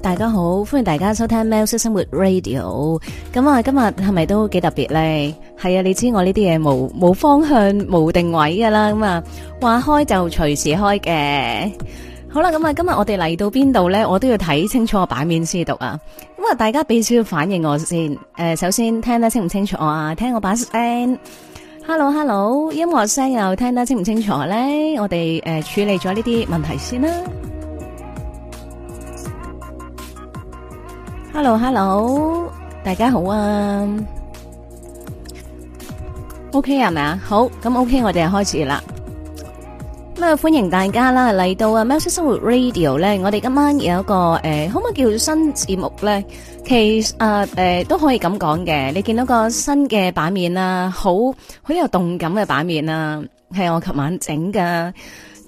大家好，歡迎大家收聽《喵式生活 Radio》。咁啊，今日係咪都幾特別呢？係啊，你知我呢啲嘢冇無方向、冇定位噶啦。咁啊，話開就隨時開嘅。好啦，咁啊，今日我哋嚟到邊度呢？我都要睇清楚個版面先讀啊。咁啊，大家俾少少反應我先。誒，首先聽得清唔清楚啊？聽我把聲。Hello，Hello，hello, 音樂聲又聽得清唔清楚呢？我哋誒、呃、處理咗呢啲問題先啦。hello hello，大家好啊，OK 係咪啊？好，咁 OK，我哋開始啦。咁啊，歡迎大家啦嚟到啊，喵式生活 Radio 咧，我哋今晚有一個誒，可唔可以叫新節目咧？其實誒都可以咁講嘅，你見到個新嘅版面啦，好好有動感嘅版面啦，係我琴晚整㗎。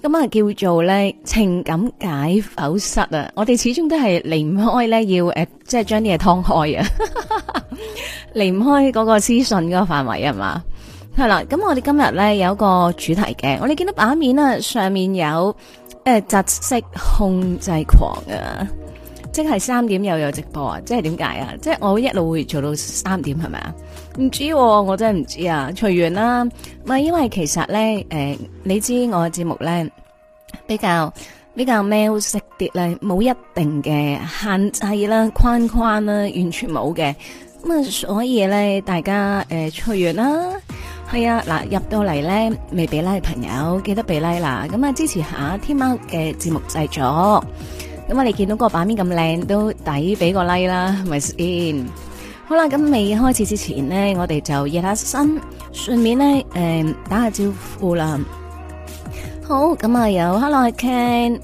咁晚叫做咧情感解剖室啊！我哋始終都係離唔開咧，要、呃、誒，即係將啲嘢劏開啊，離 唔開嗰個私信嗰個範圍啊嘛。係啦，咁我哋今日咧有一個主題嘅，我哋見到版面啊，上面有誒窒息控制狂啊，即係三點又有直播啊，即係點解啊？即係我一路會做到三點係咪啊？唔知、啊、我真係唔知啊，隨緣啦。咪因為其實咧，誒、呃，你知我嘅節目咧比較比較喵式啲咧，冇一定嘅限制啦、框框啦，完全冇嘅。咁啊，所以咧，大家誒，隨、呃、緣啦。係啊，嗱，入到嚟咧未俾 like 嘅朋友，記得俾 like 啦。咁啊，支持下天喵嘅節目製作。咁啊，你見到個版面咁靚，都抵俾個 like 啦，咪先。好啦，咁未開始之前呢，我哋就熱下身，順便咧誒、嗯、打下招呼啦。好，咁啊有 Hello, Ken,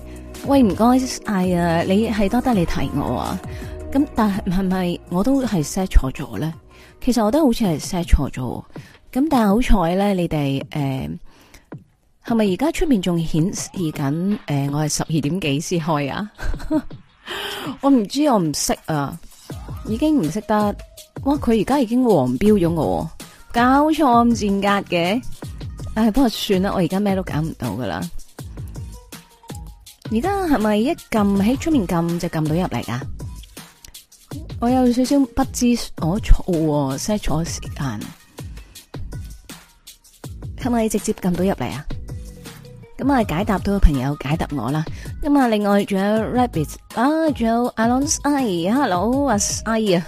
喂，唔該，哎啊，你係多得你提我啊。咁但係係咪我都係 set 錯咗咧？其實我都得好似係 set 錯咗。咁但係好彩咧，你哋誒係咪而家出面仲顯示緊？誒、呃，我係十二點幾先開啊？ 我唔知，我唔識啊，已經唔識得。哇！佢而家已經黃標咗我，搞錯字格嘅。唉，不過算啦，我而家咩都搞唔到噶啦。而家係咪一撳喺出面撳就撳到入嚟啊？我有少少不知所我錯，些咗時間，係咪直接撳到入嚟啊？咁啊，解答到朋友解答我啦。咁啊，另外仲有 r a b b i t 啊，仲有 a l o n s e y e h e l l o 啊，阿姨啊。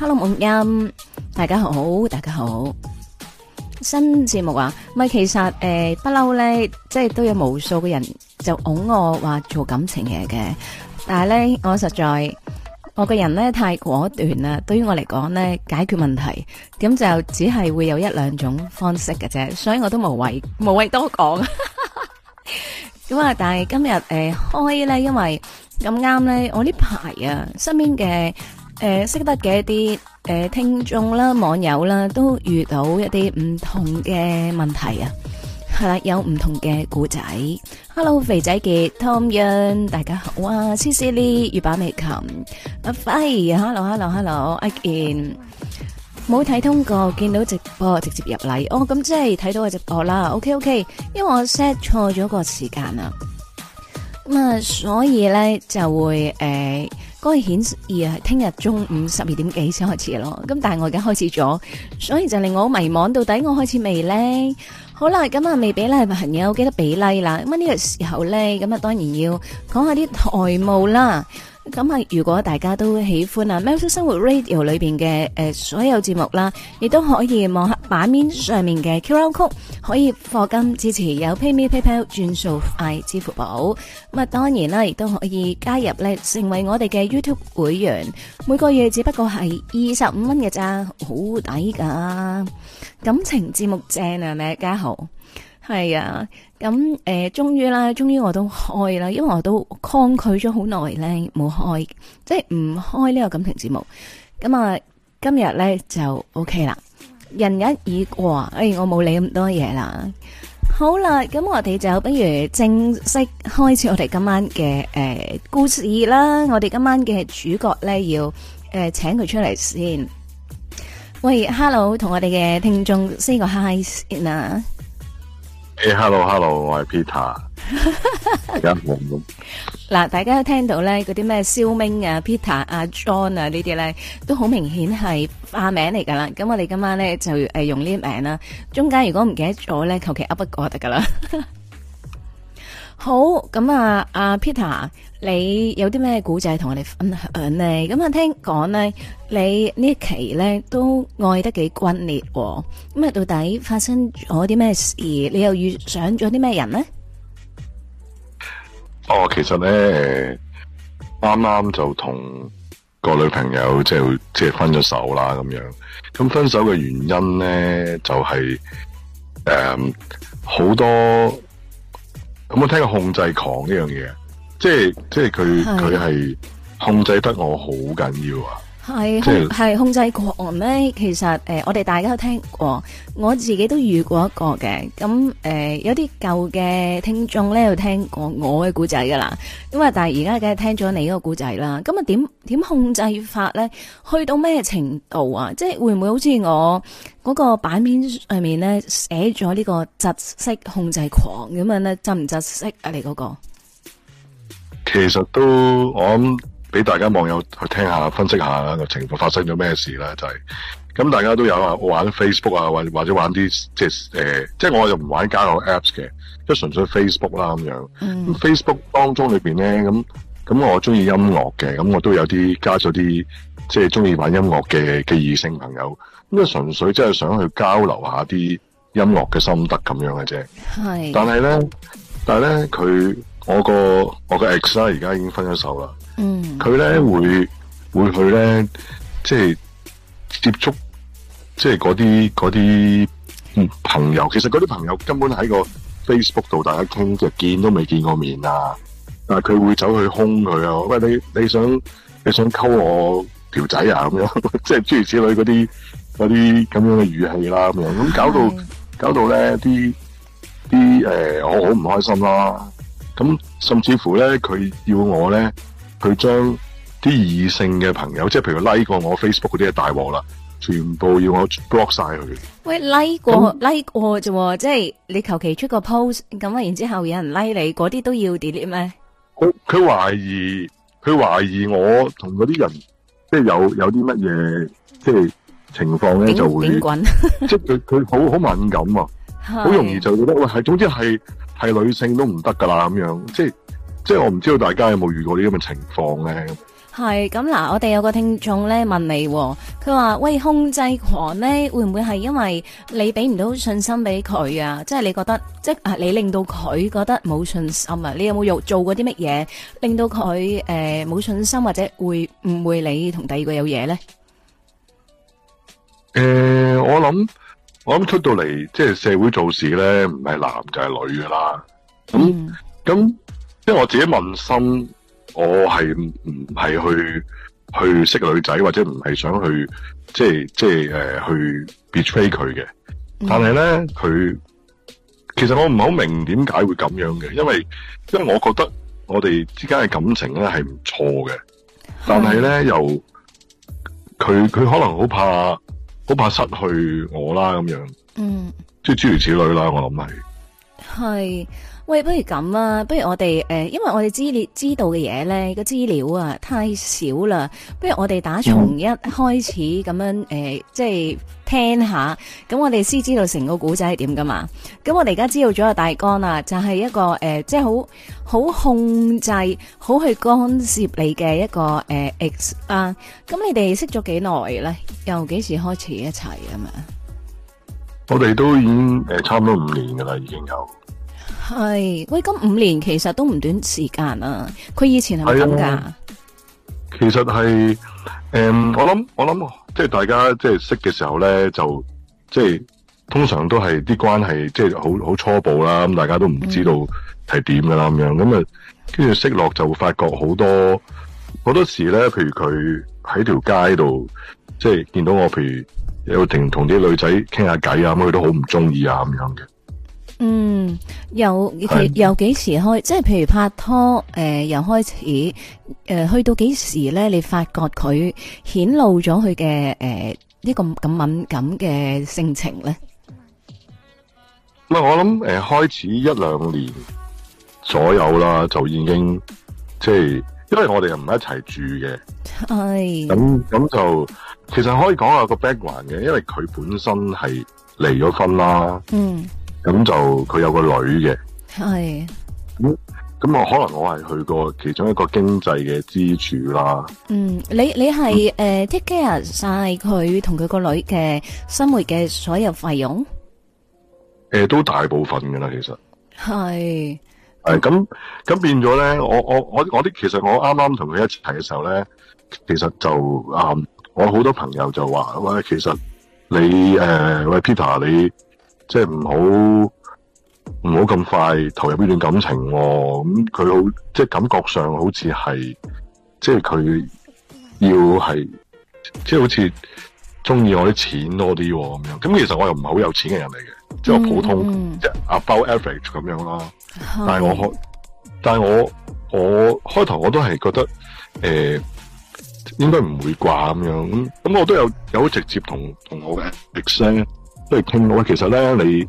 hello 木音，大家好，大家好。新節目啊，咪其實誒不嬲咧，即係都有無數嘅人就㧬我話做感情嘢嘅，但係咧我實在我個人咧太果斷啦。對於我嚟講咧，解決問題咁就只係會有一兩種方式嘅啫，所以我都無謂無謂多講。咁啊，但係今日誒開咧，因為咁啱咧，我呢排啊身邊嘅。誒，識得嘅一啲誒聽眾啦、網友啦，都遇到一啲唔同嘅問題啊，係啦，有唔同嘅故仔。Hello，肥仔杰 Tom Young，大家好啊，啊 c C L，月把美琴阿輝，Hello，Hello，Hello，阿 Ken。冇睇通過，見到直播直接入嚟，哦，咁即係睇到個直播啦，OK，OK，okay, okay, 因為我 set 錯咗個時間啊，咁啊，所以咧就會誒。呃該顯示而係聽日中午十二點幾先開始嘅咯。咁但係我而家開始咗，所以就令我迷惘，到底我開始未呢？好啦，咁啊未畀 like 朋友記得畀 like 啦。咁啊呢個時候呢，咁啊當然要講下啲台務啦。咁啊！如果大家都喜歡啊，喵式生活 Radio 裏邊嘅誒所有節目啦，亦都可以望下版面上面嘅 QR code，可以課金支持，有 PayMe、PayPal、轉數快、支付寶。咁啊，當然啦，亦都可以加入咧，成為我哋嘅 YouTube 會員，每個月只不過係二十五蚊嘅咋，好抵噶！感情節目正啊，咩家豪？係啊。咁誒、呃，終於啦，終於我都開啦，因為我都抗拒咗好耐咧，冇開，即係唔開呢個感情節目。咁啊，今日咧就 OK 啦，人日已過，誒、哎，我冇理咁多嘢啦。好啦，咁我哋就不如正式開始我哋今晚嘅誒、呃、故事啦。我哋今晚嘅主角咧要誒、呃、請佢出嚟先。喂，Hello，同我哋嘅聽眾 say 個 hi 先啊！hey, hello, hello, 我係 Peter， 大家都緊。嗱，大家聽到咧嗰啲咩小明啊，Peter 啊，John 啊呢啲咧，都好明顯係化名嚟噶啦。咁我哋今晚咧就誒用呢啲名啦。中間如果唔記得咗咧，求其噏一個就得噶啦。 好咁啊，阿 Peter，你有啲咩古仔同我哋分享咧？咁啊，聽講咧，你呢期咧都愛得幾轟烈，哦，咁啊，到底發生咗啲咩事？你又遇上咗啲咩人咧？哦，其實咧，啱啱就同個女朋友即係即係分咗手啦，咁樣。咁分手嘅原因咧，就係誒好多。有、嗯、冇聽過控制狂呢樣嘢？即係即係佢佢係控制得我好緊要啊！係係控，控制狂咧，其實誒、呃，我哋大家都聽過，我自己都遇過一個嘅。咁誒、呃，有啲舊嘅聽眾咧就聽過我嘅故仔噶啦。咁啊，但係而家梗係聽咗你個故仔啦。咁啊，點點控制法咧？去到咩程度啊？即係會唔會好似我嗰個版面上面咧寫咗呢個窒息控制狂咁樣咧？窒唔窒息啊？你嗰、那個？其實都我諗。俾大家網友去聽下分析下個情況發生咗咩事啦，就係、是、咁大家都有啊玩 Facebook 啊，或或者玩啲、呃、即係即係我又唔玩交友 Apps 嘅，即係純粹 Facebook 啦咁樣。嗯、Facebook 當中裏邊咧咁咁，我中意音樂嘅，咁我都有啲加咗啲即係中意玩音樂嘅嘅異性朋友，咁啊純粹即係想去交流下啲音樂嘅心得咁樣嘅啫。係，但係咧，但係咧，佢我個我個 ex 啦，而家已經分咗手啦。嗯，佢咧會會去咧，即係接觸，即係嗰啲嗰啲朋友。其實嗰啲朋友根本喺個 Facebook 度大家傾，就見都未見過面啊。但係佢會走去兇佢啊！喂，你你想你想溝我條仔啊？咁樣即係諸如此類嗰啲嗰啲咁樣嘅語氣啦，咁樣咁搞到搞到咧，啲啲誒，我好唔開心啦。咁甚至乎咧，佢要我咧。佢將啲異性嘅朋友，即係譬如拉、like、過我 Facebook 嗰啲嘅大鑊啦，全部要我 block 晒佢。喂，拉、like、過拉、like、過啫，即係你求其出個 post 咁啊，然之後有人拉、like、你，嗰啲都要 delete 咩？佢佢懷疑，佢懷疑我同嗰啲人，即係有有啲乜嘢，即係情況咧就會，滾， 即係佢佢好好敏感啊，好容易就覺得喂，係總之係係女性都唔得噶啦，咁樣即係。即係我唔知道大家有冇遇過呢啲咁嘅情況咧？係咁嗱，我哋有個聽眾咧問你，佢話：喂，控制狂咧會唔會係因為你俾唔到信心俾佢啊？即係你覺得，即係你令到佢覺得冇信心啊？你有冇做做過啲乜嘢令到佢誒冇信心，或者會誤會你同第二個有嘢咧？誒，我諗我諗出到嚟，即係社會做事咧，唔係男就係女噶啦。咁咁。嗯因為我自己問心，我係唔係去去識女仔，或者唔係想去，即係即係誒、呃、去 betray 佢嘅。但係咧，佢、嗯、其實我唔好明點解會咁樣嘅，因為因為我覺得我哋之間嘅感情咧係唔錯嘅，但係咧又佢佢可能好怕好怕失去我啦咁樣，嗯，即係諸如此類啦，我諗係係。喂，不如咁啊，不如我哋誒、呃，因為我哋知，知道嘅嘢咧，個資料啊太少啦。不如我哋打從一開始咁樣誒、呃，即係聽下。咁我哋先知道成個古仔係點噶嘛。咁我哋而家知道咗個大綱啦，就係、是、一個誒、呃，即係好好控制、好去干涉你嘅一個誒、呃、X 啊。咁你哋識咗幾耐咧？由幾時開始一齊啊？嘛？我哋都已經誒、呃、差唔多五年噶啦，已經有。係，喂，咁五年其實都唔短時間啊。佢以前係咪咁噶？其實係，誒、嗯，我諗我諗，即係大家即係識嘅時候咧，就即係通常都係啲關係即係好好初步啦。咁大家都唔知道係點噶啦咁、嗯、樣。咁啊，跟住識落就會發覺好多好多時咧。譬如佢喺條街度，即係見到我，譬如有定同啲女仔傾下偈啊，咁佢都好唔中意啊，咁樣嘅。嗯，又佢由幾時開？即係譬如拍拖，誒、呃，又開始，誒、呃，去到幾時咧？你發覺佢顯露咗佢嘅誒呢個咁敏感嘅性情咧？我諗誒、呃，開始一兩年左右啦，就已經即係、就是，因為我哋又唔係一齊住嘅，係咁咁，就其實可以講下個 background 嘅，因為佢本身係離咗婚啦，嗯。咁就佢有個女嘅，係咁咁，我可能我係去過其中一個經濟嘅支柱啦。嗯，你你係誒、嗯呃、take care 晒佢同佢個女嘅生活嘅所有費用？誒、呃，都大部分噶啦，其實係誒咁，咁變咗咧。我我我我啲其實我啱啱同佢一齊嘅時候咧，其實就啊、嗯，我好多朋友就話喂，其實你誒、呃、喂 Peter 你。即係唔好唔好咁快投入呢段感情、哦，咁佢好即係感覺上好似係即係佢要係即係好似中意我啲錢多啲咁、哦、樣。咁其實我又唔係好有錢嘅人嚟嘅，即係我普通，即、嗯、係、就是、about average 咁樣啦。嗯、但係我但係我我開頭我都係覺得誒、呃、應該唔會掛咁樣。咁咁我都有有直接同同我嘅 ex。其實咧你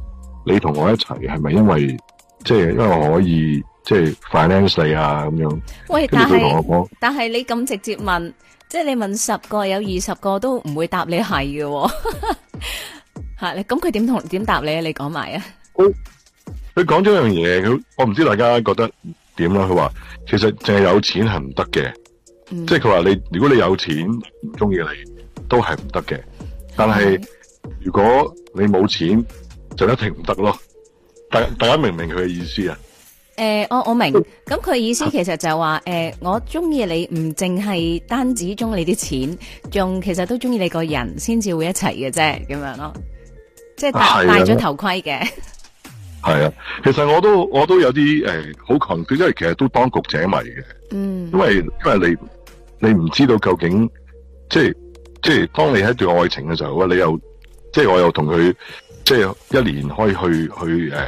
你同我一齊係咪因為即係因為我可以即係 finance 你啊咁樣，咁佢同我講。但係你咁直接問，即係你問十個有二十個都唔會答你係嘅、哦。吓、 啊，咁佢點同點答你啊？你講埋啊。佢佢講咗樣嘢，佢我唔知大家覺得點啦。佢話其實淨係有錢係唔得嘅，即係佢話你如果你有錢唔中意你都係唔得嘅，但係。如果你冇錢就一定唔得咯，大家大家明唔明佢嘅意思啊？誒、欸，我我明，咁佢意思其實就係話，誒、啊欸，我中意你唔淨係單止中意你啲錢，仲其實都中意你個人，先至會一齊嘅啫，咁樣咯，即係戴啊啊戴咗頭盔嘅。係啊，其實我都我都有啲誒，好、欸、困，因為其實都當局者迷嘅，嗯，因為因為你你唔知道究竟，即係即係當你喺一段愛情嘅時候，你又。即係我又同佢，即係一年可以去去誒、呃、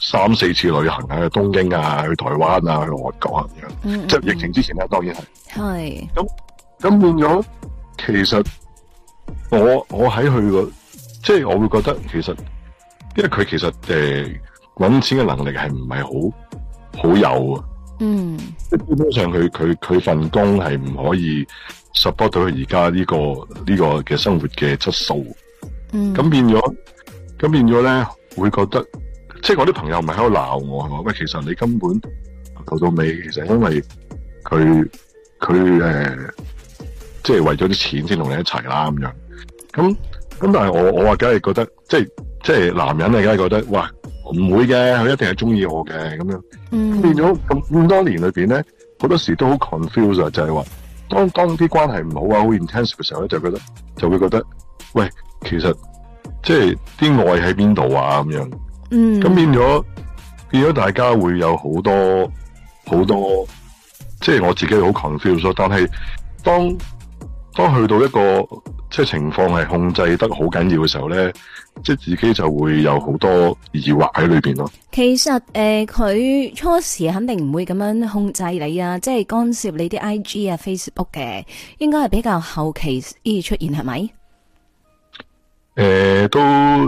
三四次旅行啊，去東京啊，去台灣啊，去外國啊咁樣。Mm -hmm. 即係疫情之前咧、啊，當然係。係、hey.。咁咁變咗，其實我我喺佢個，即係我會覺得其實，因為佢其實誒搵、呃、錢嘅能力係唔係好好有啊。嗯。即係基本上，佢佢佢份工係唔可以 support 到佢而家呢個呢、個嘅生活嘅質素。咁、嗯、變咗，咁變咗咧，會覺得，即、就、係、是、我啲朋友唔係喺度鬧我，係嘛？喂，其實你根本頭到尾，其實因為佢佢誒，即係、呃就是、為咗啲錢先同你一齊啦咁樣。咁咁，但係我我話梗係覺得，即係即係男人啊，梗係覺得，哇，我唔會嘅，佢一定係中意我嘅咁樣。嗯、變咗咁咁多年裏邊咧，好多時都好 confused、啊、就係、是、話當當啲關係唔好啊，好 intense 嘅時候咧，就覺得就會覺得，喂。其實即係啲愛喺邊度啊，咁樣，咁、嗯、變咗變咗，大家會有好多好多，即係我自己好 confuse 咗。但係當當去到一個即係情況係控制得好緊要嘅時候咧，即係自己就會有好多疑惑喺裏邊咯。其實誒，佢、呃、初時肯定唔會咁樣控制你啊，即係干涉你啲 IG 啊、Facebook 嘅，應該係比較後期而出現，係咪？誒、呃，都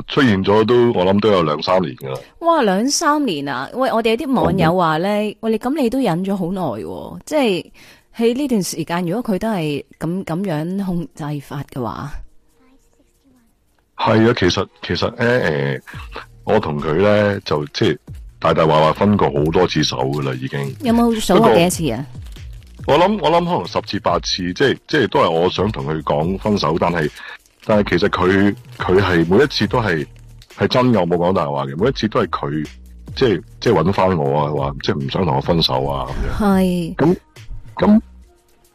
出現咗，都我諗都有兩三年噶啦。哇，兩三年啊！喂，我哋有啲網友話咧，喂、嗯、你咁你都忍咗好耐喎，即係喺呢段時間，如果佢都係咁咁樣控制法嘅話，係啊，其實其實誒誒、呃，我同佢咧就即係大大話話分過好多次手噶啦，已經有冇數過幾多次啊？我諗我諗可能十次八次，即係即係都係我想同佢講分手，但係。但係其實佢佢係每一次都係係真嘅，我冇講大話嘅。每一次都係佢即係即係揾翻我啊，話即係唔想同我分手啊咁樣。係咁咁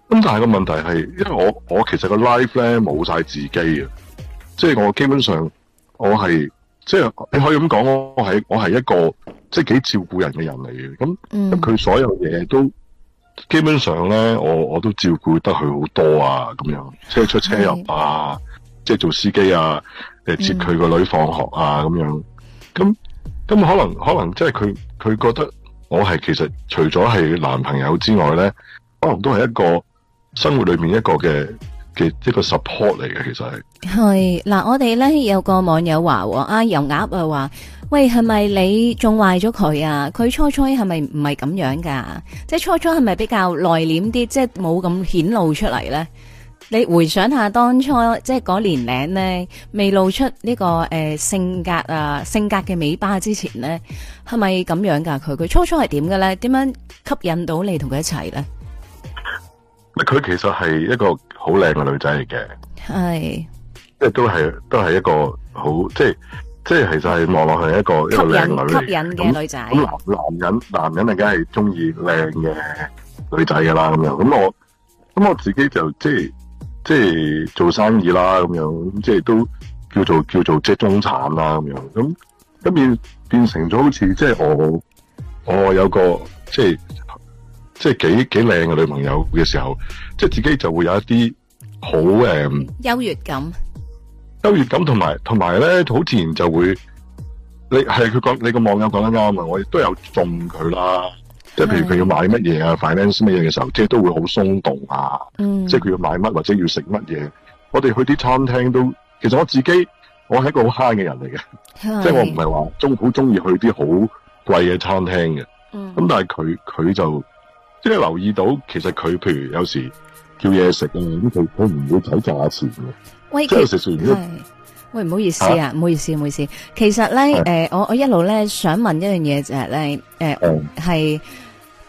咁，但係個問題係，因為我我其實個 life 咧冇晒自己嘅，即係我基本上我係即係你可以咁講，我係我係一個即係幾照顧人嘅人嚟嘅。咁咁佢所有嘢都基本上咧，我我都照顧得佢好多啊，咁樣車出車入啊。即係做司機啊，誒，接佢個女放學啊，咁、嗯、樣，咁咁可能可能即係佢佢覺得我係其實除咗係男朋友之外咧，可能都係一個生活裏面一個嘅、嘅一個 support 嚟嘅，其實係係嗱，我哋咧有個網友話，哦，啊油鴨啊話，喂，係咪你仲壞咗佢啊？佢初初係咪唔係咁樣噶，啊？即、就、係、是、初初係咪比較內斂啲，即係冇咁顯露出嚟咧？你回想下當初即係嗰年齡咧，未露出呢個誒性格啊性格嘅尾巴之前咧，係咪咁樣噶？佢佢初初係點嘅咧？點樣吸引到你同佢一齊咧？佢其實係一個好靚嘅女仔嚟嘅，係即係都係都係一個好即係即係，其實係望落去一個吸引，一個靚女吸引嘅女仔。男人男人啊，梗係中意靚嘅女仔噶啦咁樣。咁我咁我自己就即係。即係做生意啦，咁樣咁即係都叫做叫做即係中產啦，咁樣咁咁變變成咗好似即係我我有個即係即係幾幾靚嘅女朋友嘅時候，即係自己就會有一啲好誒優越感，優越感同埋同埋呢，好自然就會你係佢講你個網友講得啱，啊，我亦都有中佢啦。即係譬如佢要買乜嘢啊，finance 乜嘢嘅時候，即係都會好鬆動啊。嗯，即係佢要買乜或者要食乜嘢，我哋去啲餐廳都，其實我自己我係一個好慳嘅人嚟嘅，即係我唔係話中好中意去啲好貴嘅餐廳嘅。咁、嗯、但係佢佢就即係留意到，其實佢譬如有時叫嘢食啊，咁佢佢唔會睇價錢嘅。喂，其實係，喂唔好意思啊，唔好意思，唔好意思。其實咧，誒、呃，我我一路咧想問一樣嘢就係、是、咧，誒、呃、係。嗯是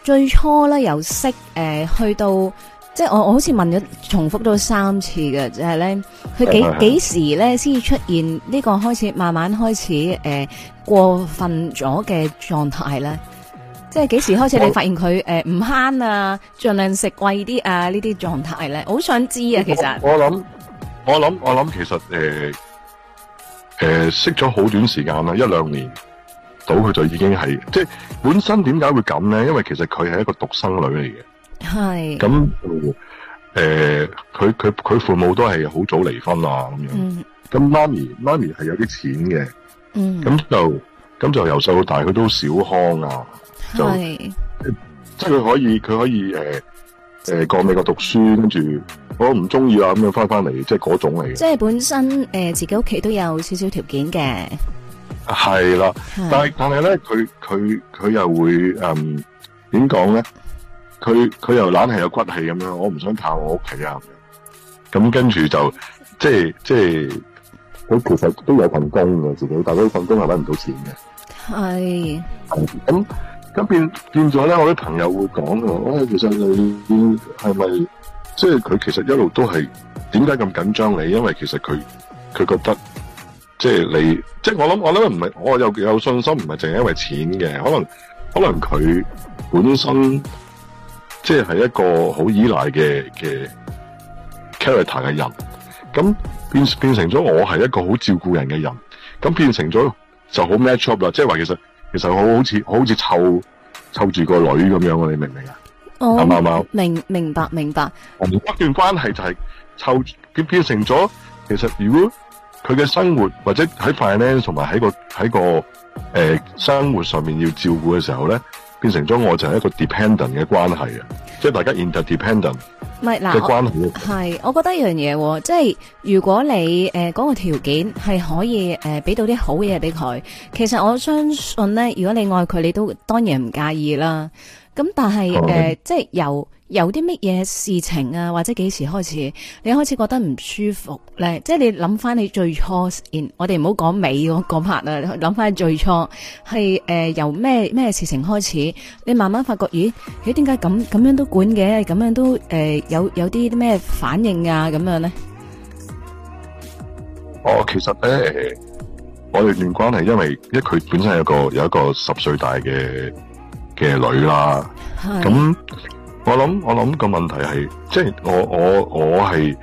最初咧由識誒、呃，去到即係我我好似問咗重複咗三次嘅，即係咧佢幾是是是幾時咧先至出現呢個開始慢慢開始誒、呃、過分咗嘅狀態咧？即係幾時開始你發現佢誒唔慳啊，盡量食貴啲啊這些狀態呢啲狀態咧？好想知啊，其實我諗我諗我諗其實誒誒、呃呃、識咗好短時間啦，一兩年。到佢就已經係，即係本身點解會咁咧？因為其實佢係一個獨生女嚟嘅，係咁誒，佢佢佢父母都係好早離婚啊咁樣。咁媽咪媽咪係有啲錢嘅，嗯，咁、嗯、就咁就由細到大佢都小康啊，就即係佢可以佢可以誒誒、呃呃、過美國讀書，跟住我唔中意啊咁樣翻翻嚟，即係嗰種嚟嘅。即係本身誒、呃、自己屋企都有少少條件嘅。係啦，但係但係咧，佢佢佢又會嗯，點講咧？佢佢又懶係有骨氣咁樣，我唔想靠我屋企人。咁跟住就即係即係，佢其實都有份工㗎。自己，但係嗰份工係搵唔到錢嘅。係咁咁變變咗咧，我啲朋友會講嘅，唉、哎，其實你係咪即係佢其實一路都係點解咁緊張你？因為其實佢佢覺得。即係你，即係我諗，我諗唔係，我有我有信心，唔係淨係因為錢嘅，可能可能佢本身即係係一個好依賴嘅嘅 character 嘅人，咁變變成咗我係一個好照顧人嘅人，咁變成咗就好 match up 啦，即係話其實其實我好似好似湊湊住個女咁樣，你明唔明啊？啱唔啱？明明白明白，明白明白明白我一段關係就係、是、湊，佢變，變成咗，其實如果。佢嘅生活或者喺快咧，同埋喺個喺個誒、呃、生活上面要照顧嘅時候咧，變成咗我就係一個 dependent 嘅關係啊，即係大家 interdependent 唔係嘛、嘅關係。係，我覺得一樣嘢、哦，即係如果你誒嗰、呃那個條件係可以誒俾、呃、到啲好嘢俾佢，其實我相信咧，如果你愛佢，你都當然唔介意啦。咁但係誒、okay. 呃，即係由。有啲乜嘢事情啊，或者幾時開始，你開始覺得唔舒服咧？即係你諗翻你最初，我哋唔好講尾嗰 part 啊，諗翻你最初係誒、呃、由咩咩事情開始？你慢慢發覺，咦，咦，點解咁咁樣都管嘅？咁樣都誒、呃、有有啲咩反應啊？咁樣咧？哦，其實咧、呃，我哋段關係，因為因為佢本身有一個有一個十歲大嘅嘅女啦，咁。我諗我諗個問題係，即係我我我係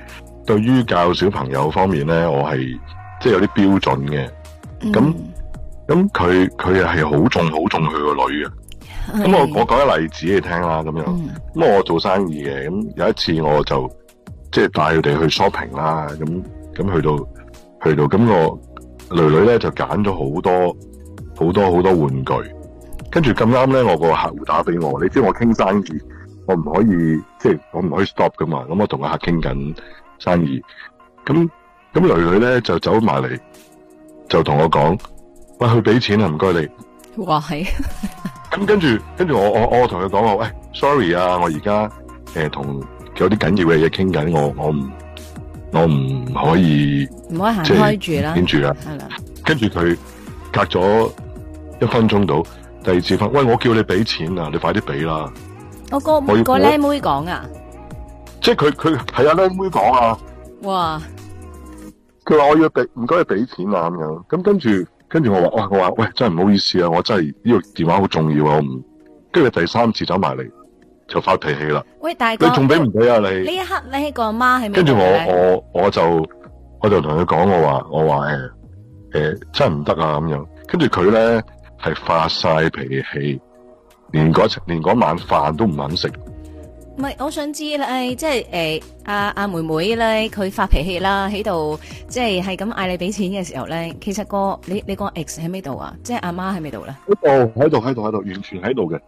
對於教小朋友方面咧，我係即係有啲標準嘅。咁咁佢佢又係好重好重佢個女嘅。咁我我講一例子你聽啦，咁樣。咁、嗯、我做生意嘅，咁有一次我就即係帶佢哋去 shopping 啦，咁咁去到去到，咁我、個、女女咧就揀咗好多好多好多玩具，跟住咁啱咧，我個客戶打俾我，你知我傾生意。我唔可以，即係我唔可以 stop 噶嘛。咁我同阿客傾緊生意，咁咁女女咧就走埋嚟，就同我講：喂，佢俾錢啊，唔該你。哇，係。咁跟住，跟住我我我同佢講話：喂，哎，sorry 啊，我而家誒同有啲緊要嘅嘢傾緊，我我唔我唔可以。唔可以行開住啦，就是。跟住啦，係啦。跟住佢隔咗一分鐘到，第二次翻：喂，我叫你俾錢啊，你快啲俾啦。我個個僆妹講啊，即係佢佢係啊僆妹講啊，哇！佢話我要俾唔該你俾錢啊咁樣，咁跟住跟住我話哇我話喂，真係唔好意思啊，我真係呢個電話好重要啊，我唔，跟住第三次走埋嚟就發脾氣啦。喂，大哥，你仲俾唔俾啊你？呢一刻你個阿媽係咪？跟住我我我就我就同佢講我話我話誒誒真係唔得啊咁樣，跟住佢咧係發晒脾氣。連嗰食，連嗰晚飯都唔肯食。唔係，我想知咧，即係誒，阿阿妹妹咧，佢發脾氣啦，喺度即係係咁嗌你俾錢嘅時候咧，其實個你你個 ex 喺咪度啊？即係阿媽喺咪度咧？哦，喺度，喺度，喺度，喺度，完全喺度嘅，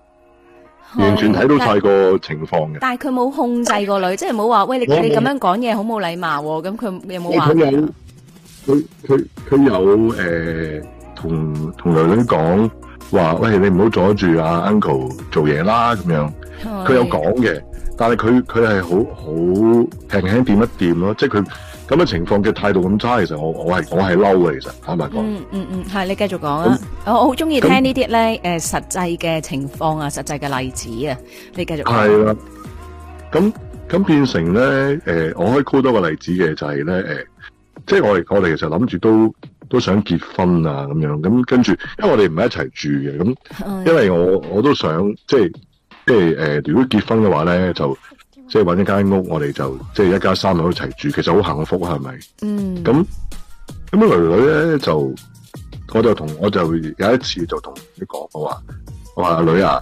完全睇到晒個情況嘅。但係佢冇控制個女，即係冇話喂，你，你咁樣講嘢好冇禮貌，咁佢有冇話？佢佢佢有誒，同同女女講。話喂，你唔好阻住阿 Uncle 做嘢啦，咁樣佢有講嘅，但係佢佢係好好輕輕掂一掂咯，即係佢咁嘅情況嘅態度咁差，其實我我係我係嬲嘅，其實坦白講。嗯嗯嗯，係、嗯、你繼續講啊、嗯。我好中意聽呢啲咧，誒、嗯，實際嘅情況啊，實際嘅例子啊，你繼續。係啦，咁咁變成咧，誒、呃，我可以 call 多個例子嘅，就係、是、咧，誒、呃，即係我哋我哋其實諗住都。都想結婚啊，咁樣咁跟住，因為我哋唔係一齊住嘅，咁、嗯、因為我我都想即係即係誒，如果結婚嘅話咧，就即係揾一間屋，我哋就即係一家三口一齊住，其實好幸福啊，係咪？嗯。咁咁樣女女咧就，我就同我就有一次就同你講我話，我話阿女啊，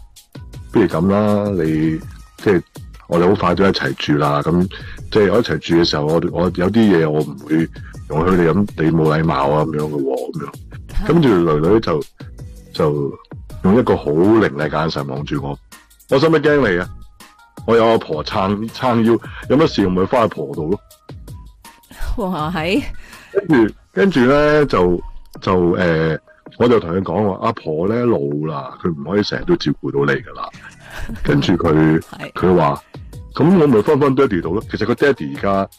不如咁啦，你即係我哋好快都一齊住啦，咁即係我一齊住嘅時候，我我有啲嘢我唔會。同佢哋咁，你冇禮貌啊咁樣嘅，咁樣，跟住女女就就用一個好伶厲嘅眼神望住我，我使乜驚你啊？我有阿婆撐撐腰，有乜事用咪翻去婆度咯。哇，係。跟住跟住咧，就就誒、呃，我就同佢講話，阿、啊、婆咧老啦，佢唔可以成日都照顧到你噶啦。跟住佢佢話，咁我咪翻翻爹哋度咯。其實個爹哋而家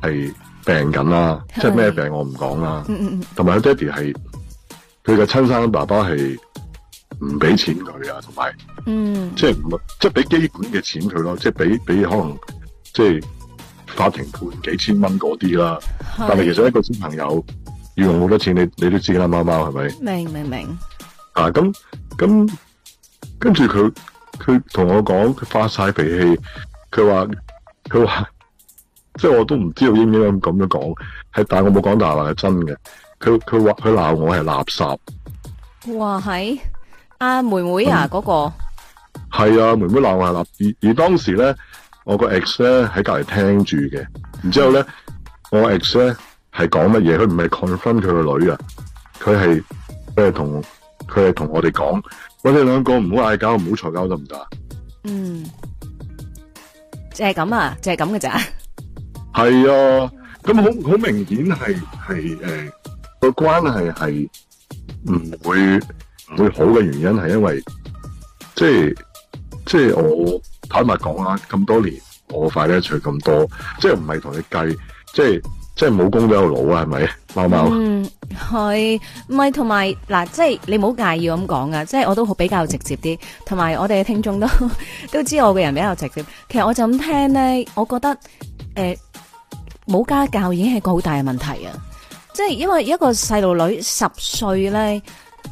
係病緊啦，即係咩病我唔講啦。同埋佢爹哋係佢嘅親生爸爸係唔俾錢佢啊，同埋，嗯，即係唔係即係俾基本嘅錢佢咯，即係俾俾可能即係法庭判幾千蚊嗰啲啦。但係其實一個小朋友要用好多錢，你你都知啦，貓貓係咪？明明明。啊，咁咁跟住佢佢同我講，佢發晒脾氣，佢話佢話。即係我都唔知道應唔應該咁樣講，係，但係我冇講大話，係真嘅。佢佢話佢鬧我係垃圾。哇係，阿妹妹啊嗰個係啊，妹妹鬧、啊那個啊、我係垃圾。而而當時咧，我個 ex 咧喺隔籬聽住嘅。然之後咧，我 ex 咧係講乜嘢？佢唔係 confirm 佢個女啊，佢係佢係同佢係同我哋講，喂，你哋兩個唔好嗌交，唔好嘈交得唔得啊？嗯，就係、是、咁啊，就係咁嘅咋。係啊，咁好好明顯係係誒個關係係唔會會好嘅，原因係因為即係即係我，我坦白講啊，咁多年我快啲除咁多，即係唔係同你計，即係即係冇功都有勞啊，係咪？貓貓嗯係，唔係同埋嗱，即係你唔好介意咁講啊，即係我都好比較直接啲，同埋我哋嘅聽眾都都知我嘅人比較直接。其實我就咁聽咧，我覺得誒。欸冇家教已經係個好大嘅問題啊！即係因為一個細路女十歲咧，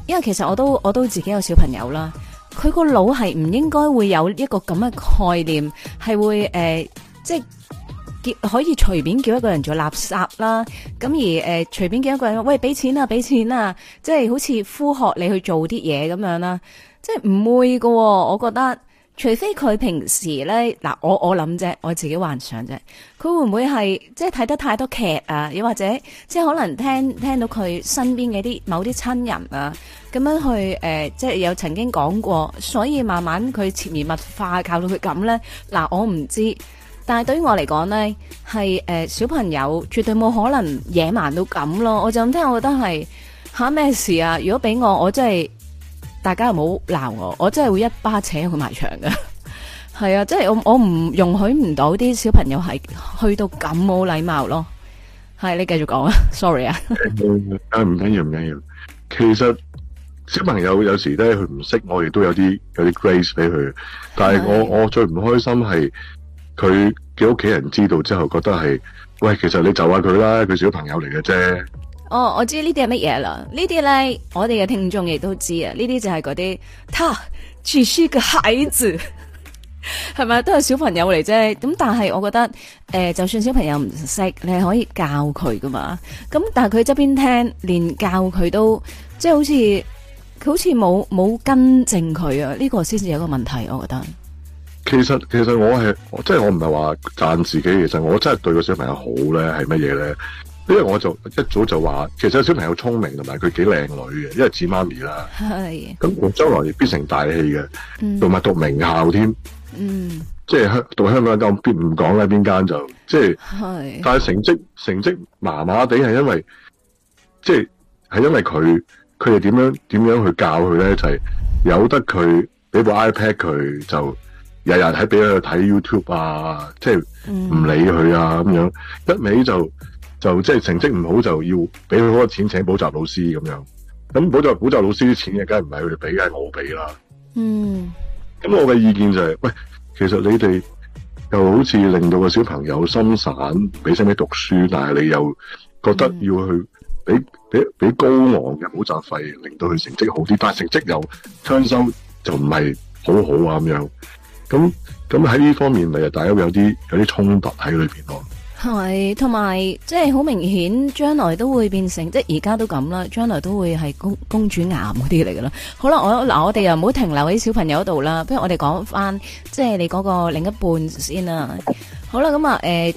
因為其實我都我都自己有小朋友啦，佢個腦係唔應該會有一個咁嘅概念，係會誒、呃、即係可以隨便叫一個人做垃圾啦。咁而誒、呃、隨便叫一個人喂俾錢啊俾錢啊，即係好似呼喝你去做啲嘢咁樣啦，即係唔會喎、哦。我覺得。除非佢平時咧，嗱我我諗啫，我自己幻想啫，佢會唔會係即係睇得太多劇啊？又或者即係可能聽聽到佢身邊嘅啲某啲親人啊咁樣去誒、呃，即係有曾經講過，所以慢慢佢潛移默化，靠到佢咁咧。嗱、呃、我唔知，但係對於我嚟講咧，係誒、呃、小朋友絕對冇可能野蠻到咁咯。我就咁聽，我覺得係下咩事啊？如果俾我，我真係～大家唔好鬧我，我真係會一巴扯佢埋牆噶。係 啊，即係我我唔容許唔到啲小朋友係去到咁冇禮貌咯。係 啊，你繼續講啊，sorry 啊。誒，唔緊要唔緊要，其實小朋友有時呢都係佢唔識，我亦都有啲有啲 grace 俾佢。但係我我最唔開心係佢嘅屋企人知道之後，覺得係喂，其實你就下佢啦，佢小朋友嚟嘅啫。哦，我知道這些是什麼了，這些呢啲係乜嘢啦？呢啲咧，我哋嘅聽眾亦都知啊。呢啲就係嗰啲他讀書嘅孩子，係 咪都係小朋友嚟啫？咁但係我覺得誒、呃，就算小朋友唔識，你係可以教佢噶嘛？咁但係佢側邊聽，連教佢都即係、就是、好似佢好似冇冇跟正佢啊？呢、呢個先至有一個問題，我覺得。其實其實我係，即係我唔係話讚自己，其實我，我，我真係對個小朋友好咧，係乜嘢咧？因為我就一早就話，其實小朋友聰明同埋佢幾靚女嘅，因為似媽咪啦。係。咁，將來必成大器嘅，同、嗯、埋讀名校添。嗯。即係香讀香港咁必唔講啦，邊間就即係。係。但係成績成績麻麻地係因為，即係係因為佢佢哋點樣點樣去教佢咧？就係由得佢俾部 iPad 佢就日日喺畀佢睇 YouTube 啊！即係唔理佢啊咁、嗯、樣，一味就。就即係、就是、成績唔好就要俾佢好多錢請補習老師咁樣，咁補習補習老師啲錢嘅，梗係唔係佢哋俾，梗係我俾啦。嗯，咁我嘅意見就係、是，喂，其實你哋又好似令到個小朋友心散，唔畀俾心讀讀書，但係你又覺得要去俾俾俾高昂嘅補習費，令到佢成績好啲，但係成績又增收就唔係好好啊咁樣。咁咁喺呢方面，咪大家有啲有啲衝突喺裏邊咯。係，同埋即係好明顯，將來都會變成即係而家都咁啦，將來都會係公公主癌嗰啲嚟噶啦。好啦，我嗱我哋又唔好停留喺小朋友度啦，不如我哋講翻即係你嗰個另一半先啦。好啦，咁啊，誒、呃，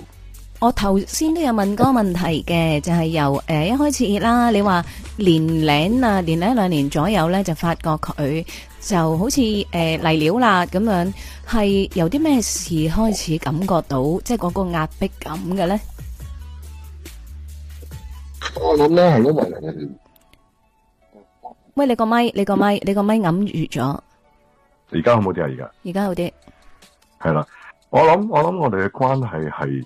我頭先都有問過個問題嘅，就係、是、由誒、呃、一開始啦，你話年齡啊，年零兩年左右呢，就發覺佢。就好似誒、呃、嚟料啦咁樣，係由啲咩事開始感覺到即係嗰個壓迫感嘅咧？我諗咧係咯，喂你個咪，你個咪，你個咪揞住咗。而家、嗯、好冇啲啊！而家而家好啲。係啦，我諗我諗，我哋嘅關係係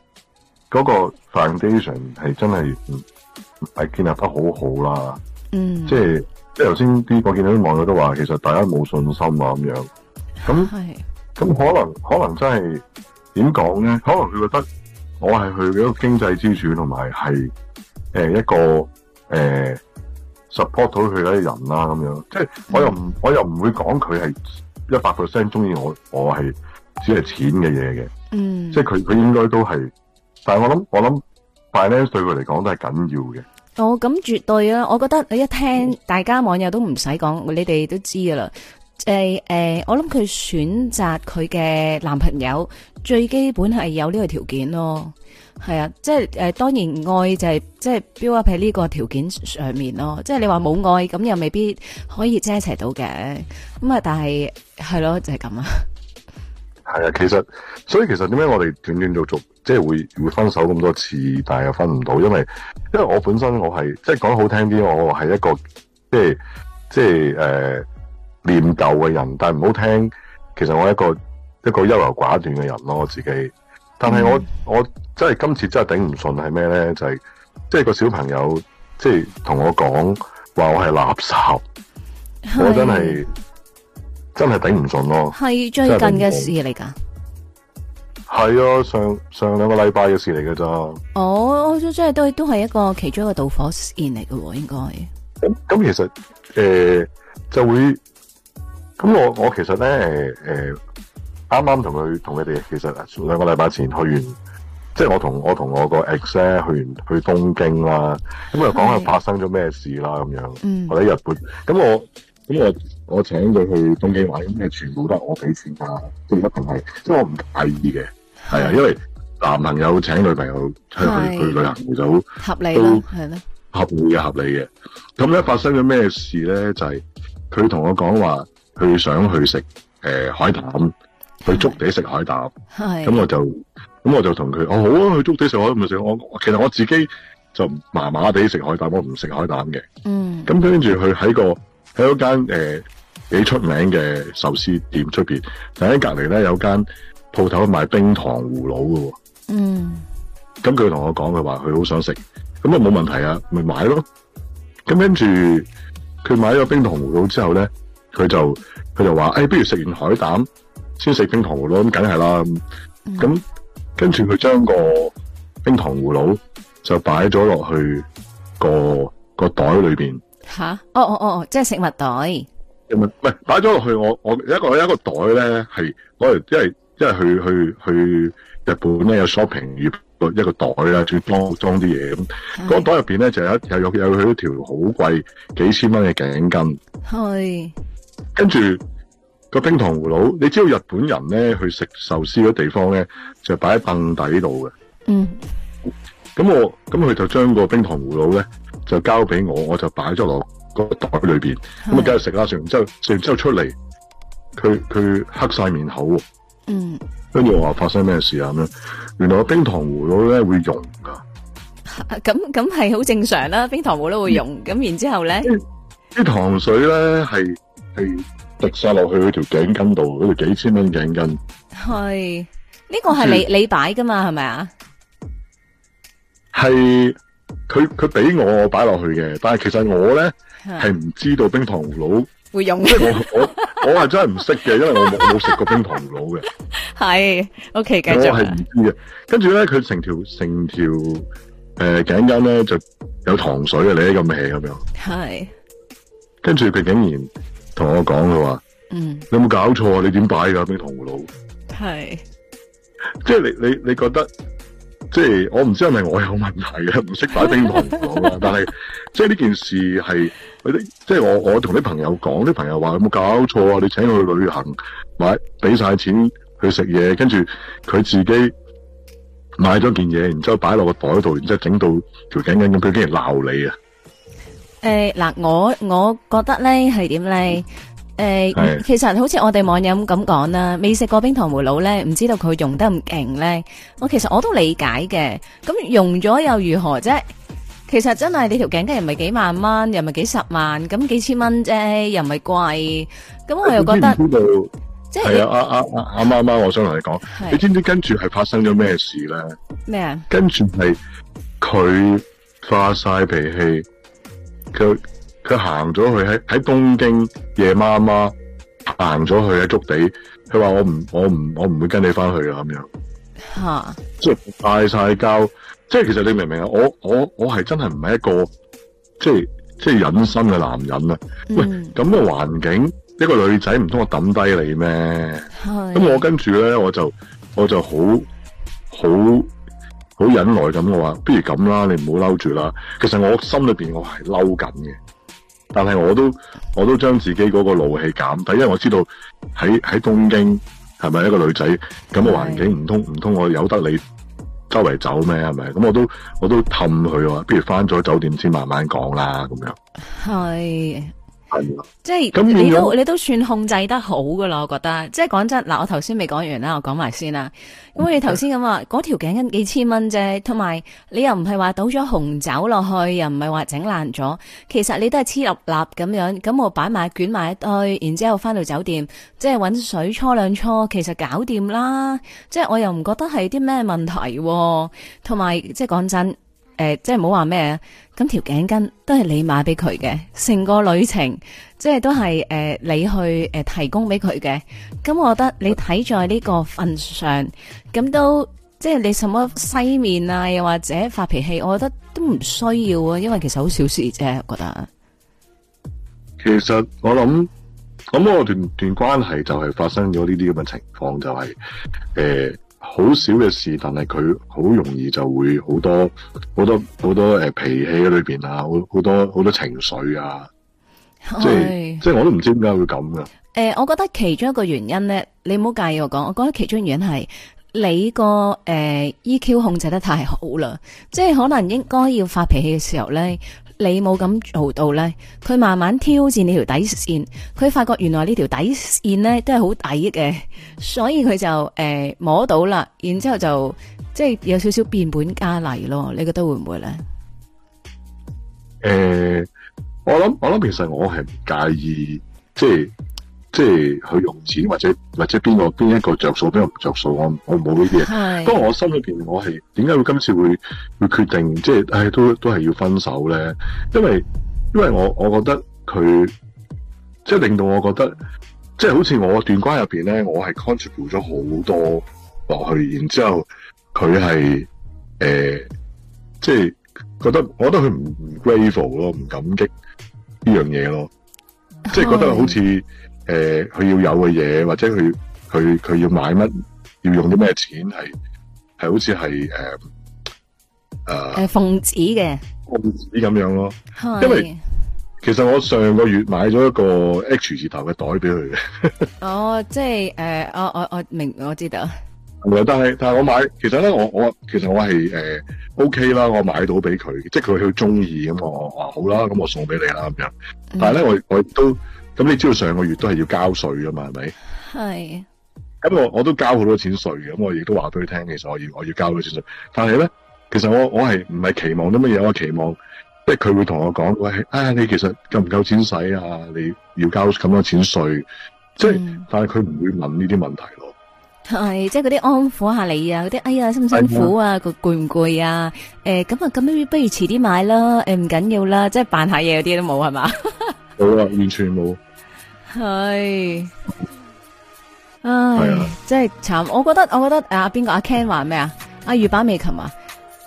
嗰個 foundation 係真係唔係建立得好好啦。嗯。即係。即係頭先啲我見到啲網友都話，其實大家冇信心啊咁樣，咁咁可能可能真係點講咧？可能佢覺得我係佢嘅一個經濟支柱，同埋係誒一個誒、呃、support 到佢啲人啦咁樣。即係我又唔、嗯、我又唔會講佢係一百 percent 中意我，我係只係錢嘅嘢嘅。嗯，即係佢佢應該都係，但係我諗我諗 buying 對佢嚟講都係緊要嘅。哦，咁絕對啦！我覺得你一聽，大家網友都唔使講，你哋都知㗎喇。誒、欸、誒、欸，我諗佢選擇佢嘅男朋友，最基本係有呢個條件咯。係啊，即係誒、欸，當然愛就係、是、即係 build up 喺呢個條件上面咯。即係你話冇愛，咁又未必可以遮一齊到嘅。咁啊，但係係咯，就係咁啊。係啊，其實所以其實點解我哋斷斷續續即係會會分手咁多次，但係又分唔到，因為因為我本身我係即係講得好聽啲，我係一個即係即係誒、呃、念舊嘅人，但係唔好聽，其實我係一個一個優柔寡斷嘅人咯，我自己。但係我、嗯、我真係今次真係頂唔順係咩咧？就係、是、即係個小朋友即係同我講話我係垃圾，我真係。真係頂唔順咯！係最近嘅事嚟噶，係啊，上上兩個禮拜嘅事嚟嘅咋。哦、oh,，即係都都係一個其中一個導火線嚟嘅喎，應該。咁、嗯、咁、嗯、其實誒、呃、就會，咁、嗯、我我其實咧誒，啱啱同佢同佢哋其實兩個禮拜前去完，即係我同我同我個 ex 去完，去，完去東京啦、啊，咁啊講下發生咗咩事啦咁樣。我喺日本，咁我咁我請佢去東京玩，咁嘅全部都係我俾錢㗎，即係一定係，即係、就是、我唔介意嘅。係啊，因為男朋友請女朋友去去去旅行就好合理咯，係咧合理嘅合理嘅。咁咧發生咗咩事咧？就係佢同我講話，佢想去食誒、呃、海膽，去築地食海膽。係咁我就咁我就同佢，我、哦、好啊，去築地食海膽，咪食我。其實我自己就麻麻地食海膽，我唔食海膽嘅。嗯。咁跟住佢喺個。喺嗰間誒幾出名嘅壽司店出邊，但喺隔籬咧有間鋪頭賣冰糖葫蘆嘅、哦。嗯，咁佢同我講，佢話佢好想食，咁啊冇問題啊，咪買咯。咁跟住佢買咗冰糖葫蘆之後咧，佢就佢就話，誒、哎，不如食完海膽先食冰糖葫蘆，咁梗係啦。咁跟住佢將個冰糖葫蘆就擺咗落去，個、個袋裏邊。吓！哦哦哦，即係食物袋。唔係，擺咗落去我我一個一個袋咧，係我係即係即係去去去日本咧有 shopping 一個一個袋啦，最裝裝啲嘢咁。個袋入邊咧就有，有，有一有有佢一條好貴幾千蚊嘅頸巾，係跟住個冰糖葫蘆。你知道日本人咧去食壽司嗰地方咧就擺喺凳底度嘅。嗯，咁我咁佢就將個冰糖葫蘆咧。就交俾我，我就擺咗落個袋裏邊，咁啊繼續食啊食完之後食完之後出嚟，佢佢黑晒面口，嗯，跟住我話發生咩事啊？原來個冰糖葫蘆咧會溶噶，咁咁係好正常啦，冰糖葫蘆會溶，咁、嗯、然之後咧啲糖水咧係係滴晒落去條頸巾度，嗰、那、條、個、幾千蚊頸巾，係呢、這個係你你擺噶嘛？係咪啊？係。佢佢俾我，我擺落去嘅。但係其實我咧係唔知道冰糖葫蘆會用嘅。我 我我係真係唔識嘅，因為我冇冇食過冰糖葫蘆嘅。係 ，OK，繼續。我係唔知嘅。跟住咧，佢成條成條誒頸巾咧就有糖水嘅你咧咁味咁樣。係。跟住佢竟然同我講，佢話：嗯，你有冇搞錯啊？你點擺噶冰糖葫蘆？係。即係你你你覺得？即係我唔知係咪我有問題嘅，唔識擺冰糖糖，但係即係呢件事係，即係我我同啲朋友講，啲朋友話有冇搞錯啊！你請佢去旅行，買俾晒錢去食嘢，跟住佢自己買咗件嘢，然之後擺落個袋度，然之後整到條頸頸咁，佢竟然鬧你啊！誒、呃，嗱，我我覺得咧係點咧？誒，其實好似我哋網友咁講啦，未食過冰糖葫蘆咧，唔知道佢融得咁勁咧。我其實我都理解嘅，咁融咗又如何啫？其實真係你條頸巾又唔係幾萬蚊，又唔係幾十萬，咁幾千蚊啫，又唔係貴。咁我又覺得，即係係啊，阿阿阿阿媽媽，我想同你講，你知唔知跟住係發生咗咩事咧？咩啊？跟住係佢發晒脾氣，佢。佢行咗去喺喺東京夜媽媽行咗去喺足地，佢話我唔我唔我唔會跟你翻去啊咁樣，吓、啊，即係嗌晒交，即係其實你明唔明啊？我我我係真係唔係一個即係即係忍心嘅男人啊！嗯、喂，咁嘅環境，一個女仔唔通我抌低你咩？咁、嗯、我跟住咧，我就我就好好好忍耐咁，我話不如咁啦，你唔好嬲住啦。其實我心裏邊我係嬲緊嘅。但係我都我都將自己嗰個怒氣減低，因為我知道喺喺東京係咪一個女仔咁嘅環境，唔通唔通我由得你周圍走咩？係咪？咁我都我都氹佢話，不如翻咗酒店先慢慢講啦，咁樣。係。嗯、即係你都你都算控制得好噶啦，我覺得。即係講真，嗱，我頭先未講完啦，我講埋先啦。咁、嗯、你頭先咁話，嗰條頸巾幾千蚊啫，同埋你又唔係話倒咗紅酒落去，又唔係話整爛咗，其實你都係黐立立咁樣，咁我擺埋捲埋一堆，然之後翻到酒店，即係搵水搓兩搓，其實搞掂啦。即係我又唔覺得係啲咩問題，啊，同埋即係講真。誒、呃，即係唔好話咩，咁條頸巾都係你買俾佢嘅，成個旅程即係都係誒、呃、你去誒、呃、提供俾佢嘅，咁我覺得你睇在呢個份上，咁都即係你什麼西面啊，又或者發脾氣，我覺得都唔需要啊，因為其實好小事啫，我覺得。其實我諗，咁、嗯、我段段關係就係發生咗呢啲咁嘅情況，就係、是、誒。呃好少嘅事，但係佢好容易就會好多好多好多誒、呃、脾氣喺裏邊啊，好好多好多情緒啊，即係即係我都唔知點解會咁噶。誒、呃，我覺得其中一個原因咧，你唔好介意我講，我覺得其中原因係你個誒、呃、EQ 控制得太好啦，即係可能應該要發脾氣嘅時候咧。你冇咁做到咧，佢慢慢挑戰呢條底線，佢發覺原來呢條底線咧都係好抵嘅，所以佢就誒、呃、摸到啦，然之後就即係有少少變本加厲咯，你覺得會唔會咧？誒、呃，我諗我諗，其實我係唔介意即係。即係佢用錢，或者或者邊個邊一個着數，邊個唔着數，我我冇呢啲嘢。不過我心裏邊，我係點解會今次會會決定，即係唉，都都係要分手咧？因為因為我我覺得佢即係令到我覺得，即係好似我段關入邊咧，我係 contribute 咗好多落去，然之後佢係誒，即係覺得我覺得佢唔 grateful 咯，唔感激呢樣嘢咯，即係覺得好似、嗯。誒、呃，佢要有嘅嘢，或者佢佢佢要買乜，要用啲咩錢，係係好似係誒誒，奉旨嘅，奉旨咁樣咯。因為其實我上個月買咗一個 H 字頭嘅袋俾佢嘅。 哦，即係誒、呃，我我我，我明，我知道。但係但係我買，其實咧我我其實我係誒、呃、OK 啦，我買到俾佢，即係佢好中意咁，我話好啦，咁我送俾你啦咁樣、嗯。但係咧我我亦都。咁你知道上個月都係要交稅噶嘛，係咪？係。咁我我都交好多錢稅，咁我亦都話俾你聽，其實我要我要交好多錢稅。但係咧，其實我我係唔係期望啲乜嘢？我期望即係佢會同我講，喂，啊、哎、你其實夠唔夠錢使啊？你要交咁多錢稅，即係、嗯，但係佢唔會問呢啲問題咯。係，即係嗰啲安撫下你啊，嗰啲哎呀辛唔辛苦啊，佢攰唔攰啊？誒、哎、咁、哎哎、啊咁，哎、不如不如遲啲買啦。誒、哎，唔緊要啦，即係辦下嘢嗰啲都冇係嘛。 好啦，完全冇係。唉，真係慘。我覺得，我覺得啊阿邊個阿 Ken 話咩啊？阿月、啊啊、板美琴啊，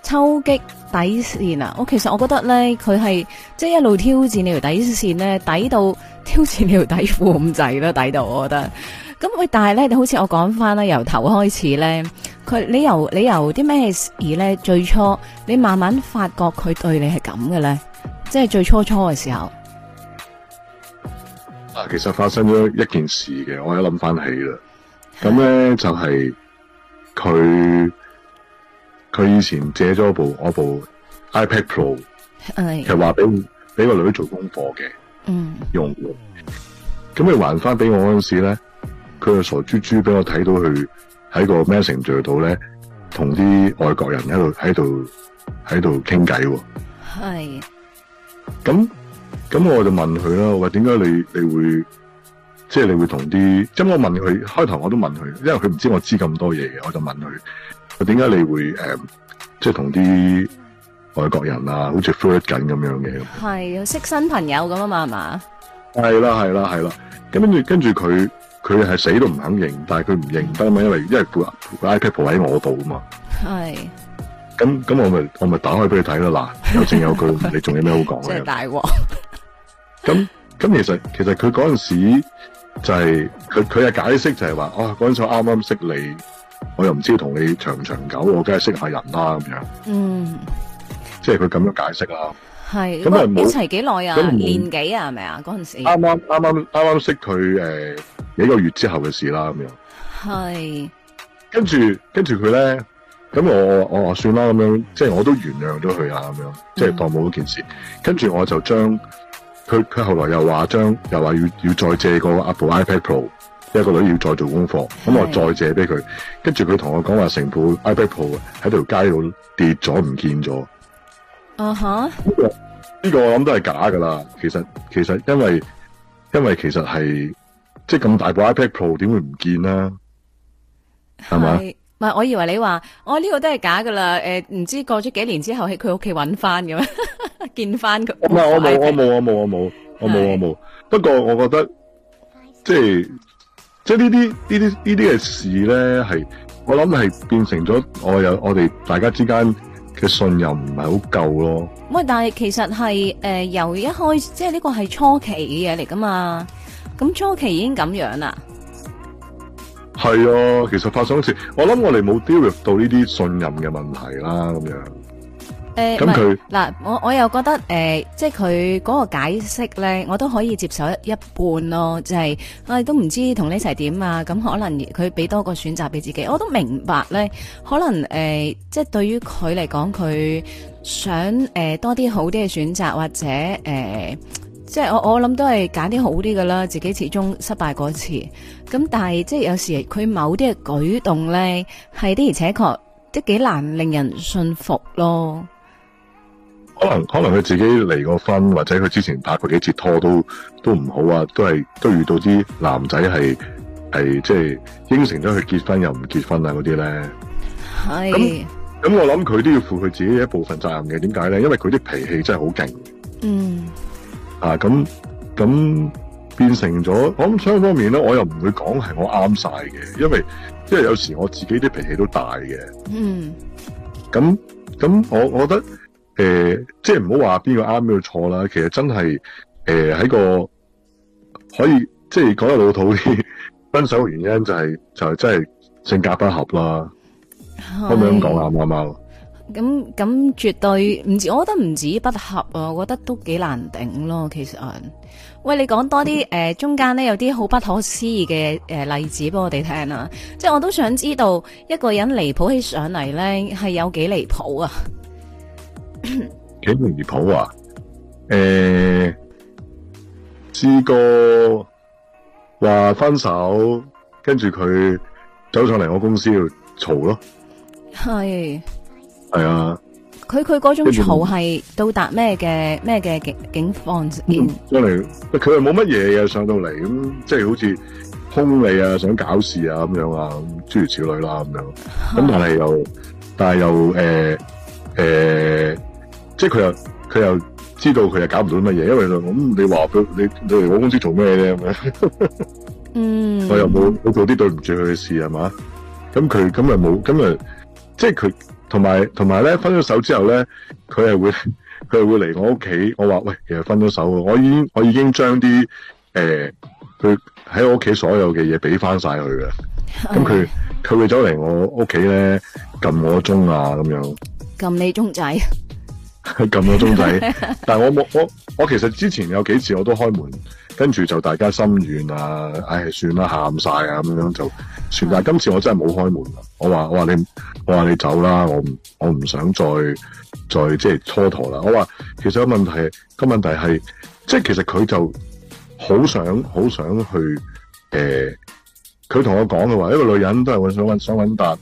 抽擊底線啊。我、哦、其實我覺得咧，佢係即係一路挑戰你條底線咧，抵到挑戰你條底褲咁滯啦，抵到我覺得。咁喂，但係咧，好似我講翻啦，由頭開始咧，佢你由你由啲咩事咧，最初你慢慢發覺佢對你係咁嘅咧，即係最初初嘅時候。嗱，其實發生咗一件事嘅，我一諗翻起啦。咁咧就係佢佢以前借咗部我部 iPad Pro，係話俾俾個女做功課嘅，嗯，用的。咁佢還翻俾我嗰陣時咧，佢個傻豬豬俾我睇到佢喺個 Messenger 度咧，同啲外國人喺度喺度喺度傾偈。係，咁。咁我就問佢啦，我話點解你你會即係、就是、你會同啲，咁我問佢開頭我都問佢，因為佢唔知我知咁多嘢嘅，我就問佢，我點解你會誒即係同啲外國人啊，好似 friend 緊咁樣嘅？係，識新朋友咁啊嘛，係嘛？係啦，係啦，係啦。咁跟住跟住佢佢係死都唔肯認，但係佢唔認得嘛，因為因為個個 iPad 喺我度啊嘛。係。咁咁我咪我咪打開俾佢睇啦，嗱，有證有據， 你仲有咩好講即係大鑊。 咁咁其實其實佢嗰陣時就係佢佢嘅解釋就係話哦嗰陣時我啱啱識你我又唔知同你長唔長久我梗係識下人啦咁樣嗯即係佢咁樣解釋啦，係咁啊一齊幾耐啊年幾啊係咪啊嗰陣時啱啱啱啱啱啱識佢誒幾個月之後嘅事啦咁樣係跟住跟住佢咧咁我我話算啦咁樣即係我都原諒咗佢啊咁樣即係當冇嗰件事、嗯、跟住我就將。佢佢後來又話將又話要要再借個 Apple iPad Pro，一個女要再做功課，咁我再借俾佢。跟住佢同我講話成部 iPad Pro 喺條街度跌咗唔見咗。啊、uh、哈 -huh. 這個！呢個呢個我諗都係假噶啦。其實其實因為因為其實係即係咁大部 iPad Pro 點會唔見啦？係咪？唔係我以為你話我呢個都係假噶啦。誒、呃，唔知過咗幾年之後喺佢屋企搵翻咁樣。 見翻佢，唔係我冇，我冇，我冇，我冇，我冇，我冇。不過我覺得，即係即係呢啲呢啲呢啲嘅事咧，係我諗係變成咗我有我哋大家之間嘅信任唔係好夠咯。喂，但係其實係誒、呃、由一開始即係呢個係初期嘅嘢嚟㗎嘛，咁初期已經咁樣啦。係啊，其實發生一次，我諗我哋冇 deal with 到呢啲信任嘅問題啦，咁樣。咁佢嗱，我我又覺得誒、欸，即係佢嗰個解釋咧，我都可以接受一一半咯。就係我哋都唔知同你一齊點啊。咁、嗯、可能佢俾多個選擇俾自己，我都明白咧。可能誒、欸，即係對於佢嚟講，佢想誒、欸、多啲好啲嘅選擇，或者誒、欸，即係我我諗都係揀啲好啲噶啦。自己始終失敗嗰次，咁、嗯、但係即係有時佢某啲嘅舉動咧，係的而且確即幾難令人信服咯。可能可能佢自己離過婚，或者佢之前拍過幾次拖都都唔好啊，都係都遇到啲男仔係係即係應承咗佢結婚又唔結婚啊嗰啲咧。係咁咁，我諗佢都要負佢自己一部分責任嘅。點解咧？因為佢啲脾氣真係好勁。嗯。啊，咁咁變成咗我諗雙方面咧，我又唔會講係我啱晒嘅，因為因為有時我自己啲脾氣都大嘅。嗯。咁咁，我我覺得。誒、呃，即係唔好話邊個啱邊個錯啦，其實真係誒喺個可以即係講得老土啲分手原因就係、是、就係、是、真係性格不合啦，可唔可以咁講啊？啱唔啱？咁、嗯、咁、嗯嗯、絕對唔止，我覺得唔止不合啊，我覺得都幾難頂咯。其實啊，喂，你講多啲誒、呃，中間咧有啲好不可思議嘅誒例子俾我哋聽啊！即係我都想知道一個人離譜起上嚟咧係有幾離譜啊！ 幾容易抱啊？誒、欸，試過話分手，跟住佢走上嚟我公司度嘈咯。係係啊，佢佢嗰種嘈係到達咩嘅咩嘅警警方面？因為佢又冇乜嘢嘅上到嚟，咁即係好似兇你啊，想搞事啊咁樣啊，咁諸如此類啦咁樣、啊，咁 但係又但係又誒。欸誒、欸，即係佢又佢又知道佢又搞唔到乜嘢，因為就咁、嗯、你話佢你你嚟我公司做咩咧？嗯、 mm，-hmm. 我又冇做啲對唔住佢嘅事係嘛？咁佢咁咪冇咁咪即係佢同埋同埋咧，分咗手之後咧，佢係會佢係會嚟我屋企。我話喂，其實分咗手，我已經我已經將啲誒，佢、呃、喺我屋企所有嘅嘢俾翻晒佢嘅。咁佢佢會走嚟我屋企咧，撳我個鐘啊咁樣。撳你鐘仔，撳咗鐘仔， 但係我冇我我，我其實之前有幾次我都開門，跟住就大家心軟啊，唉、哎，算啦，喊晒啊，咁樣就算、嗯。但係今次我真係冇開門，我話我話你，我話你走啦，我唔我唔想再再即係蹉跎啦。我話其實個問題個問題係，即係其實佢就好想好想去誒。呃佢同我講，佢話一個女人都係會想搵想搵笪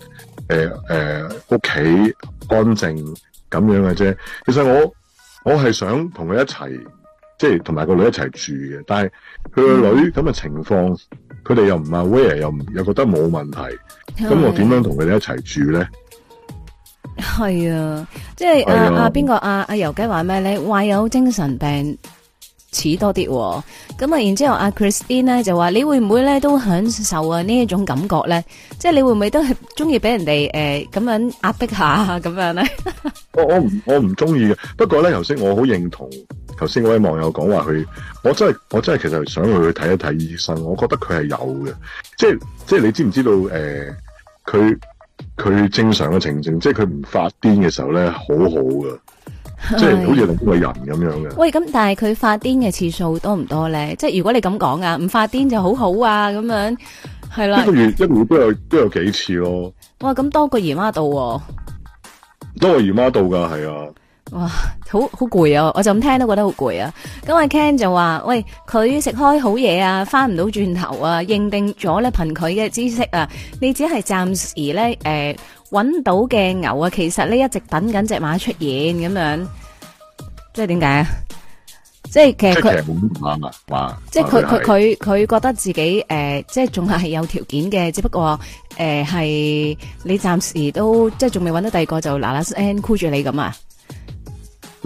誒誒屋企乾淨咁樣嘅啫。其實我我係想同佢一齊，即係同埋個女一齊住嘅。但係佢個女咁嘅情況，嗯、佢哋又唔係 where，又又覺得冇問題。咁我點樣同佢哋一齊住咧？係啊，即係阿阿邊個阿阿游雞話咩咧？患有精神病。似多啲咁啊，然之後阿、啊、Christine 咧就話，你會唔會咧都享受啊呢一種感覺咧？即係你會唔會都係中意俾人哋誒咁樣壓迫下咁樣咧 ？我我我唔中意嘅，不過咧頭先我好認同頭先嗰位網友講話佢，我真係我真係其實想去去睇一睇醫生，我覺得佢係有嘅，即係即係你知唔知道誒？佢、呃、佢正常嘅情形，即係佢唔發癲嘅時候咧，好好嘅。 即係好似你呢個人咁樣嘅。喂，咁但係佢發癲嘅次數多唔多咧？即係如果你咁講啊，唔發癲就好好啊，咁樣係啦。一個月一個月都有都有幾次咯。哇，咁多過姨媽到喎。哦，多過姨媽到噶？係啊。哇，好好攰啊！我就咁聽都覺得好攰啊！咁阿 Ken 就話：喂，佢食開好嘢啊，翻唔到轉頭啊，認定咗咧，憑佢嘅知識啊，你只係暫時咧誒搵到嘅牛啊，其實呢一直等緊隻馬出現咁樣。即係點解啊？即係其實佢啱啊！即係佢佢佢佢覺得自己誒、呃，即係仲係有條件嘅，只不過誒係、呃、你暫時都即係仲未搵到第二個就嗱嗱聲箍住你咁啊！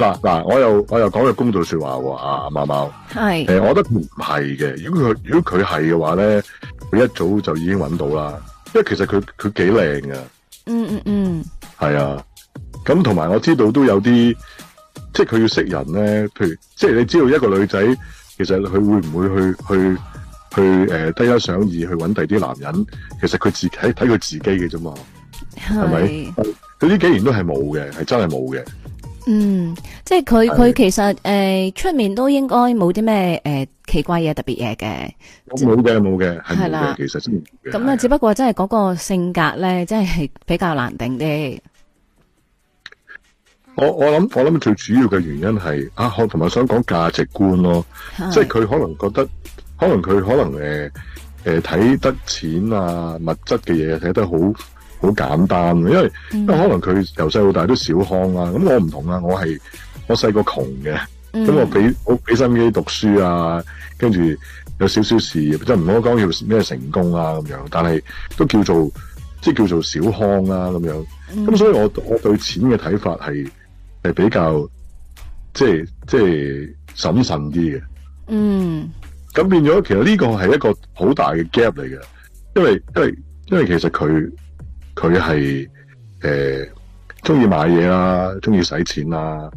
嗱嗱，我又我又講句公道説話喎，阿貓貓，係，誒、呃，我覺得唔係嘅。如果佢如果佢係嘅話咧，佢一早就已經揾到啦。因為其實佢佢幾靚㗎，嗯嗯嗯，係啊。咁同埋我知道都有啲，即係佢要識人咧。譬如，即係你知道一個女仔，其實佢會唔會去去去誒低一上二去揾第啲男人？其實佢自己睇佢自己嘅啫嘛，係咪？佢呢幾年都係冇嘅，係真係冇嘅。嗯，即係佢佢其實誒出、呃、面都應該冇啲咩誒奇怪嘢、特別嘢嘅，冇嘅冇嘅，係啦，其實咁啊，嗯嗯嗯、那就只不過真係嗰個性格咧，真、就、係、是、比較難定啲。我我諗我諗最主要嘅原因係啊，我同埋想講價值觀咯，是即係佢可能覺得，可能佢可能誒誒睇得錢啊物質嘅嘢睇得好。好簡單，因為、嗯、因為可能佢由細到大都小康啦、啊，咁我唔同啊，我係我細個窮嘅，咁、嗯、我俾我俾心機讀書啊，跟住有少少事業，即係唔好講叫咩成功啊咁樣，但係都叫做即係叫做小康啦、啊、咁樣，咁、嗯、所以我我對錢嘅睇法係係比較即係即係審慎啲嘅，嗯，咁變咗其實呢個係一個好大嘅 gap 嚟嘅，因為因為因為其實佢。佢係誒，中、呃、意買嘢啦、啊，中意使錢啦、啊。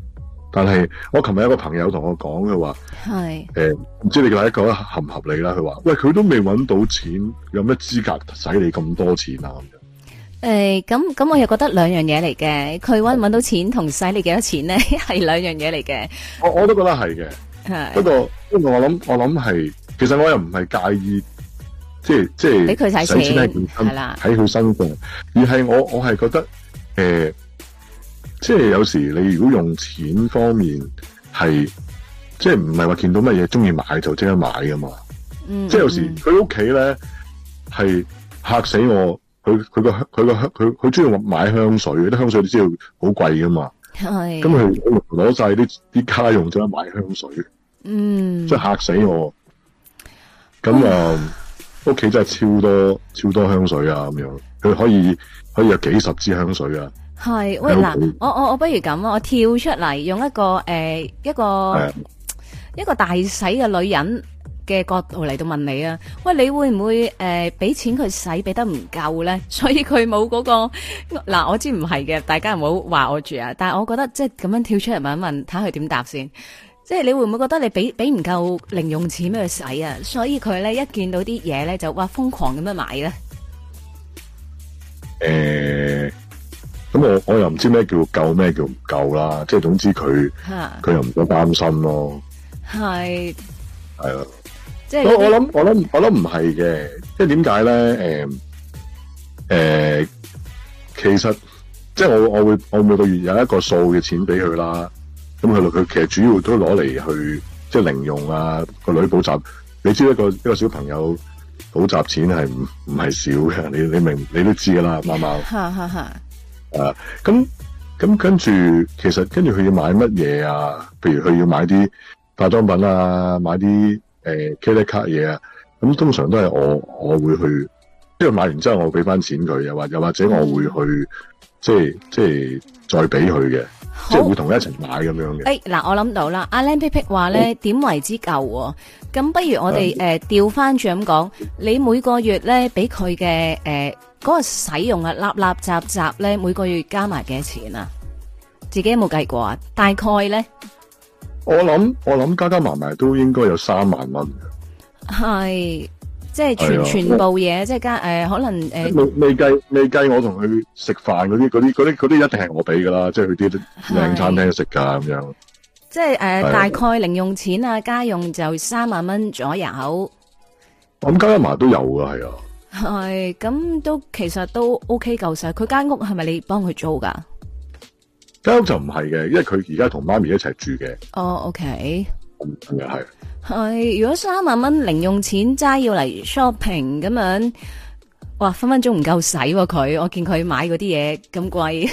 但係我琴日有個朋友同我講，佢話係誒，唔、欸、知道你覺得合唔合理啦、啊。佢話喂，佢都未揾到錢，有咩資格使你咁多錢啊？咁樣誒，咁、嗯、咁、嗯嗯嗯、我又覺得兩樣嘢嚟嘅。佢揾揾到錢同使你幾多錢咧，係 兩樣嘢嚟嘅。我我都覺得係嘅。不過不過我諗我諗係，其實我又唔係介意。即係即係使錢喺佢身，喺佢身上。而係我我係覺得誒、呃，即係有時你如果用錢方面係，即係唔係話見到乜嘢中意買就即刻買噶嘛。嗯、即係有時佢屋企咧係嚇死我，佢佢個佢個佢佢中意買香水，啲香水你知道好貴噶嘛。咁佢攞晒啲啲家用咗買香水，嗯，即係嚇死我。咁啊～、嗯屋企真係超多超多香水啊，咁樣佢可以可以有幾十支香水啊。係喂，嗱，我我我不如咁，我跳出嚟用一個誒、呃、一個、哎、一個大使嘅女人嘅角度嚟到問你啊。喂，你會唔會誒俾、呃、錢佢使俾得唔夠咧？所以佢冇嗰個。嗱，我知唔係嘅，大家唔好話我住啊。但係我覺得即係咁樣跳出嚟問一問，睇下佢點答先。即係你會唔會覺得你俾俾唔夠零用錢俾佢使啊？所以佢咧一見到啲嘢咧就哇瘋狂咁樣買咧。誒、欸，咁我我又唔知咩叫夠咩叫唔夠啦。即係總之佢佢又唔想擔心咯。係係咯，即係我我諗我諗我諗唔係嘅。即係點解咧？誒、欸、誒，其實即係我我會我每個月有一個數嘅錢俾佢啦。咁佢佢其實主要都攞嚟去即係、就是、零用啊，個女補習，你知一個一個小朋友補習錢係唔唔係少嘅，你你明你都知噶啦，貓貓。哈哈哈啊，咁咁跟住，其實跟住佢要買乜嘢啊譬如佢要買啲化妝品啊，買啲誒 credit 卡嘢啊，咁通常都係我我會去，因為買完之後我俾翻錢佢，又或又或者我會去即係即係再俾佢嘅。即係會同佢一齊買咁樣嘅。誒、哎，嗱，我諗到啦， 阿 Len Pippic 話咧，點 為之夠、啊？咁不如我哋誒調翻轉咁講，你每個月咧俾佢嘅誒嗰個使用啊，垃垃雜雜咧，每個月加埋幾多錢啊？自己有冇計過啊？大概咧？我諗我諗加加埋埋都應該有三萬蚊。係。 即係全是、啊、全部嘢、嗯，即係加誒，可能誒、呃，未未計未計，我同佢食飯嗰啲啲啲啲一定係我俾噶啦，即係佢啲靚餐廳食噶咁樣。即係誒，大概零用錢啊，家用就三萬蚊左右。咁加一埋都有噶，係啊。係咁都其實都 OK 夠晒。佢間屋係咪你幫佢租噶？間屋就唔係嘅，因為佢而家同媽咪一齊住嘅。哦、oh,，OK、嗯。咁又係。係，如果三萬蚊零用錢齋要嚟 shopping 咁樣，哇分分鐘唔夠使喎佢，我見佢買嗰啲嘢咁貴。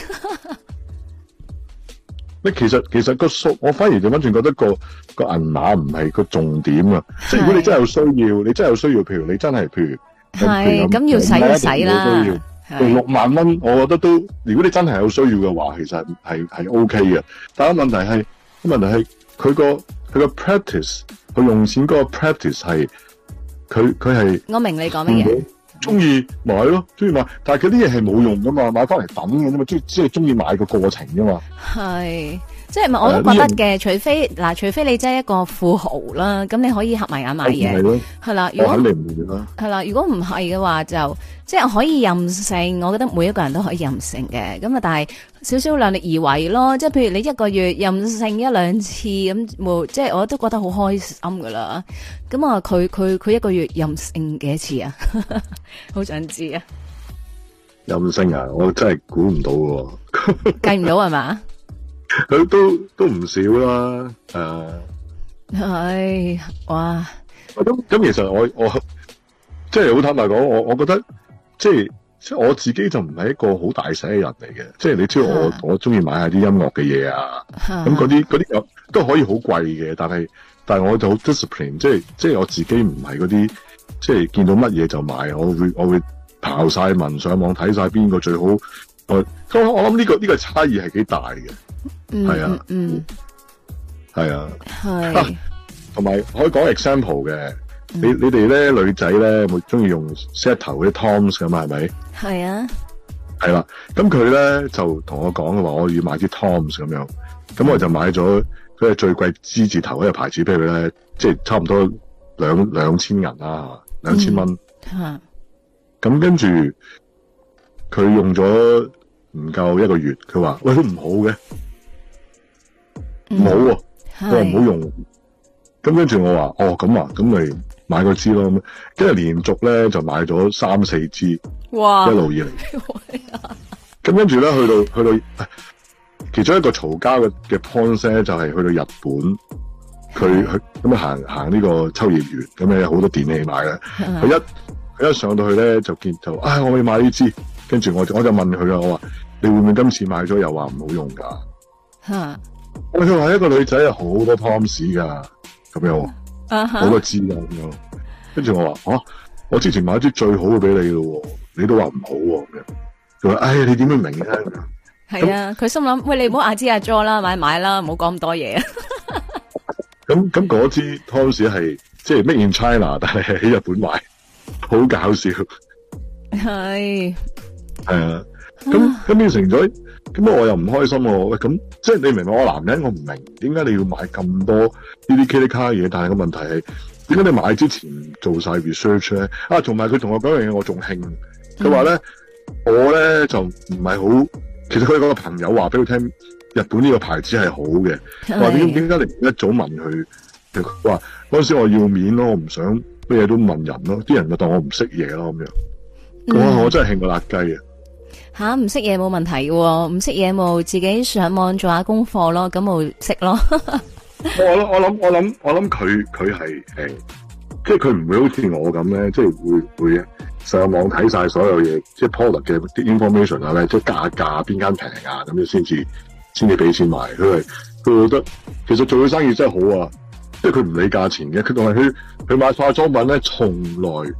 你 其實其實個數，我反而就完全覺得個個銀碼唔係個重點啊。即係如果你真係有需要，你真係有需要，譬如你真係譬如係咁要使一使啦。六萬蚊，我覺得都如果你真係有需要嘅話，其實係係 OK 嘅。但係問題係，問題係佢個佢個 practice。佢用錢嗰個 practice 係，佢佢係，我明你講乜嘢。嗯、中意買咯，中意買，但係佢啲嘢係冇用噶嘛，買翻嚟等嘅啫嘛，即係即係中意買個過程啫嘛。係。即係咪我都覺得嘅，除非嗱，除非你真係一個富豪啦，咁你可以合埋眼買嘢，係啦。我肯定唔會嘅啦。係啦，如果唔係嘅話，就即係可以任性。我覺得每一個人都可以任性嘅，咁啊，但係少少量力而為咯。即係譬如你一個月任性一兩次咁冇，即係我都覺得好開心噶啦。咁啊，佢佢佢一個月任性幾多次啊？好 想知啊！任性啊！我真係估唔到喎，計 唔到係嘛？佢 都都唔少啦，誒、啊，係、哎、哇。咁、嗯、咁，其實我我即係好坦白講，我我覺得即係即係我自己就唔係一個好大使嘅人嚟嘅。即、就、係、是、你知道我我中意買下啲音樂嘅嘢啊，咁嗰啲嗰啲都可以好貴嘅，但係但係我就好 discipline，即係即係我自己唔係嗰啲，即、就、係、是、見到乜嘢就買，我會我會刨晒文上網睇晒邊個最好。我、嗯、我諗呢、這個呢、這個差異係幾大嘅。係、嗯、啊，嗯，係啊，係。同、啊、埋可以講 example 嘅，你你哋咧女仔咧會中意用 set 頭嗰啲 Toms 咁啊？係咪？係啊，係、嗯、啦。咁佢咧就同我講嘅話，我要買啲 Toms 咁樣。咁我就買咗嗰隻最貴 G 字頭嗰隻牌子俾佢咧，即係差唔多兩兩千銀啦、啊，兩千蚊。係、嗯。咁、嗯、跟住佢用咗唔夠一個月，佢話喂，都唔好嘅。冇、哦嗯哦、啊！佢話唔好用，咁跟住我話，哦咁啊，咁你買個支咯，咁跟住連續咧就買咗三四支，一路以嚟。咁跟住咧去到去到其中一個嘈交嘅嘅 point 咧，就係、是、去到日本，佢去咁咪行行呢個秋葉原，咁樣有好多電器買嘅。佢一佢一上到去咧就見就，唉、哎，我未買呢支。跟住我我就問佢啊，我話，你會唔會今次買咗又話唔好用噶？吓。我佢話，一個女仔啊好多 Tom’s 噶咁樣，uh -huh. 好多支啊咁樣。跟住我話，吓，我之前買支最好嘅俾你嘅，你都話唔好咁樣。佢話，唉、哎，你點樣明啊？係啊，佢、啊、心諗，喂，你唔好阿支阿 Jo 啦，買買啦，唔好講咁多嘢啊。咁咁嗰支 Tom’s 係即係、就是、Make in China，但係喺日本買，好搞笑。係、hey. 係啊，咁咁變成咗。咁我又唔開心喎，喂，咁即係你明白我男人，我唔明點解你要買咁多呢啲 Kitty 卡嘢。但係個問題係點解你買之前做晒 research 咧？啊，同埋佢同我講樣嘢，我仲嬲，佢話咧我咧就唔係好，其實佢嗰個朋友話俾佢聽，日本呢個牌子係好嘅，話點點解你一早問佢？話嗰陣時我要面咯，我唔想乜嘢都問人咯，啲人就當我唔識嘢咯，咁樣，嗯、我我真係嬲過辣雞啊！吓，唔識嘢冇問題嘅，唔識嘢冇自己上網做下功課咯，咁咪識咯。 我我諗我諗我諗佢佢係誒，即係佢唔會好似我咁咧，即係會會上網睇晒所有嘢，即係 product 嘅 information 啊咧，即係價價邊間平啊，咁樣先至先至俾錢買。佢係佢覺得其實做嘅生意真係好啊，即係佢唔理價錢嘅。佢同埋佢佢買化妝品咧，從來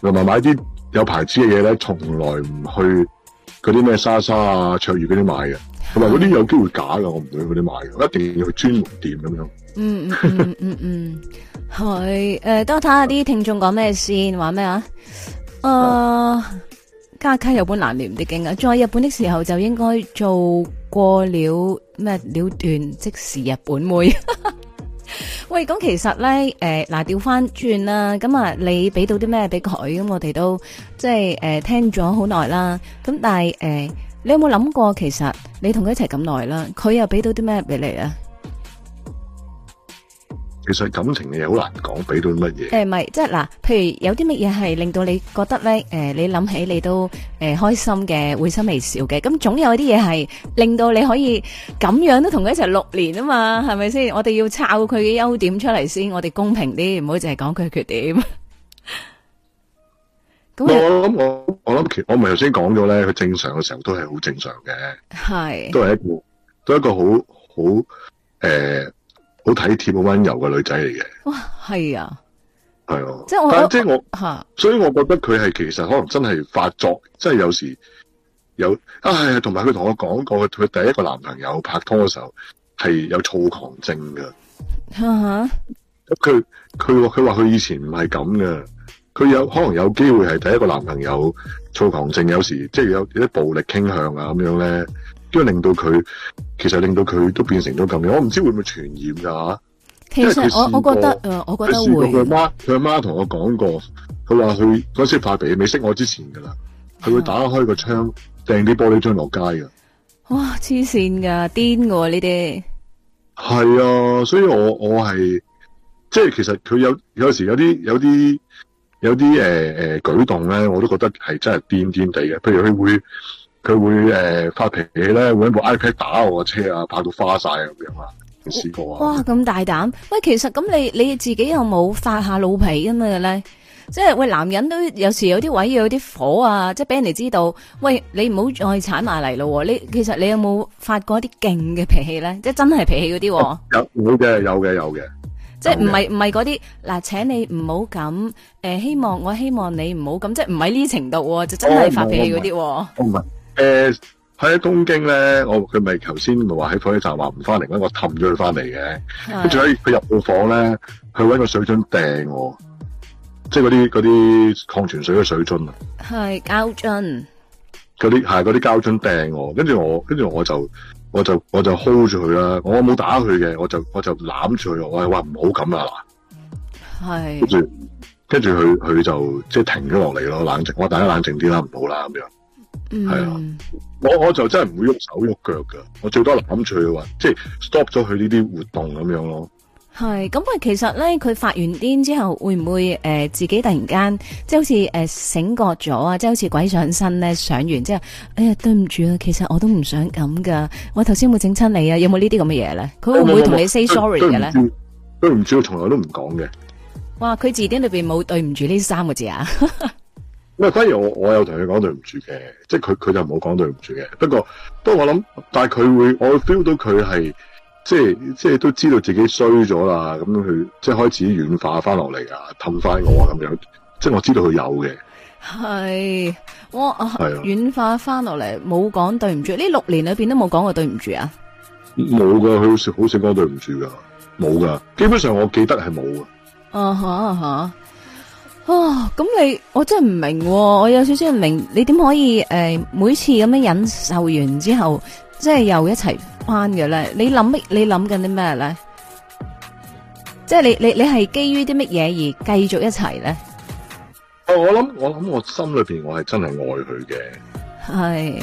同埋買啲有牌子嘅嘢咧，從來唔去。嗰啲咩莎莎啊、卓悅嗰啲買嘅，同埋嗰啲有機會假嘅，我唔會嗰啲買嘅，一定要去專門店咁樣。嗯嗯嗯嗯，係、嗯、誒、嗯 呃，等我睇下啲聽眾講咩先，話咩啊？啊，家家有本難念的經啊，在日本的時候就應該做過了咩了斷，即是日本妹。 喂，咁其實咧，誒、欸，嗱調翻轉啦，咁啊，你俾到啲咩俾佢？咁我哋都即係誒、欸、聽咗好耐啦。咁但係誒、欸，你有冇諗過其實你同佢一齊咁耐啦，佢又俾到啲咩俾你啊？其實感情嘅嘢好難講，俾到乜嘢？誒，唔係，即係嗱，譬如有啲乜嘢係令到你覺得咧？誒，你諗起你都誒開心嘅，會心微笑嘅。咁總有啲嘢係令到你可以咁樣都同佢一齊六年啊嘛，係咪先？我哋要抄佢嘅優點出嚟先，我哋公平啲，唔好淨係講佢嘅缺點。咁我諗我我諗，我咪頭先講咗咧，佢正常嘅時候都係好正常嘅，係，都係一個，都係一個好好誒。好體貼、好溫柔嘅女仔嚟嘅，哇、哦，係啊，係啊，即係我，即係我吓，所以我覺得佢係其實可能真係發作，即係有時有，唉、哎，同埋佢同我講過，佢佢第一個男朋友拍拖嘅時候係有躁狂症嘅，吓、啊，咁佢佢話佢話佢以前唔係咁嘅，佢有可能有機會係第一個男朋友躁狂症，有時即係有啲暴力傾向啊咁樣咧，都令到佢。其實令到佢都變成咗咁樣，我唔知會唔會傳染噶。其實我我覺得，誒，我覺得會。佢阿媽，佢阿媽同我講過，佢話佢嗰時發脾氣未識我之前噶啦，佢、嗯、會打開個窗掟啲玻璃樽落街噶。哇、哦！黐線噶癲噶呢啲。係啊，所以我我係，即係其實佢有有時有啲有啲有啲誒誒舉動咧，我都覺得係真係癲癲地嘅。譬如佢會。佢會誒、呃、發脾氣咧，會部 iPad 打我個車啊，拍到花晒咁樣啊，你試過啊、哦？哇，咁大膽！喂，其實咁你你自己有冇發下老脾嘛？樣、就、咧、是？即係喂，男人都有時有啲位要有啲火啊，即係俾人哋知道，喂，你唔好再踩埋嚟咯。你其實你有冇發過啲勁嘅脾氣咧？即、就、係、是、真係脾氣嗰啲？有，有嘅，有嘅，有嘅。即係唔係唔係嗰啲嗱，請你唔好咁誒，希望我希望你唔好咁，即係唔喺呢程度，啊，就真係發脾氣嗰啲。唔、哦哦哦哦哦哦哦哦誒、欸，喺東京咧，我佢咪頭先咪話喺火車站話唔翻嚟咧，我氹咗佢翻嚟嘅。跟住喺佢入到房咧，佢搵個水樽掟我，即係嗰啲嗰啲礦泉水嘅水樽啊。係膠樽，嗰啲係嗰啲膠樽掟我，跟住我跟住我就我就我就 hold 住佢啦。我冇打佢嘅，我就我就攬住佢，我話唔好咁啦，嗱。係。跟住跟住佢佢就即係停咗落嚟咯，冷靜，我大家冷靜啲啦，唔好啦咁樣。係、mm -hmm. 啊，我我就真係唔會喐手喐腳噶，我最多攬住佢話，即、就、係、是、stop 咗佢呢啲活動咁樣咯。係，咁佢其實咧，佢發完癲之後，會唔會誒、呃、自己突然間即係好似誒、呃、醒覺咗啊？即係好似鬼上身咧？上完之後，哎呀對唔住啊，其實我都唔想咁噶。我頭先有冇整親你啊？有冇呢啲咁嘅嘢咧？佢會唔會同、哦、你 say sorry 嘅咧？對唔住，我從來都唔講嘅。哇，佢字典裏邊冇對唔住呢三個字啊！ 唔係，反而我我有同佢講對唔住嘅，即係佢佢就冇講對唔住嘅。不過，不過我諗，但係佢會，我 feel 到佢係即係即係都知道自己衰咗啦，咁佢即係開始軟化翻落嚟啊，氹翻我啊咁樣。即係我知道佢有嘅。係，我係啊，啊，軟化翻落嚟，冇講對唔住。呢六年裏邊都冇講過對唔住啊。冇噶，佢好少講對唔住噶，冇噶。基本上我記得係冇噶。啊，嚇嚇。啊、哦，咁你我真係唔明，哦，我有少少唔明你點可以誒、呃、每次咁樣忍受完之後，即係又一齊翻嘅咧？你諗乜？你諗緊啲咩咧？即係你你你係基於啲乜嘢而繼續一齊咧，哦？我諗我諗我諗我心裏邊我係真係愛佢嘅。係。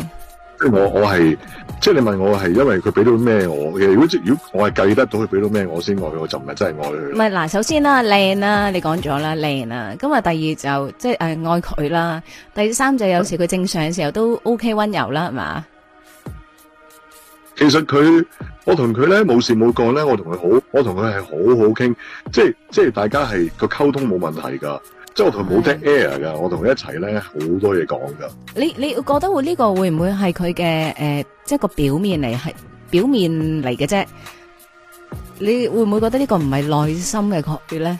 即係我我係，即係你問我係因為佢俾到咩我嘅？如果即如果我係計得到佢俾到咩我先愛佢，我就唔係真係愛佢。唔係嗱，首先啦、啊，靚啦、啊，你講咗啦，靚啦。咁啊，第二就即係誒、呃、愛佢啦。第三就有時佢正常嘅時候都 OK 溫柔啦，係嘛？其實佢，我同佢咧冇事冇講咧，我同佢好，我同佢係好好傾，即係即係大家係個溝通冇問題噶。即係我同佢冇聽 air 噶，我同佢一齊咧好多嘢講噶。你你覺得會呢個會唔會係佢嘅誒，即係個表面嚟，係表面嚟嘅啫？你會唔會覺得呢個唔係內心嘅拒絕咧？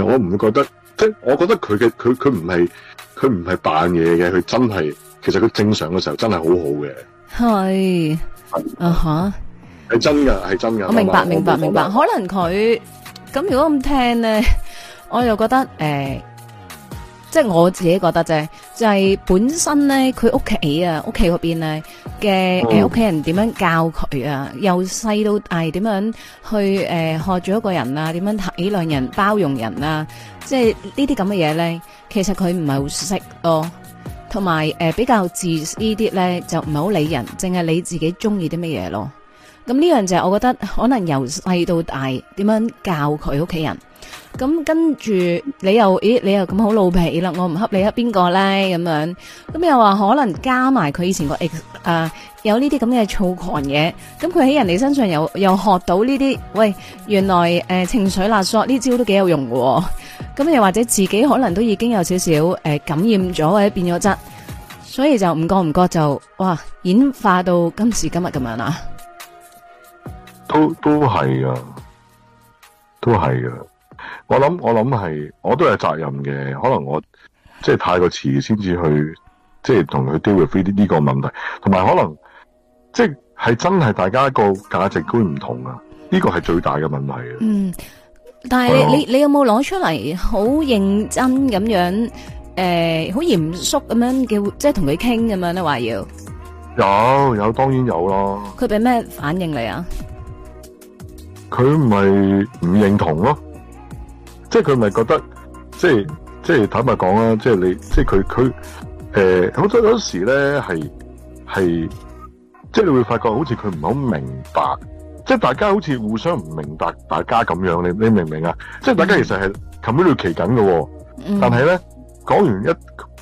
誒，我唔會覺得，即係我覺得佢嘅佢佢唔係佢唔係扮嘢嘅，佢真係其實佢正常嘅時候真係好好嘅。係啊哈，係真㗎，係真㗎。我明白，明白，明白。可能佢。咁如果咁聽咧，我又覺得誒，即、呃、係、就是、我自己覺得啫，就係、是、本身咧，佢屋企啊，屋企嗰邊咧嘅屋企人點樣教佢啊？由細到大點樣去誒、呃、學住一個人啊？點樣體諒人、包容人啊？即、就、係、是、呢啲咁嘅嘢咧，其實佢唔係好識咯，同埋誒比較自私啲咧，就唔係好理人，淨係你自己中意啲乜嘢咯。咁呢樣就係我覺得可能由細到大點樣教佢屋企人，咁跟住你又咦，你又咁好老皮啦，我唔恰你恰邊個呢？咁樣，咁又話可能加埋佢以前個誒、啊，有呢啲咁嘅躁狂嘢，咁佢喺人哋身上又又學到呢啲，喂，原來誒、呃、情緒勒索呢招都幾有用喎、哦。咁又或者自己可能都已經有少少誒、呃、感染咗或者變咗質，所以就唔覺唔覺就哇演化到今時今日咁樣啦。都都係啊，都係啊。我諗我諗係，我都有責任嘅。可能我即係太過遲先至去，即係同佢 deal with 呢，呢個問題，同埋可能即係係真係大家個價值觀唔同啊。呢、呢個係最大嘅問題啊。嗯，但係你你有冇攞出嚟好認真咁樣誒，好、呃、嚴肅咁樣嘅，即係同佢傾咁樣咧？話要有有，當然有啦。佢俾咩反應你啊？佢唔係唔認同咯，即係佢咪係覺得，即係即係坦白講啦，即係你，即係佢佢誒，好多時咧係係，即係你會發覺好似佢唔係好明白，即係大家好似互相唔明白大家咁樣，你你明唔明啊？嗯、即係大家其實係同屘度企緊噶，但係咧講完一，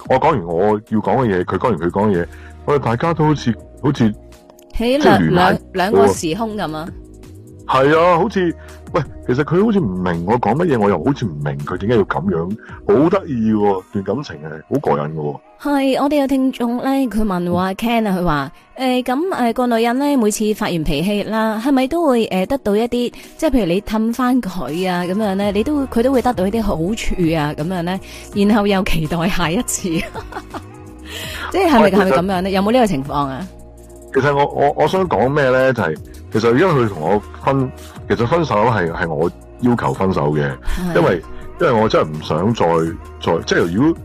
我講完我要講嘅嘢，佢講完佢講嘅嘢，我哋大家都好似好似喺兩兩兩個時空咁啊。係啊，好似喂，其實佢好似唔明我講乜嘢，我又好似唔明佢點解要咁樣，好得意喎，段感情係好過癮喎。係、哦、我哋有聽眾咧，佢問話 Ken 啊，佢話誒咁誒個女人咧，每次發完脾氣啦，係咪都會誒得到一啲，即係譬如你氹返佢啊，咁樣咧，你都佢都會得到一啲、啊、好處啊，咁樣咧，然後又期待下一次， 即係係咪係咪咁樣咧？有冇呢個情況啊？其實我我我想講咩咧，就係、是。其實因為佢同我分，其實分手係係我要求分手嘅，因為因為我真係唔想再再，即係如果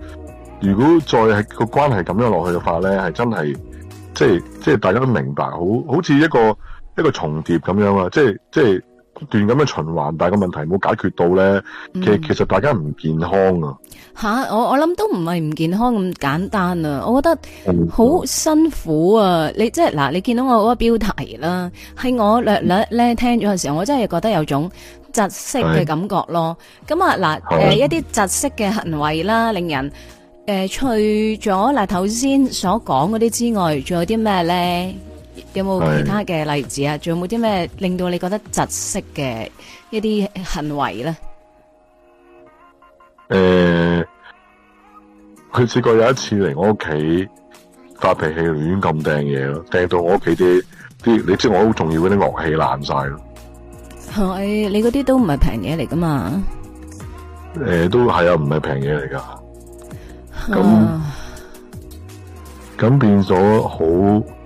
如果再係個關係咁樣落去嘅話咧，係真係即係即係大家都明白，好好似一個一個重疊咁樣啊，即係即係。不斷咁樣循環，但係個問題冇解決到咧，其實、嗯、其實大家唔健康啊！吓、啊，我我諗都唔係唔健康咁簡單啊！我覺得好、嗯、辛苦啊！你即係嗱，你見到我嗰個標題啦，係我略略咧聽咗嘅時候，嗯、我真係覺得有種窒息嘅感覺咯。咁啊嗱，誒、呃呃、一啲窒息嘅行為啦，令人誒、呃、除咗嗱頭先所講嗰啲之外，仲有啲咩咧？有冇其他嘅例子啊？仲有冇啲咩令到你覺得窒息嘅一啲行為咧？誒、欸，佢試過有一次嚟我屋企發脾氣，亂咁掟嘢咯，掟到我屋企啲啲，你知我好重要嗰啲樂器爛晒咯。係你嗰啲都唔係平嘢嚟㗎嘛？誒、欸，都係啊，唔係平嘢嚟㗎。咁咁、啊、變咗好。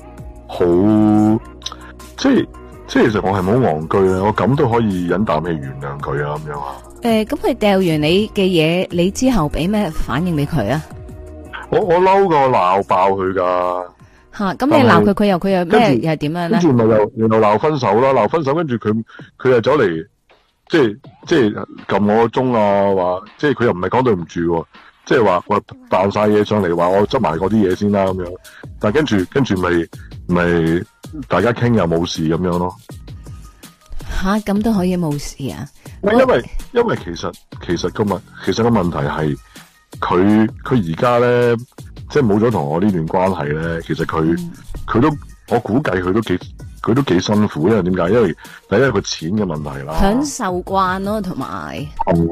好即係即係，其實我係冇戇居咧，我咁都可以忍啖氣原諒佢啊，咁樣啊。誒、欸，咁佢掉完你嘅嘢，你之後俾咩反應俾佢啊？我我嬲噶，我鬧爆佢噶。吓，咁你鬧佢，佢又佢又咩又係點樣啊？跟住咪又，又，然後鬧分手啦，鬧分手，跟住佢佢又走嚟，即係即係撳我個鐘啊，話即係佢又唔係講對唔住，即係話、啊就是、我爆晒嘢上嚟，話我執埋嗰啲嘢先啦、啊，咁樣。但係跟住跟住咪、就是。咪大家傾又冇事咁樣咯，吓，咁都可以冇事啊？因為因為其實其實今日其實個問題係佢佢而家咧，即係冇咗同我呢段關係咧，其實佢佢、就是嗯、都我估計佢都幾。佢都幾辛苦，因為點解？因為第一個錢嘅問題啦，享受慣咯，同埋、嗯，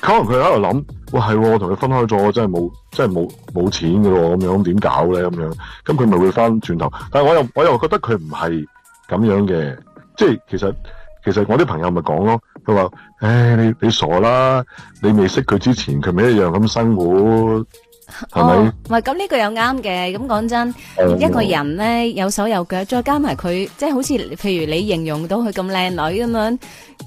可能佢喺度諗，喂，係我同佢分開咗，真係冇，真係冇冇錢噶咯，咁樣點搞咧？咁樣，咁佢咪會返轉頭？但係我又我又覺得佢唔係咁樣嘅，即係其實其實我啲朋友咪講咯，佢話：，唉、哎，你你傻啦，你未識佢之前，佢咪一樣咁生活。是是哦，唔係，咁呢個又啱嘅。咁講真，一個人咧，有手有腳，再加埋佢，即係好似譬如你形容到佢咁靚女咁樣，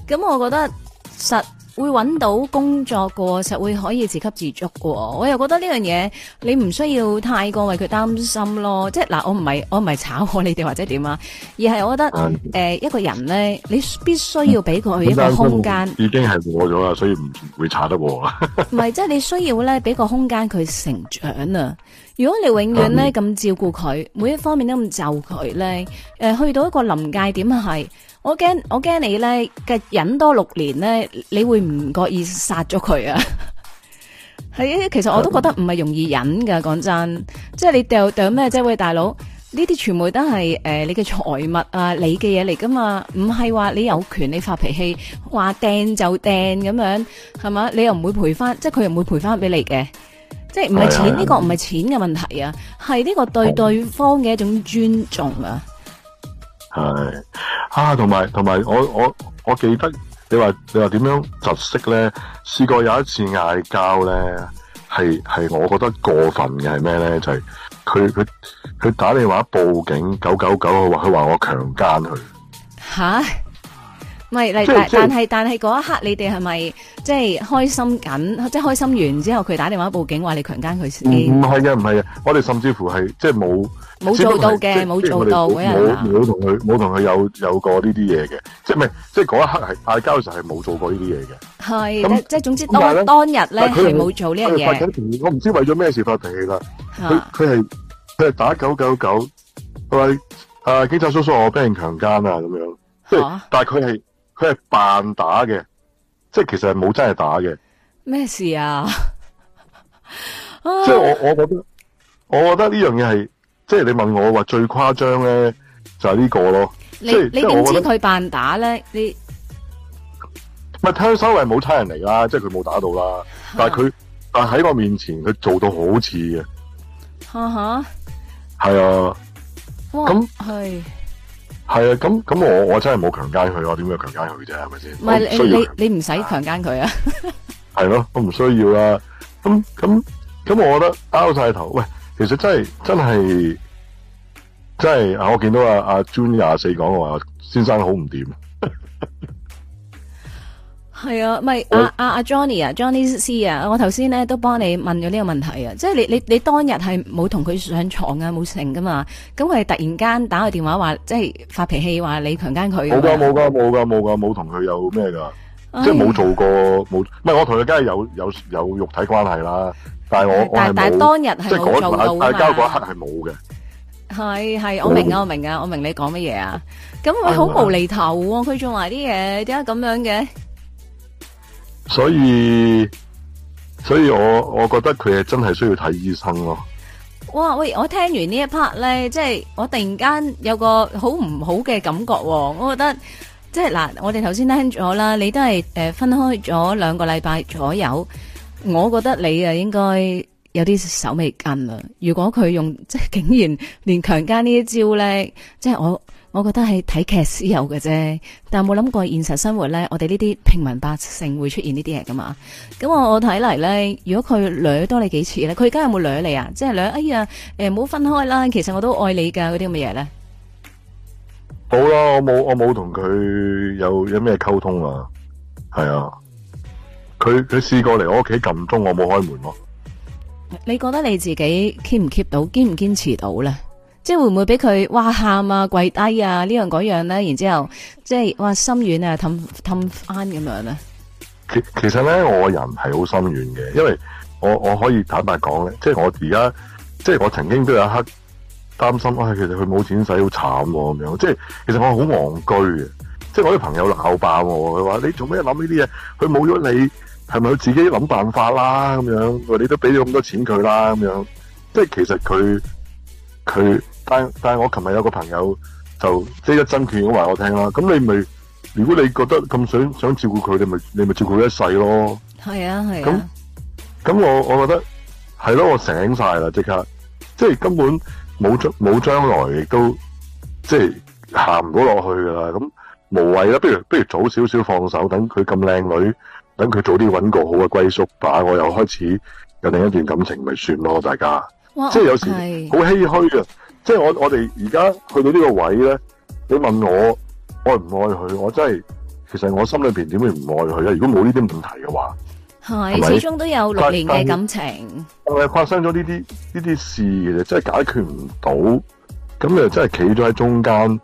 咁我覺得實，會揾到工作個實會可以自給自足喎。我又覺得呢樣嘢，你唔需要太過為佢擔心咯。即係嗱，我唔係我唔係炒我你哋或者點啊，而係我覺得誒、嗯呃，一個人咧，你必須要俾佢一個空間。嗯、已經係過咗啦，所以唔會炒得喎。唔 係，即係你需要咧，俾個空間佢成長啊！如果你永遠咧咁、嗯、照顧佢，每一方面都咁就佢咧，誒、呃，去到一個臨界點係。我驚我驚你咧，嘅忍多六年咧，你會唔覺意殺咗佢啊？係啊，其實我都覺得唔係容易忍噶。講真，即係你掟掟咩啫？喂大，大佬，呢啲全部都係誒你嘅財物啊，你嘅嘢嚟噶嘛唔係話你有權你發脾氣，話掟就掟咁樣，係嘛？你又唔會賠翻，即係佢又唔會賠翻俾你嘅。即係唔係錢呢、呢個唔係錢嘅問題啊，係呢個對對方嘅一種尊重啊。係啊，同埋同埋，我我我記得你話你話點樣窒息咧？試過有一次嗌交咧，係係我覺得過分嘅係咩咧？就係佢佢佢打電話報警九九九，佢話佢話我強奸佢吓。唔係，但但係但係嗰一刻，你哋係咪即係開心緊？即係開心完之後，佢打電話報警話你強姦佢先。唔係嘅，唔係嘅，我哋甚至乎係即係冇冇做到嘅，冇做到嘅，冇冇同佢冇同佢有有過呢啲嘢嘅。即係唔係？即係嗰一刻係嗌交嗰陣係冇做過呢啲嘢嘅。係咁，即係總之當當日咧係冇做呢樣嘢。我唔知為咗咩事發脾氣啦。佢佢係佢係打九九九，佢話啊警察叔叔，我俾人強姦啦咁樣。即係，但係佢係。佢係扮打嘅，即係其實係冇真係打嘅。咩事啊？ 即係我我覺得，我覺得呢樣嘢係，即係你問我話最誇張咧，就係呢個咯。你即你點知佢扮打咧？你咪聽收所冇差人嚟啦，即係佢冇打到啦， 但係佢但係喺我面前佢做到好似嘅。哈哈，係啊。咁係。係啊，咁咁我我真係冇強姦佢啊，點解強姦佢啫？係咪先？唔係你你你唔使強姦佢啊？係咯，我唔需要啊。咁咁咁，我覺得拗晒頭。喂，其實真係真係真係啊！我見到啊阿 Joan 廿四講嘅話，先生好唔掂。 係啊，咪阿阿阿 Johnny 啊，Johnny C 啊，我頭先咧都幫你問咗呢個問題啊，即係你你你當日係冇同佢上床啊，冇成噶嘛，咁佢突然間打個電話話，即係發脾氣話你強姦佢。冇噶冇噶冇噶冇噶，冇同佢有咩噶、哎，即係冇做過冇，唔係我同佢梗係有有有，有肉體關係啦，但係我但係但係當日係冇做即係嗌交嗰一刻係冇嘅。係係我明啊我明啊我明你講乜嘢啊，咁佢好無厘頭、啊，佢做埋啲嘢點解咁樣嘅？所以，所以我我覺得佢係真係需要睇醫生咯。哇，喂，我聽完呢一 part 咧，即係我突然間有個好唔好嘅感覺，我覺得即係嗱，我哋頭先聽咗啦，你都係誒分開咗兩個禮拜左右，我覺得你啊應該有啲手尾跟啦。如果佢用即係竟然連強姦呢一招咧，即係我。我覺得係睇劇先有嘅啫，但係冇諗過現實生活咧，我哋呢啲平民百姓會出現呢啲嘢噶嘛？咁我睇嚟咧，如果佢掠多你幾次咧，佢而家有冇掠你啊？即係掠哎呀，誒唔好分開啦，其實我都愛你噶嗰啲咁嘅嘢咧。好啦，我冇我冇同佢有有咩溝通啊，係啊，佢佢試過嚟我屋企撳鐘，我冇開門咯啊。你覺得你自己 keep 唔 keep 到，堅唔堅持到咧？即係會唔會俾佢哇喊啊、跪低啊呢樣嗰樣咧？然之後即係哇心軟啊氹氹翻咁樣咧？其其實咧，我人係好心軟嘅，因為我我可以坦白講咧，即係我而家即係我曾經都有一刻擔心啊、哎，其實佢冇錢使好慘咁、啊、樣。即係其實我好戇居嘅，即係我啲朋友鬧爆我，佢話你做咩諗呢啲嘢？佢冇咗你係咪佢自己諗辦法啦、啊？咁樣，你都俾咗咁多錢佢啦，咁樣，即係其實佢佢。但但係，我琴日有個朋友就即係一爭權咁話我聽啦。咁你咪，如果你覺得咁想想照顧佢，你咪你咪照顧佢一世咯。係啊，係啊。咁咁，我我覺得係咯，我醒晒啦，即刻即係根本冇將冇將來都即係行唔到落去噶啦。咁無謂啦，不如不如早少少放手，等佢咁靚女，等佢早啲揾個好嘅歸宿吧。我又開始有另一段感情，咪算咯。大家即係有時好唏噓啊。即係我我哋而家去到呢個位咧你問我，我愛唔愛佢，我真係其實我心裏邊點會唔愛佢啊？如果冇呢啲問題嘅話，係始終都有六年嘅感情，但係發生咗呢啲呢啲事，其實真係解決唔到，咁你真係企咗喺中間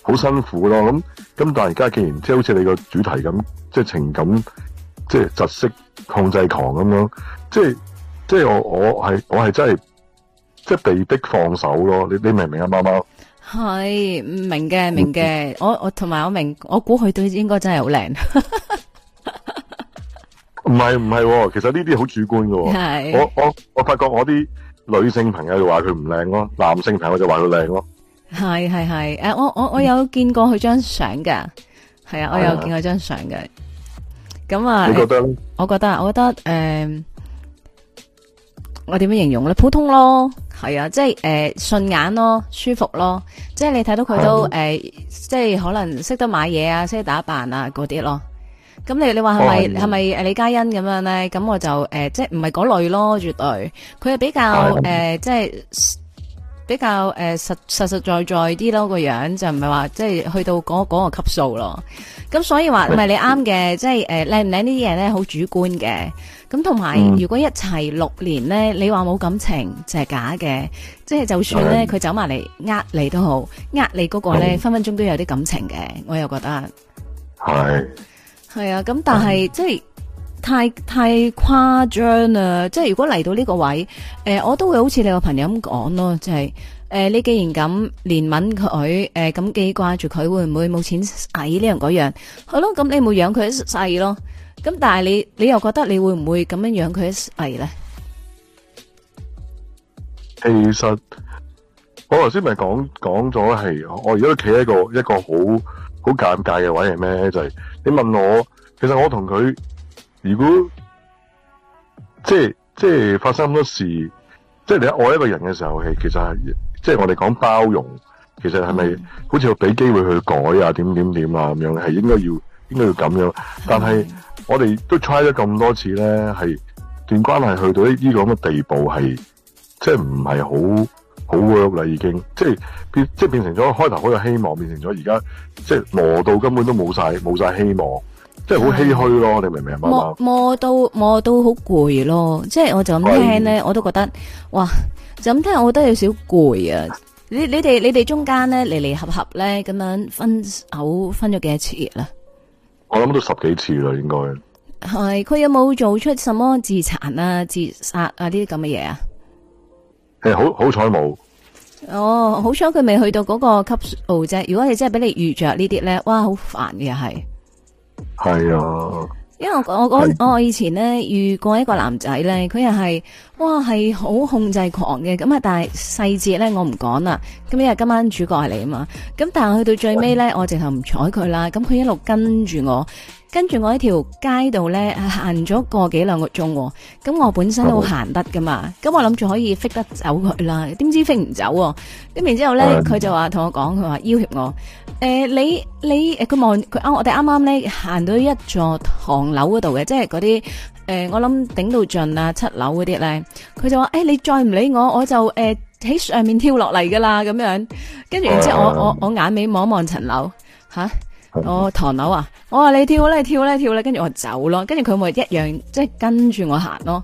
好辛苦咯。咁咁但係而家既然即係好似你個主題咁，即係情感，即係窒息控制狂咁樣，即係即係我我係我係真係。即係被逼放手咯，你你明唔明啊？貓貓係，明嘅，明嘅，我我同埋我明，我估佢對應該真係好靚。唔係唔係，其實呢啲好主觀噶。係，我我我發覺我啲女性朋友就話佢唔靚咯，男性朋友就話佢靚咯。係係係，誒，我我我有見過佢張相嘅，係啊，我有見過張相嘅。咁啊，你覺得？我覺得，我覺得，誒，我點樣形容咧？普通咯。係啊，即係誒順眼咯，舒服咯，即係你睇到佢都誒、uh -huh. 呃，即係可能識得買嘢啊，識得打扮啊嗰啲咯。咁你你話係咪係咪誒李嘉欣咁樣咧？咁我就誒、呃、即係唔係嗰類咯，絕對佢係比較誒、uh -huh. 呃、即係比較誒、呃、實實實在在啲咯個樣就，就唔係話即係去到嗰、那、嗰、個那個級數咯。咁所以話唔係你啱嘅，uh -huh. 即係誒靚唔靚呢啲嘢咧，好主觀嘅。咁同埋，如果一齊六年咧，你話冇感情就係、是、假嘅，即、就、係、是、就算咧，佢走埋嚟呃你都好，呃你嗰個咧分分鐘都有啲感情嘅，我又覺得係係、嗯、啊，咁但係、嗯、即係太太誇張啦，即係如果嚟到呢個位，誒、呃，我都會好似你個朋友咁講咯，就係誒，你既然咁憐憫佢，誒、呃，咁記掛住佢，會唔會冇錢捱呢樣嗰樣？好咯，咁你冇養佢一世咯。咁但係你你又覺得你會唔會咁樣養佢一世咧？其實我頭先咪講講咗係，我而家都企喺一個一個好好尷尬嘅位係咩？就係你問我，其實我同佢如果即係即係發生咁多事，即係你愛一個人嘅時候係，其實係即係我哋講包容，其實係咪好似要俾機會去改啊？點點點啊咁樣係應該要應該要咁樣，但係。我哋都 try 咗咁多次咧，係段關係去到呢呢個咁嘅地步，係即係唔係好好 work 啦，已經即係變即係變成咗開頭好有希望，變成咗而家即係磨到根本都冇晒冇晒希望，即係好唏嘘咯，你明唔明白？磨磨到磨到好攰咯，即係我就咁聽咧，我都覺得哇，就咁聽我覺得有少攰啊！ 你你哋你哋中間咧嚟嚟合合，咧咁樣分手分咗幾多次啦？我諗都十幾次啦，應該係。佢有冇做出什麼自殘啊、自殺啊呢啲咁嘅嘢啊？誒、啊，好好彩冇。哦，好彩佢未去到嗰個級數啫。如果你真係俾你遇着呢啲咧，哇，好煩嘅係。係啊。因為我我我以前呢遇過一個男仔呢佢又係，哇，係好控制狂嘅。咁啊但係細節呢，我唔講啦。咁因為今晚主角係你啊嘛，咁但係去到最尾呢，我直頭唔睬佢啦，咁佢一路跟住我。跟住我喺條街度咧行咗個幾兩個鐘、哦，咁我本身都行得噶嘛，咁、嗯、我諗住可以 fit 得走佢啦，點知 fit 唔走、啊？咁然之後咧，佢、嗯、就話同我講，佢話要挾我，誒、呃、你你誒，佢望佢啱，我哋啱啱咧行到一座唐樓嗰度嘅，即係嗰啲誒，我諗頂到盡啊七樓嗰啲咧，佢就話誒、哎、你再唔理我，我就誒喺、呃、上面跳落嚟噶啦咁樣，跟住然後之後、嗯、我我我眼尾望一望層樓，吓。我、哦、唐樓啊，我話你跳咧跳咧跳咧，跟住我走咯，跟住佢咪一樣，即係跟住我行咯。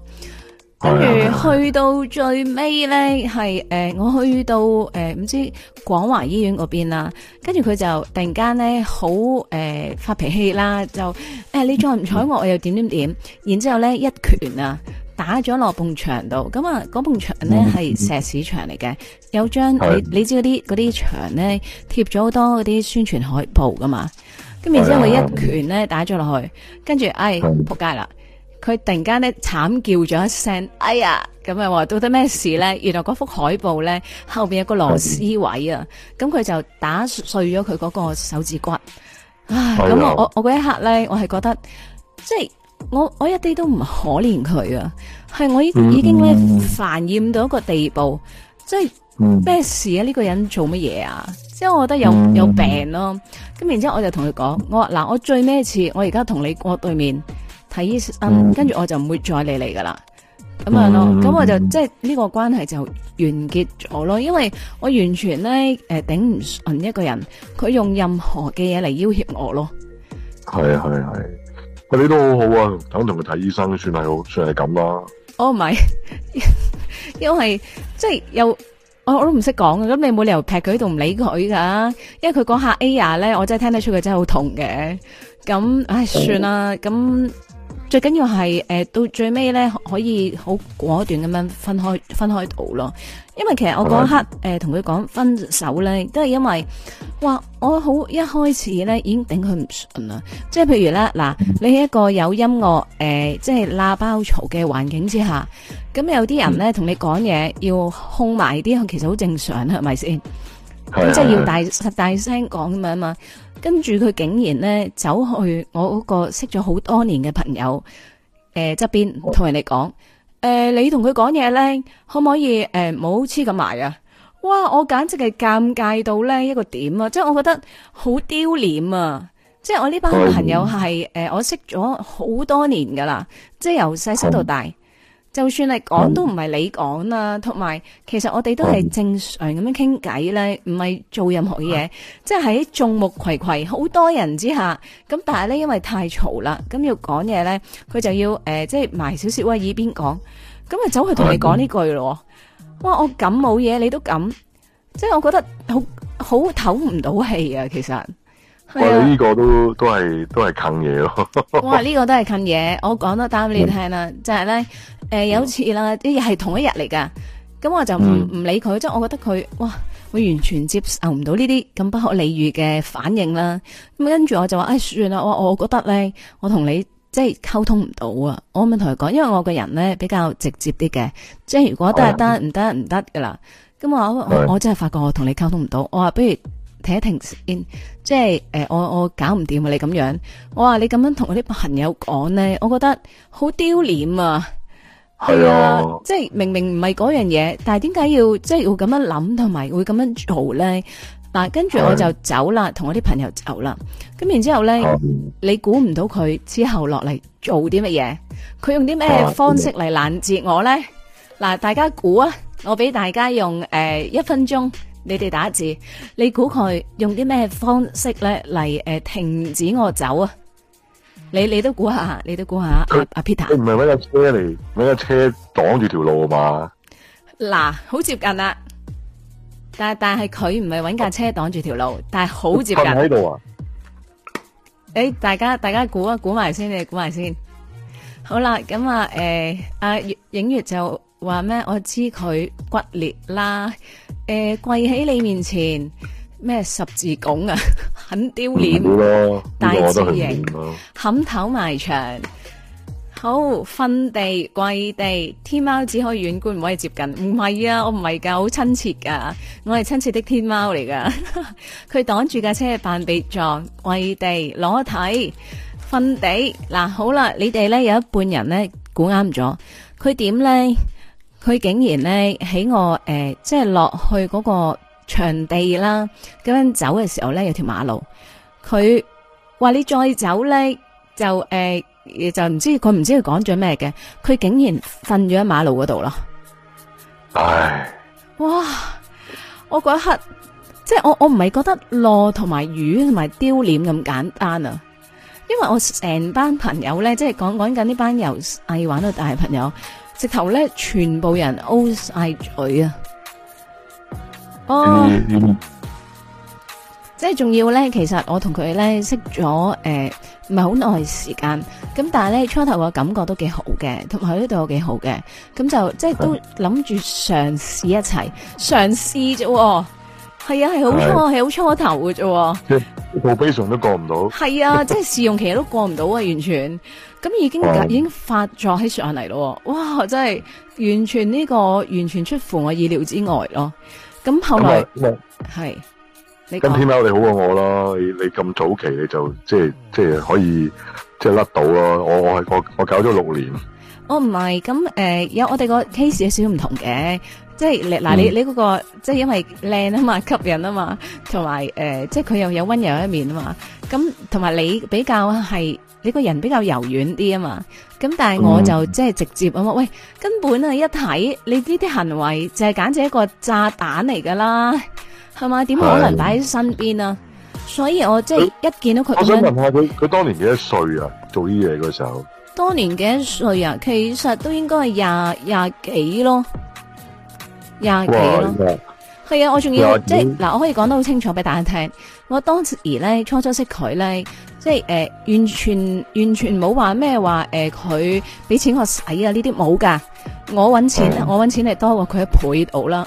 跟住去到最尾咧，係誒、呃，我去到誒唔、呃、知廣華醫院嗰邊啦，跟住佢就突然間咧好誒發脾氣啦，就誒、呃、你再唔睬我，我又點點點，然之後咧一拳啊！打咗落埲牆度，咁啊嗰埲牆咧係石屎牆嚟嘅，有張你你知嗰啲嗰啲牆咧貼咗好多嗰啲宣傳海報噶嘛，咁然之後佢一拳咧打咗落去，跟住哎仆街啦，佢突然間咧慘叫咗一聲，哎呀，咁啊話到底咩事咧？原來嗰幅海報咧後邊有個螺絲位啊，咁佢就打碎咗佢嗰個手指骨，咁我我我嗰一刻咧，我係覺得即係。我我一啲都唔可憐佢啊，係我已已經咧煩厭到一個地步，嗯嗯、即係咩事啊？呢、這個人做乜嘢啊？即係我覺得有、嗯、有病咯。咁然之後我就同佢講，我話嗱，我最尾一次，我而家同你過對面睇醫生，跟、嗯、住我就唔會再理你噶啦。咁樣咯，咁、嗯、我就、嗯、即係呢個關係就完結咗咯。因為我完全咧誒、呃、頂唔順一個人，佢用任何嘅嘢嚟要挾我咯。係係係。你都好好啊，等同佢睇醫生算係好，算係咁啦。哦、oh、唔係 因為即係又我我都唔識講啊，咁你冇理由劈佢喺度唔理佢噶，因為佢嗰下 A 呀咧，我真係聽得出佢真係好痛嘅。咁唉算啦，咁、oh。最緊要係誒、呃、到最尾咧可以好果斷咁樣分開分開到咯。因為其實我嗰刻誒同佢講分手呢，都係因為嘩，我好一開始呢已經頂佢唔順啦。即係譬如呢，嗱，你喺一個有音樂誒、呃，即係喇叭嘈嘅環境之下，咁有啲人呢同、嗯、你講嘢要控埋啲，其實好正常啦，係咪先？咁、嗯、即係要大大聲講咁樣嘛。跟住佢竟然呢走去我嗰個識咗好多年嘅朋友誒側、呃、邊同、嗯、人哋講。誒、呃，你同佢講嘢咧，可唔可以誒，唔好黐咁埋啊！哇，我簡直係尷尬到咧一個點啊，即係我覺得好丟臉啊！即係我呢班朋友係誒，我識咗好多年㗎喇，即係由細識到大。嗯。就算是不是你講都唔係你講啦，同、嗯、埋其實我哋都係正常咁樣傾偈咧，唔係做任何嘢、啊，即係喺眾目睽睽好多人之下，咁但係咧因為太嘈啦，咁要講嘢咧，佢就要、呃、即係埋少少喺耳邊講，咁啊走去同你講呢句咯、啊，哇！我咁冇嘢你都咁，即係我覺得好好唞唔到氣啊，其實。我話呢個是都都係都係近嘢咯、 這個。我話、就是、呢個都係近嘢，我講得答你聽啦，就係咧，誒有次啦，啲係同一日嚟噶，咁我就唔唔理佢，即係我覺得佢哇，我完全接受唔到呢啲咁不可理喻嘅反應啦。咁跟住我就話，唉、哎、算啦，我我覺得咧，我同你即係溝通唔到啊。我唔同佢講，因為我個人咧比較直接啲嘅，即係如果都係得唔得唔得噶啦，咁我、嗯、我我，我真係發覺我同你溝通唔到。我話不如。停即係誒、呃，我我搞唔掂啊！你咁樣，這樣我話你咁樣同我啲朋友講呢，我覺得好丟臉啊！係啊，即係明明唔係嗰樣嘢，但係點解要即係要咁樣諗，同埋會咁樣做呢？嗱、啊，跟住我就走啦，同我啲朋友走啦。咁然後之後呢、啊，你估唔到佢之後落嚟做啲乜嘢？佢用啲咩方式嚟攔截我呢？嗱、啊啊，大家估啊！我俾大家用誒一、呃、分鐘。你哋打字，你估佢用啲咩方式咧嚟誒停止我走啊？你你都估下，你都估下阿阿 Peter。你唔係搵架車嚟搵架車擋住條路啊嘛？嗱，好接近啊，但但係佢唔係搵架車擋住條路，但係好接近喺度啊！誒，大家大家估啊，估埋先，你估埋先。好啦，咁啊，誒阿影月就話咩？我知佢骨裂啦。誒、呃，跪喺你面前，咩十字拱啊， 很丟臉、嗯，大字型，冚、這個、頭埋牆，好瞓地跪地，天貓只可以遠觀唔可以接近，唔係啊，我唔係噶，好親切噶，我係親切的天貓嚟噶，佢 擋住架車扮畀撞，跪地攞睇。瞓地，嗱、啊、好啦，你哋咧有一半人咧估啱咗，佢點咧？佢竟然咧喺我誒、呃，即係落去嗰個場地啦，咁樣走嘅時候咧有條馬路，佢話你再走咧就誒，就唔、呃、知佢唔知佢講咗咩嘅，佢竟然瞓咗喺馬路嗰度咯。唉，哇！我嗰一刻即係我我唔係覺得落同埋魚同埋丟臉咁簡單啊，因為我成班朋友咧即係講講緊呢班由細玩到大嘅朋友。直頭咧，全部人 O 晒嘴啊！哦、oh, mm，-hmm. 即係仲要咧，其實我同佢咧識咗誒，唔係好耐時間，咁但係咧初頭嘅感覺都幾好嘅，同埋佢對我幾好嘅，咁就即係都諗住嘗試一齊嘗試啫，係、mm -hmm. 啊係好初係好、mm -hmm. 啊初, mm -hmm. 啊、初頭嘅啫，我 basic 都過唔到，係 啊，即係試用期都過唔到啊，完全。咁已經已經發作起上嚟咯，哇！真係完全呢個完全出乎我意料之外咯。咁後來係，跟、嗯嗯、天喵你我好過我啦。你咁早期你就即係即係可以即係甩到咯。我我係我我搞咗六年。我唔係咁誒，有我哋個 case 有少少唔同嘅，即係嗱你你嗰個即係因為靚啊嘛，吸引啊嘛，同埋誒即係佢又有温柔一面啊嘛。咁同埋你比較係。嗯嗯你個人比較柔軟啲啊嘛，咁但係我就即係直接啊嘛、嗯，喂，根本啊一睇你呢啲行為就係簡直一個炸彈嚟噶啦，係嘛？點可能擺喺身邊啊？所以我即係一見到佢，我想問下佢佢當年幾多歲啊？做呢嘢嗰時候？當年幾多歲啊？其實都應該係廿廿幾咯，廿幾咯，係啊！我仲要即係嗱，我可以講得好清楚俾大家聽，我當時咧初初識佢咧。即係誒、呃，完全完全冇話咩話誒，佢、呃、俾錢我使啊，呢啲冇噶。我搵錢，我搵錢係多過佢一倍到啦，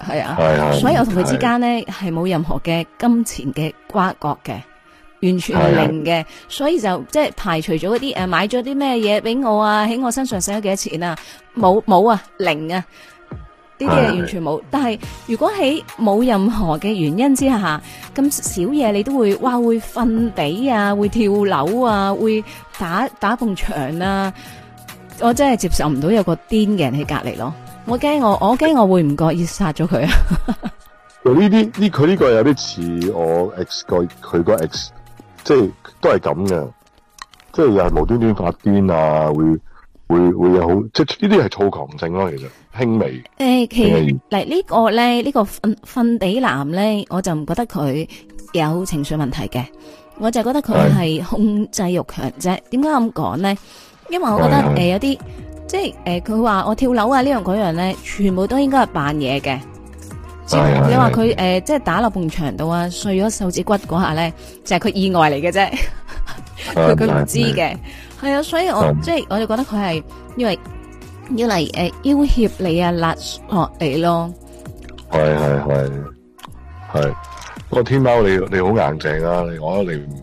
係啊。所以我同佢之間咧係冇任何嘅金錢嘅瓜葛嘅，完全係零嘅。所以就即係排除咗嗰啲誒，買咗啲咩嘢俾我啊，喺我身上使咗幾多錢啊，冇冇啊，零啊。呢啲嘢完全冇，但係如果喺冇任何嘅原因之下，咁少嘢你都會哇，會瞓地啊，會跳樓啊，會打打崩牆啊，我真係接受唔到有個癲嘅人喺隔籬咯，我驚我我驚我會唔覺意殺咗佢啊！呢啲呢，佢呢個有啲似我 ex 個佢個 ex，即係都係咁嘅，即係又無無端端發癲啊，會。會會有好，即係呢啲係躁狂症咯，其實輕微。誒，其實嗱呢、這個咧，分底呢個瞓瞓地男咧，我就唔覺得佢有情緒問題嘅，我就覺得佢係控制欲強啫。點解咁講咧？因為我覺得誒、呃、有啲即係誒，佢、就、話、是呃、我跳樓啊呢樣嗰樣咧，全部都應該係扮嘢嘅。你話佢誒，即係打落埲牆度啊，碎咗手指骨嗰下咧，就係、是、佢意外嚟嘅啫，佢佢唔知嘅。係啊，所以我、嗯、即係我就覺得佢係因為要嚟，誒要挾、呃、你啊，勒索你咯。係係係係，不過天喵你你好硬正啊，我覺得你，你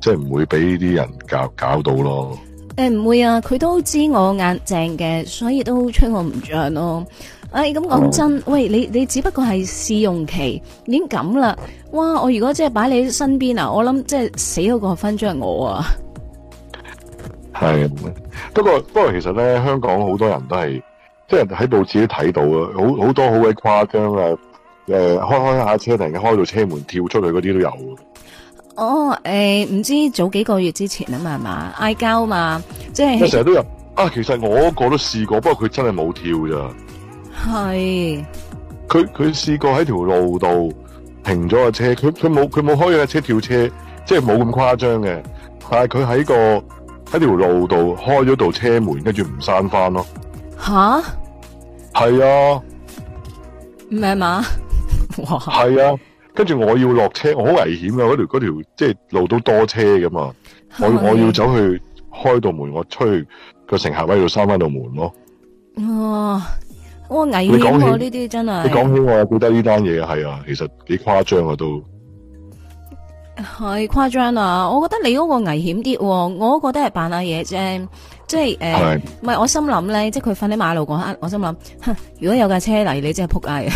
即係唔會俾呢啲人搞搞到咯。誒、欸、唔會啊，佢都知我硬正嘅，所以都吹我唔漲咯。誒咁講真的、嗯，喂你你只不過係試用期，已經咁啦。哇，我如果即係擺你身邊啊，我諗即係死都個分將係我啊！係，不過不過其實咧，香港好多人都係，即係喺報紙都睇到啊，好好多好鬼誇張啊。誒、呃、開開下車突然間開到車門跳出去嗰啲都有。哦，誒、欸、唔知早幾個月之前啊嘛，係嘛，嗌交嘛，即係。我成日都有。啊，其實我個都試過，不過佢真係冇跳咋。係。佢佢試過喺條路度停咗個車，佢佢冇佢冇開架車跳車，即係冇咁誇張嘅，但係佢喺個。喺條路度開咗道車門，跟住唔閂翻咯。吓，係啊，唔係嘛？哇，係啊，跟住我要落車，我好危險啊，嗰條嗰條即係路都多車噶嘛，是是我我要走去開道門，我出去個乘客位度閂翻道門咯。哇，哇危險喎！呢啲真係你講起我又記得呢單嘢啊，係啊，其實幾誇張啊都。係誇張啊。我覺得你嗰個危險啲，哦，我覺得都係扮下嘢啫。即係誒，唔、呃、係我心諗咧，即係佢瞓喺馬路嗰刻，我心諗，如果有架車嚟，你真係扑 街啊！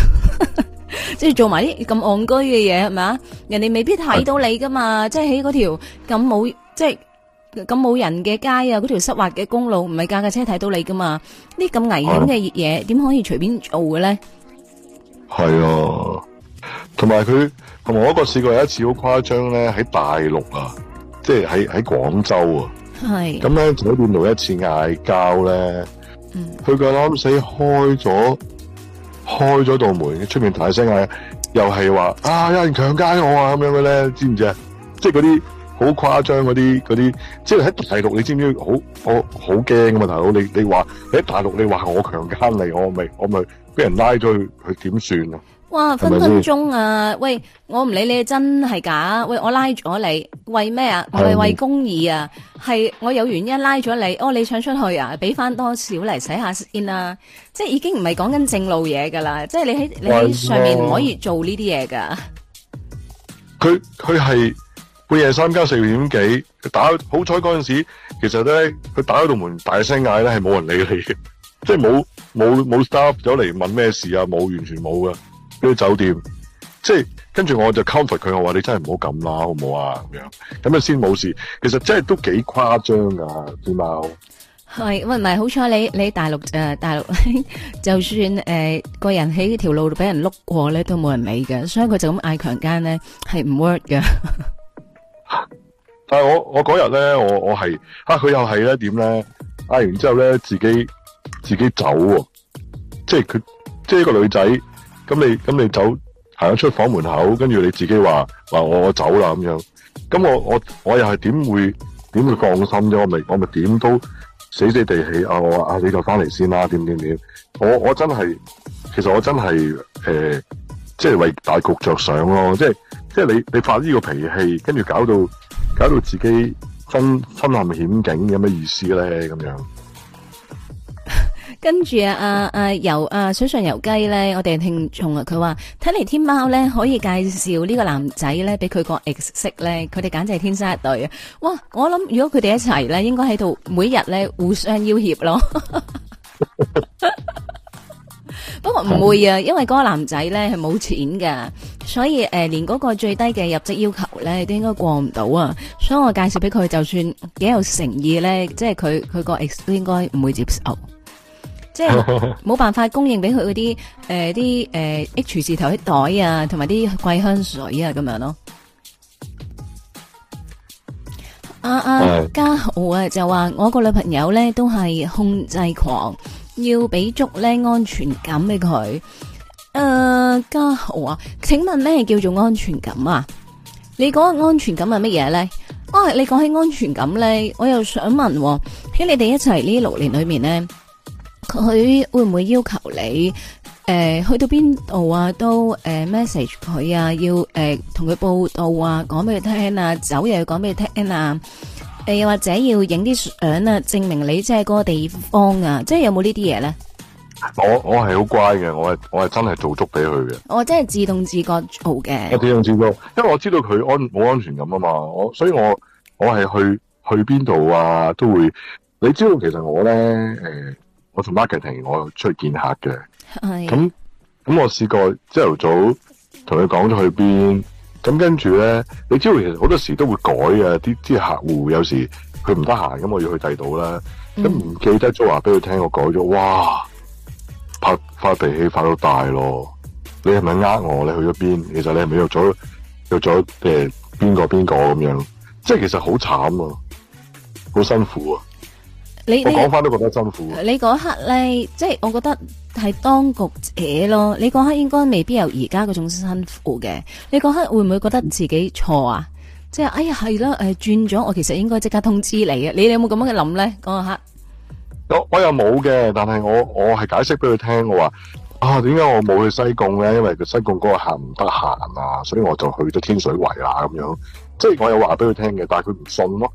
即係做埋啲咁戇居嘅嘢係咪啊？人哋未必睇到你噶嘛。即係喺嗰條咁冇即係咁冇人嘅街啊，嗰條濕滑嘅公路，唔係架架車睇到你噶嘛？呢啲咁危險嘅嘢，點可以隨便做嘅咧？係啊。同埋佢，同我一個試過有一次好誇張咧，喺大陸啊，即係喺喺廣州啊，係咁咧，就喺半路一次嗌交咧，嗯，佢個諗死開咗開咗道門，出面大聲嗌，啊，又係話啊有人強姦我啊咁樣嘅咧，知唔知，知啊？即係嗰啲好誇張嗰啲啲，即係喺大陸，你知唔知好我好驚㗎嘛？大佬，你你話喺大陸，你話我強姦你，我咪我咪俾人拉咗去去點算啊？哇，分分鐘啊！是是喂，我唔理你真係假，喂，我拉咗你，為咩啊？我係為公義啊？係我有原因拉咗你，哦，你想出去啊？俾翻多少嚟洗下先，啊、啦？即係已經唔係講緊正路嘢噶啦，即係你喺你喺上面唔可以做呢啲嘢噶。佢佢係半夜三更四點幾，佢打，好彩嗰陣時，其實咧佢打開道門大聲嗌咧，係冇人理你嘅，即係冇冇冇 staff 走嚟問咩事啊？冇完全冇噶。啲酒店，即係跟住我就 comfort 佢，我話你真係唔好咁啦，好唔好啊？咁樣咁樣先冇事。其實真係都幾誇張噶，知嘛係喂，唔係好彩你你喺大陸誒，大陸 就算誒、呃、個人喺條路度俾人碌過咧，都冇人理嘅。所以佢就咁嗌強奸咧，係唔 work 㗎。 但係我我嗰日咧，我呢我係啊，佢又係咧點咧？嗌完之後咧，自己自己走喎、哦，即係佢即係一個女仔。咁你咁你走行出房門口，跟住，你自己話，話我我走啦咁樣，咁我我我又係點會點會放心啫？我咪我咪點都死死地氣啊！我話啊，你就翻嚟先啦，啊，點點點，我我真係，其實我真係誒、呃，即係為大局着想咯，即係即係你你發呢個脾氣，跟住搞到搞到自己分分陷入險境，有咩意思咧？咁樣。 跟住啊，阿、啊、阿游啊，水上游雞咧，我哋聽眾啊，佢話睇嚟，天貓咧可以介紹呢個男仔咧俾佢個 ex 識咧，佢哋簡直係天生一對啊！哇，我諗如果佢哋一齊咧，應該喺度每日咧互相要挾咯。 不過唔會啊，因為嗰個男仔咧係冇錢噶，所以誒、呃、連嗰個最低嘅入職要求咧都應該過唔到啊。所以我介紹俾佢，就算幾有誠意咧，即係佢佢個 ex 都應該唔會接受。即係冇辦法供應俾佢嗰啲誒啲誒 H 字頭啲袋啊，同埋啲貴香水啊咁樣咯、啊。阿啊嘉、啊、豪啊，就話我個女朋友咧都係控制狂，要俾足咧安全感俾佢。誒、啊，嘉豪啊，請問咩叫做安全感啊？你講安全感係乜嘢咧？哦、啊，你講起安全感咧，我又想問，喺你哋一齊呢六年裏面咧？佢會唔會要求你誒、呃、去到邊度啊都、誒、呃、message 佢啊，要誒同佢報到、啊講俾佢聽啊走嘢、講俾佢聽啊誒又、呃、或者要影啲相啊證明你即係嗰個地方啊，即係有冇呢啲嘢咧？我我係好乖嘅，我係我係真係做足俾佢嘅。我真係自動自覺做嘅。我自動自覺，因為我知道佢安冇安全感啊嘛，我所以我我係去去邊度啊都會，你知道其實我咧誒。呃我同 marketing，我出去見客嘅。咁咁我試過朝頭早同佢講咗去邊，咁跟住咧，你知道其實好多時都會改啊。啲啲客戶有時佢唔得閒，咁我要去第度啦。咁、嗯、唔記得咗話俾佢聽，我改咗，哇！拍發脾氣發到大咯。你係咪呃我？你去咗邊？其實你係咪約咗？約咗誒？邊個邊個咁樣？即係其實好慘啊，好辛苦啊。你講返都覺得辛苦。你嗰刻咧，即係我覺得係當局者咯。你嗰刻應該未必有而家嗰種辛苦嘅。你嗰刻會唔會覺得自己錯啊？即係哎呀，係啦，誒轉咗，我其實應該即刻通知你嘅。你哋有冇咁樣嘅諗咧？嗰刻，我我又冇嘅，但係我我係解釋俾佢聽，我話啊，點解我冇去西貢咧？因為佢西貢嗰個客唔得閒啊，所以我就去咗天水圍啦咁樣。即係我有話俾佢聽嘅，但係佢唔信咯。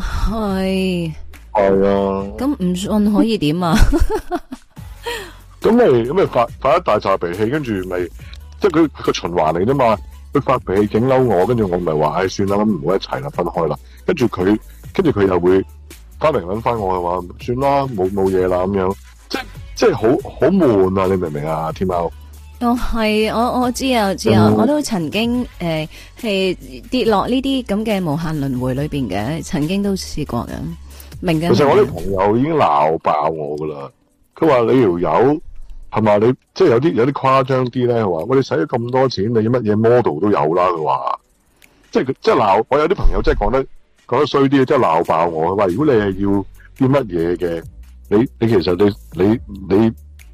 係係啊，咁唔信可以點啊？咁 你咁咪發發一大紮脾氣，跟住咪即係佢個循環嚟啫嘛。佢發脾氣整嬲我，跟住我咪話唉，算啦，咁唔好一齊啦，分開啦。跟住佢，跟住佢又會翻嚟搵翻我，嘅話算啦，冇冇嘢啦咁樣。即即係好好悶啊！你明唔明啊？天喵。係我我知啊，我知啊、嗯，我都曾經誒係、呃、跌落呢啲咁嘅無限輪回裏邊嘅，曾經都試過嘅。明嘅。其實我啲朋友已經鬧爆我噶啦，佢話你條友係咪？你即係有啲有啲誇張啲咧。佢話我哋使咗咁多錢，你乜嘢 model 都有啦。佢話即係即係鬧我，有啲朋友即係即係講得講得衰啲，即係鬧爆我。佢話如果你係要啲乜嘢嘅，你你其實你你你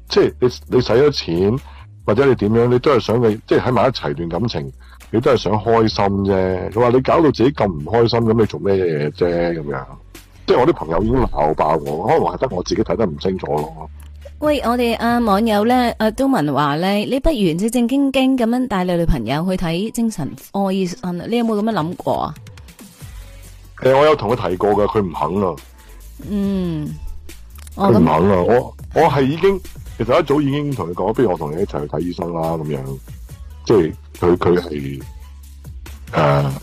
即係你你使咗錢。或者你點樣，你都係想你，即係喺埋一齊段感情，你都係想開心啫。佢話你搞到自己咁唔開心，咁你做咩嘢啫？咁樣，即係我啲朋友已經鬧爆我，可能係得我自己睇得唔清楚咯。喂，我哋阿、啊、網友咧，阿、啊、東文話咧，你不如正正經經咁樣帶你女朋友去睇精神科醫生，你有冇咁樣諗過啊？誒，我有同佢提過噶，佢唔肯啊。嗯，佢唔肯啊，我我、嗯、我係已經。其實一早已經同佢講，不如我同你一齊去睇醫生啦。咁樣，即係佢佢係誒，佢、啊、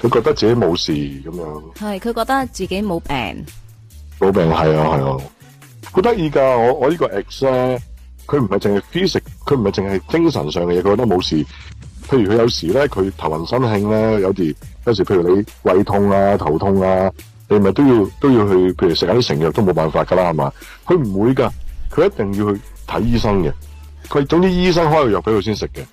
覺得自己冇事咁樣。係佢覺得自己冇病，冇病係啊係啊，好得意噶！我我呢個 ex 咧、啊，佢唔係淨係 physical，佢唔係淨係精神上嘅嘢，佢覺得冇事。譬如佢有時咧，佢頭暈身㷫咧，有啲有時譬如你胃痛啊、頭痛啊，你咪都要都要去，譬如食下啲成藥都冇辦法噶啦，係嘛？佢唔會噶。佢一定要去睇醫生嘅，佢總之醫生開個藥畀佢先食嘅。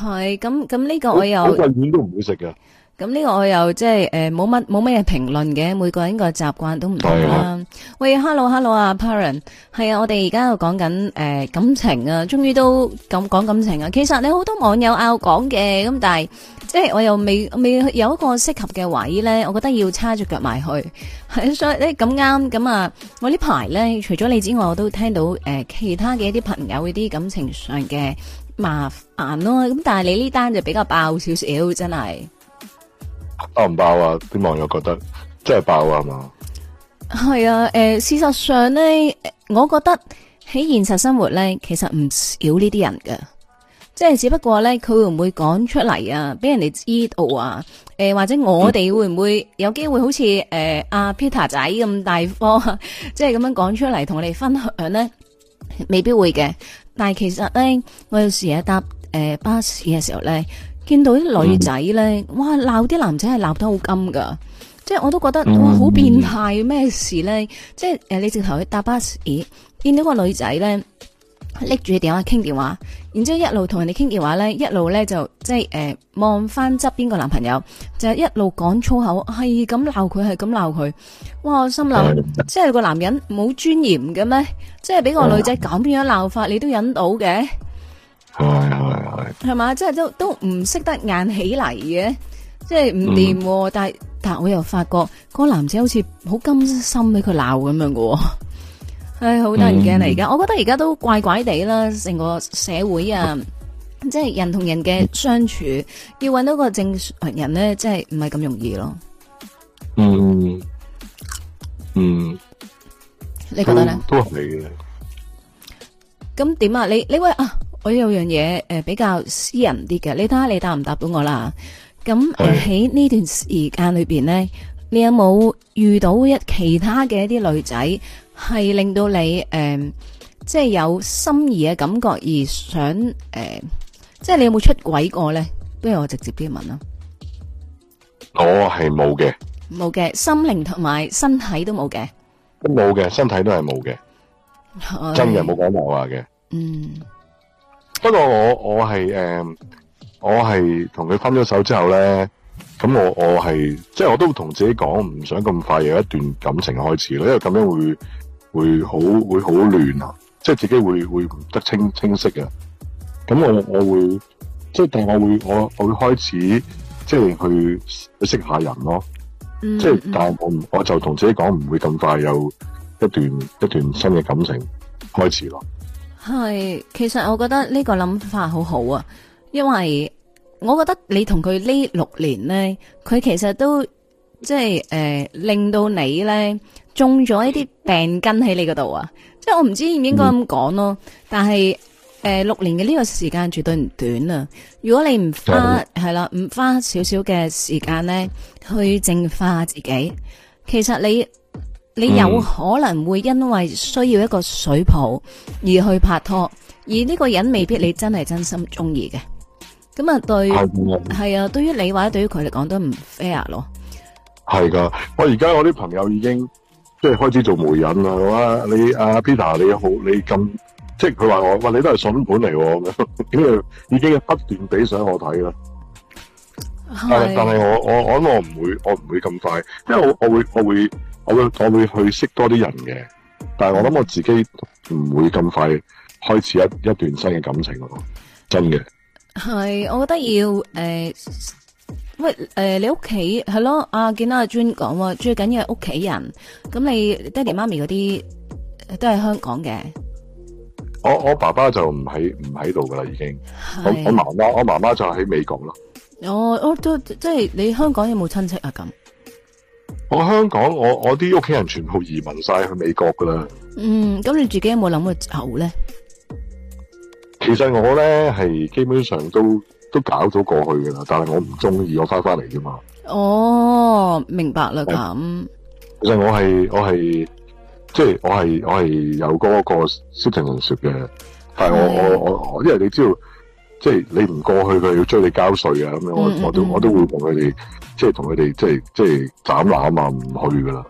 係，咁咁呢個我又咁貴院都唔會食嘅。咁呢個我又即係誒冇乜冇咩評論嘅，每個人個習慣都唔同啦。喂，hello hello 啊，Paren，係啊，我哋而家又講緊誒感情啊，終於都咁講感情啊。其實你好多網友拗講嘅，咁但係。即係我又未未有一個適合嘅位咧，我覺得要叉住腳埋去，所以咧咁啱咁啊！我呢排咧除咗你之外，我都聽到誒、呃、其他嘅一啲朋友嗰啲感情上嘅麻煩咯。咁但係你呢單就比較爆少少，真係爆唔爆啊？啲網友覺得真係爆啊，係嘛？係啊，誒、呃，事實上咧，我覺得喺現實生活咧，其實唔少呢啲人㗎。即係只不過咧，佢會唔會講出嚟啊？俾人哋知道啊？誒、呃，或者我哋會唔會有機會好似誒阿 Peter 仔咁大方，啊，即係咁樣講出嚟同我哋分享咧？未必會嘅。但係其實咧，我有時喺搭誒、呃、巴士嘅時候咧，見到啲女仔咧，嗯，哇鬧啲男仔係鬧得好金噶，即係我都覺得哇好變態咩事咧，嗯？即係誒你直頭去搭巴士，見到個女仔咧。拎住個電話傾電話，然之後一路同人哋傾電話咧，一路咧就即係誒望翻側邊個男朋友，就一路講粗口，係咁鬧佢，係咁鬧佢。哇，我心諗 即係個男人冇尊嚴嘅咩？即係俾個女仔咁樣鬧法，你都忍到嘅？係係係，係嘛？即係都都唔識得硬起嚟嘅，即係唔掂。但係但係，我又發覺那個男仔好似好甘心俾佢鬧咁樣嘅。係好得人驚嚟噶。我覺得而家都怪怪地啦，成個社會啊，嗯、即係人同人嘅相處，要搵到個正常人咧，即係唔係咁容易咯。嗯，嗯，你覺得咧、嗯？都係嘅。咁點啊？你呢位啊？我有樣嘢誒，比較私人啲嘅。你睇下，你答唔答到我啦？咁喺呢段時間裏邊咧，你有冇遇到一其他嘅一啲女仔？係令到你誒、呃，即係有心儀嘅感覺而想誒、呃，即係你有冇出軌過咧？不如我直接啲問啦。我係冇嘅，冇嘅，心靈同埋身體都冇嘅，都冇嘅，身體都係冇嘅，真人冇講大話嘅。嗯，不過我我係誒，我係同佢分咗手之後咧，咁我我係即係我都同自己講唔想咁快有一段感情開始咯，因為咁樣會。會好會好亂啊！即係自己會會唔得清清晰嘅，咁我我會即係但係我會我我會開始即係去去識下人咯，嗯、即係但我我就同自己講唔會咁快有一段一段新嘅感情開始咯。係，其實我覺得呢個諗法好好啊，因為我覺得你同佢呢六年咧，佢其實都即係誒、呃、令到你咧。中咗一啲病根喺你嗰度啊！即係我唔知應唔應該咁講咯，嗯、但係誒六年嘅呢個時間絕對唔短啦。如果你唔花係啦，唔花少少嘅時間咧，去淨化自己，其實你你有可能會因為需要一個水泡而去拍拖，而呢個人未必你真係真心中意嘅。咁啊，對係啊，對於你或者，對於佢嚟講都唔 fair 咯。係噶，我而家我啲朋友已經。.即係開始做媒人啦，哇！你、啊、阿 Peter 你好，你咁即係佢話我，話你都係筍盤嚟，咁樣，已經不斷俾相我睇啦。但係我我我諗我唔會，我唔會咁快，因為我我會我會我會我會去識多啲人嘅，但係我諗我自己唔會咁快開始一一段新嘅感情咯，真嘅。係，我覺得要誒。呃喂，誒、呃，你屋企係咯？啊、見阿見阿 Jun 講，最緊要係屋企人。咁你爹哋媽咪嗰啲都係香港嘅。我我爸爸就唔喺唔喺度噶啦，已經。我我媽媽我媽媽就喺美國咯。哦，我都即係你香港有冇親戚啊？咁我香港我我啲屋企人全部移民晒去美國噶啦。嗯，咁你自己有冇諗過後咧？其實我咧係基本上都。都搞咗過去噶啦，但係我唔中意，我翻翻嚟啫嘛。哦，明白啦，咁。其實我係我係，即係我係我係有嗰個 citizenship 嘅，但係我我我我，因為你知道，即係你唔過去佢要追你交稅啊，咁樣我我都我都會同佢哋，即係同佢哋即係即係斬纜啊嘛，唔去噶啦。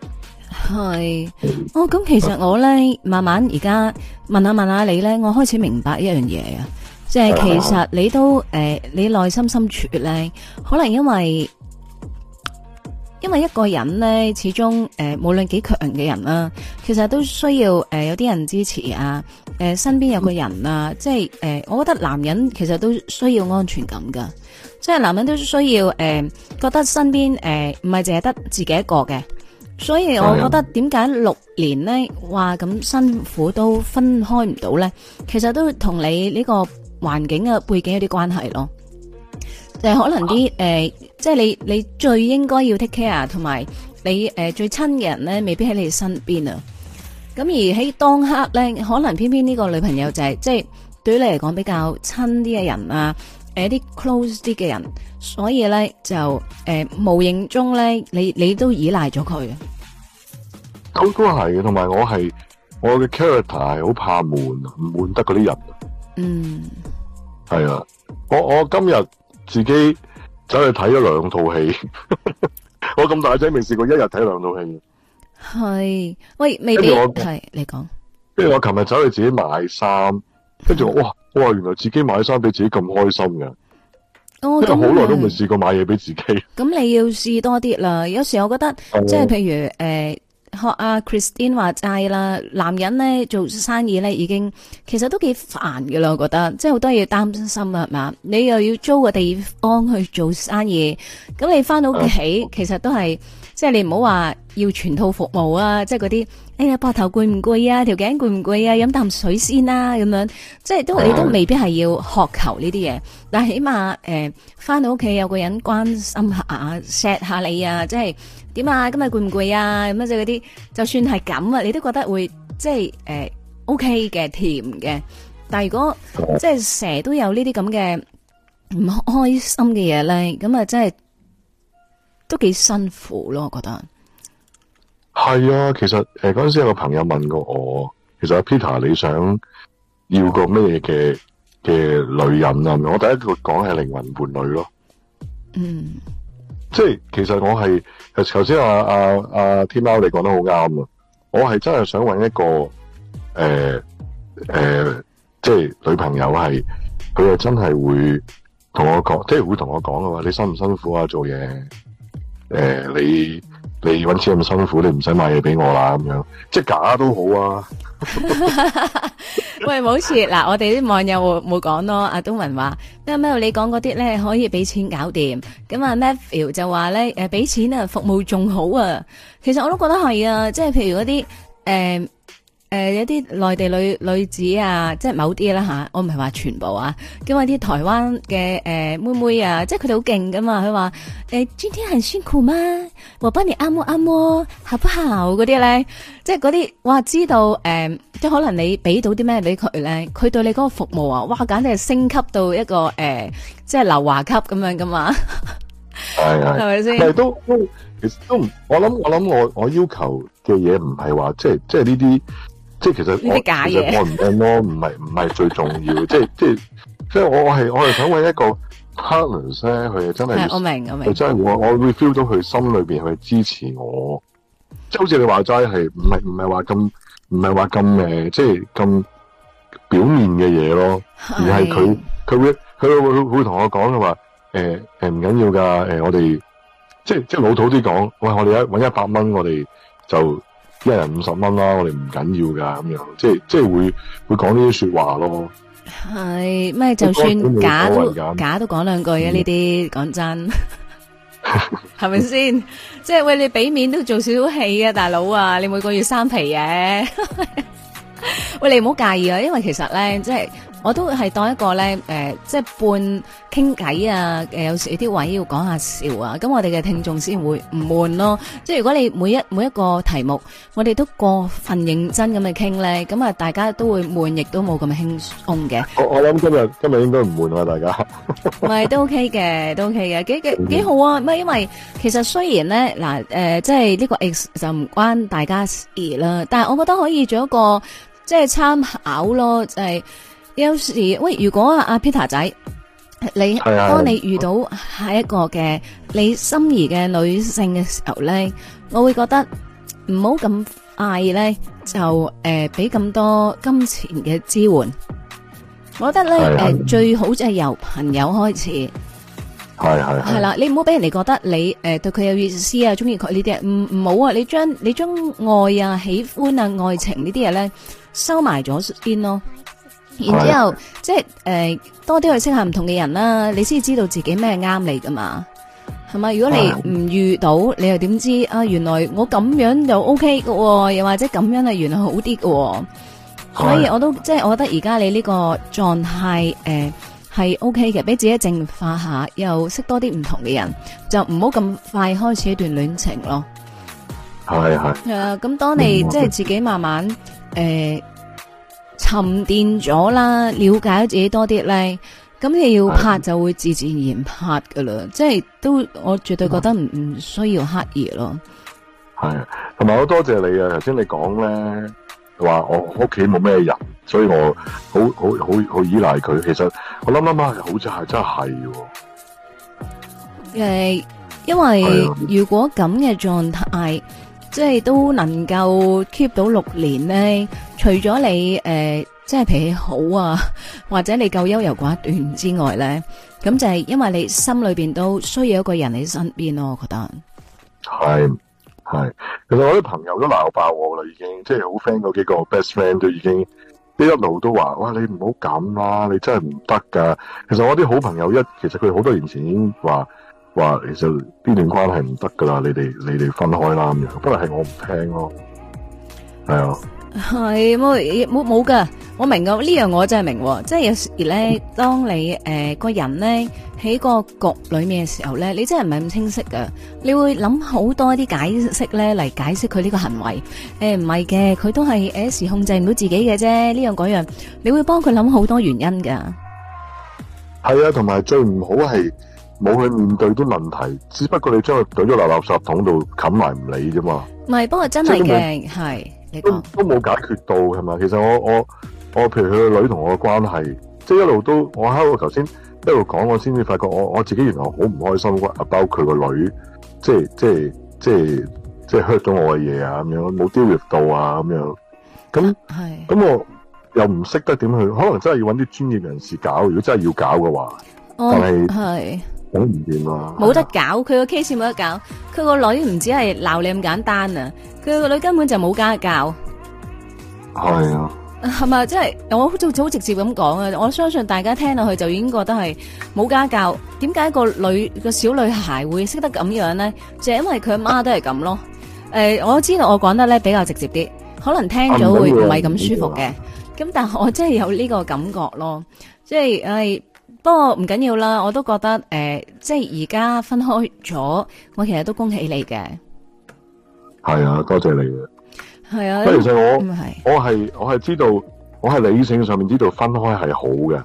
係，哦，咁其實我咧，慢慢而家問下問下你咧，我開始明白一樣嘢啊。即係其實你都誒、呃，你內心深處咧，可能因為因為一個人咧，始終誒、呃，無論幾強嘅人啦、啊，其實都需要誒、呃、有啲人支持啊，誒、呃、身邊有個人啊，嗯、即係誒、呃，我覺得男人其實都需要安全感噶，即係男人都需要誒、呃，覺得身邊誒唔係淨係得自己一個嘅，所以我覺得點解六年咧話咁辛苦都分開唔到咧，其實都同你呢、這個。環境嘅背景有啲關係咯，誒、就是，可能啲誒，即、啊、係、呃就是、你你最應該要 take care，同埋你誒、呃、最親嘅人咧，未必喺你身邊啊。咁而喺當刻咧，可能偏偏呢個女朋友就係即係對於你嚟講比較親啲嘅人啊，誒，啲 close 啲嘅人，所以咧就誒、呃、無形中咧，你你都依賴咗佢。都都係嘅，同埋我係我嘅 character 係好怕悶，唔悶得嗰啲人。嗯，係啊，我我今日自己走去睇咗兩套戲， 我咁大仔未試過一日睇兩套戲。係，喂，未必，係，你講。跟住我琴日走去自己買衫，跟、mm. 住哇哇，原來自己買衫俾自己咁開心嘅、oh,，因為好耐、yes. 都未試過買嘢俾自己。咁你要試多啲啦，有時我覺得、oh. 即係譬如誒。呃學啊 Christine 話齋啦，男人咧做生意咧已經其實都幾煩噶啦，我覺得即係好多嘢擔心啊，係嘛？你又要租個地方去做生意，咁你翻到屋企、啊、其實都係即係你唔好話要全套服務啊，即係嗰啲哎呀膊頭攰唔攰啊，條頸攰唔攰啊，飲啖水先啦、啊、咁樣，即係都你都未必係要渴求呢啲嘢，但係起碼誒翻到屋企有個人關心下、錫下你啊，即係。點啊？今日攰唔攰啊？咁啊，即係嗰啲，就算係咁啊，你都覺得會即係誒，O K 嘅甜嘅。但係如果、哦、即係成日都有呢啲咁嘅唔開心嘅嘢咧，咁啊，真係都幾辛苦咯。我覺得係啊，其實誒，嗰、呃、陣時有個朋友問過我，其實 Peter，你想要個咩嘅嘅女人啊？我第一句講係靈魂伴侶咯，嗯。即係其實我係，頭先啊，阿阿天喵你講得好啱啊！啊啊我係真係想揾一個誒誒、呃呃，即係女朋友係佢又真係會同我講，即係會同我講嘅話，你辛唔辛苦啊？做嘢，誒、呃、你。你搵錢咁辛苦，你唔使買嘢俾我啦，咁樣即係假都好啊。喂，冇事嗱，我哋啲網友冇講咯。阿東文話咩咩？你講嗰啲咧可以俾錢搞掂。咁啊，Matthew 就話咧，誒，俾錢啊，服務仲好啊。其實我都覺得係啊，即係譬如嗰啲誒。誒、呃，有啲內地女女子啊，即係某啲啦吓，我唔係話全部啊，因為啲台灣嘅誒妹妹啊，即係佢哋好勁噶嘛。佢話誒，今天很辛苦嗎？我幫你按摩按摩，好唔好？嗰啲咧，即係嗰啲，哇，知道誒、呃，即係可能你俾到啲咩俾佢咧，佢對你嗰個服務啊，哇，簡直係升級到一個誒、呃，即係劉華級咁樣噶嘛，係咪先？但係都都其實都，我諗我諗我我要求嘅嘢唔係話即係即係呢啲。即係其實我其實我唔安安唔係唔係最重要，即係即係即係我我係我係想為一個 partner 咧，佢真係我明我明，係真係我我 feel 到佢心裏邊係支持我，即係好似你話齋係唔係唔係話咁唔係話咁誒，即係咁表面嘅嘢咯，而係佢佢會佢會佢會同我講嘅話，誒誒唔緊要噶，誒我哋即係即係老土啲講，喂我哋一搵一百蚊我哋就。一人五十蚊啦，我哋唔緊要㗎咁樣，即係即係會會講呢啲說話咯。係咩？就算假都假都講兩句吖呢啲，講、嗯、真係咪先？ 是吧 即係喂，你俾面都做少少戲啊，大佬啊，你每個月生皮嘢、啊。 喂，你唔好介意啊，因為其實咧，即係。我都係當一個咧，誒，即係半傾偈啊。誒，有時有啲位要講下笑啊。咁我哋嘅聽眾先會唔悶咯。即係如果你每一每一個題目，我哋都過分認真咁去傾咧，咁啊，大家都會悶，亦都冇咁輕鬆嘅。我我諗今日今日應該唔悶啊，大家唔係都 OK 嘅，都 OK 嘅幾幾幾好啊。唔係，因為其實雖然咧嗱，誒，即係呢個 X 就唔關大家事啦。但係我覺得可以做一個即係參考咯，就係。有時喂，如果阿阿 Peter 仔，你當你遇到下一個嘅你心儀嘅女性嘅時候咧，我會覺得唔好咁嗌，咧，就誒，俾咁多金錢嘅支援。我覺得咧誒，最好就係由朋友開始。係係係啦，你唔好俾人哋覺得你誒對佢有意思啊，中意佢呢啲啊，唔唔好啊！你將你將愛啊、喜歡啊、愛情呢啲嘢咧收埋咗先咯。然之後，是即係誒、呃，多啲去識下唔同嘅人啦，你先知道自己咩啱你噶嘛，係咪？如果你唔遇到，你又點知啊？原來我咁樣就 O K 嘅，又或者咁樣啊，原來好啲嘅，哦，所以我都即係我覺得而家你呢個狀態誒係 O K 嘅，俾，呃 OK、自己淨化一下，又識多啲唔同嘅人，就唔好咁快開始一段戀情咯。係係。誒，咁當你即係自己慢慢誒。呃沉澱咗啦，了解自己多啲咧，咁你要拍就會自自然然拍噶啦，即係都我絕對覺得唔需要刻意咯。係，同埋好多謝你啊！頭先你講咧，話我屋企冇咩人，所以我好好好好依賴佢。其實我諗諗下，好似係真係。誒、哦，因為的如果咁嘅狀態。即係都能夠 keep 到六年咧，除咗你誒、呃，即係脾氣好啊，或者你夠優柔寡斷之外咧，咁就係因為你心裏邊都需要一個人喺身邊咯，我覺得係係，其實我啲朋友都鬧爆我啦，已經即係好 friend 嗰幾個 best friend 都已經一路都話，哇你唔好咁啦，你真係唔得噶。其實我啲好朋友一，其實佢好多年前已經話。話其實呢段關係唔得噶啦，你哋你哋分開啦咁樣。不過係我唔聽咯，係啊，係冇冇冇噶，我明噶，呢樣我真係明，即係有時咧，當你誒個人咧喺個局裏面嘅時候咧，你真係唔係咁清晰噶，你會諗好多啲解釋咧嚟解釋佢呢個行為。誒唔係嘅，佢都係有時控制唔到自己嘅啫。呢樣嗰樣，你會幫佢諗好多原因噶。係啊，同埋最唔好係。冇去面對啲問題，只不過你將佢懟咗落垃圾桶度冚埋唔理啫嘛。唔係，不過真係嘅係，都都冇解決到係嘛。其實我我我，我譬如佢個女同我嘅關係，即係一路都我喺我頭先一路講，我先至發覺我我自己原來好唔開心嘅。啊，包括佢個女，即係即係即係即係 hurt 到我嘅嘢啊，咁樣冇 deal with 到啊，咁樣咁咁我又唔識得點去，可能真係要揾啲專業人士搞。如果真係要搞嘅話，哦、但係係。有唔掂啊！冇得搞，佢個 case 冇得搞。佢個女唔止係鬧你咁簡單啊！佢個女根本就冇家教。係啊，係咪即係我好似好直接咁講啊？我相信大家聽落去就已經覺得係冇家教。點解個女個小女孩會識得咁樣咧？就因為佢阿媽都係咁咯。誒，我知道我講得咧比較直接啲，可能聽咗會唔係咁舒服嘅。咁但係我真係有呢個感覺咯，即係誒。不過，哦，唔緊要啦，我都覺得誒、呃，即係而家分開咗，我其實都恭喜你嘅。係啊，多謝，謝你嘅。係啊，其實不如就我是我係我係知道，我係理性上面知道分開係好嘅。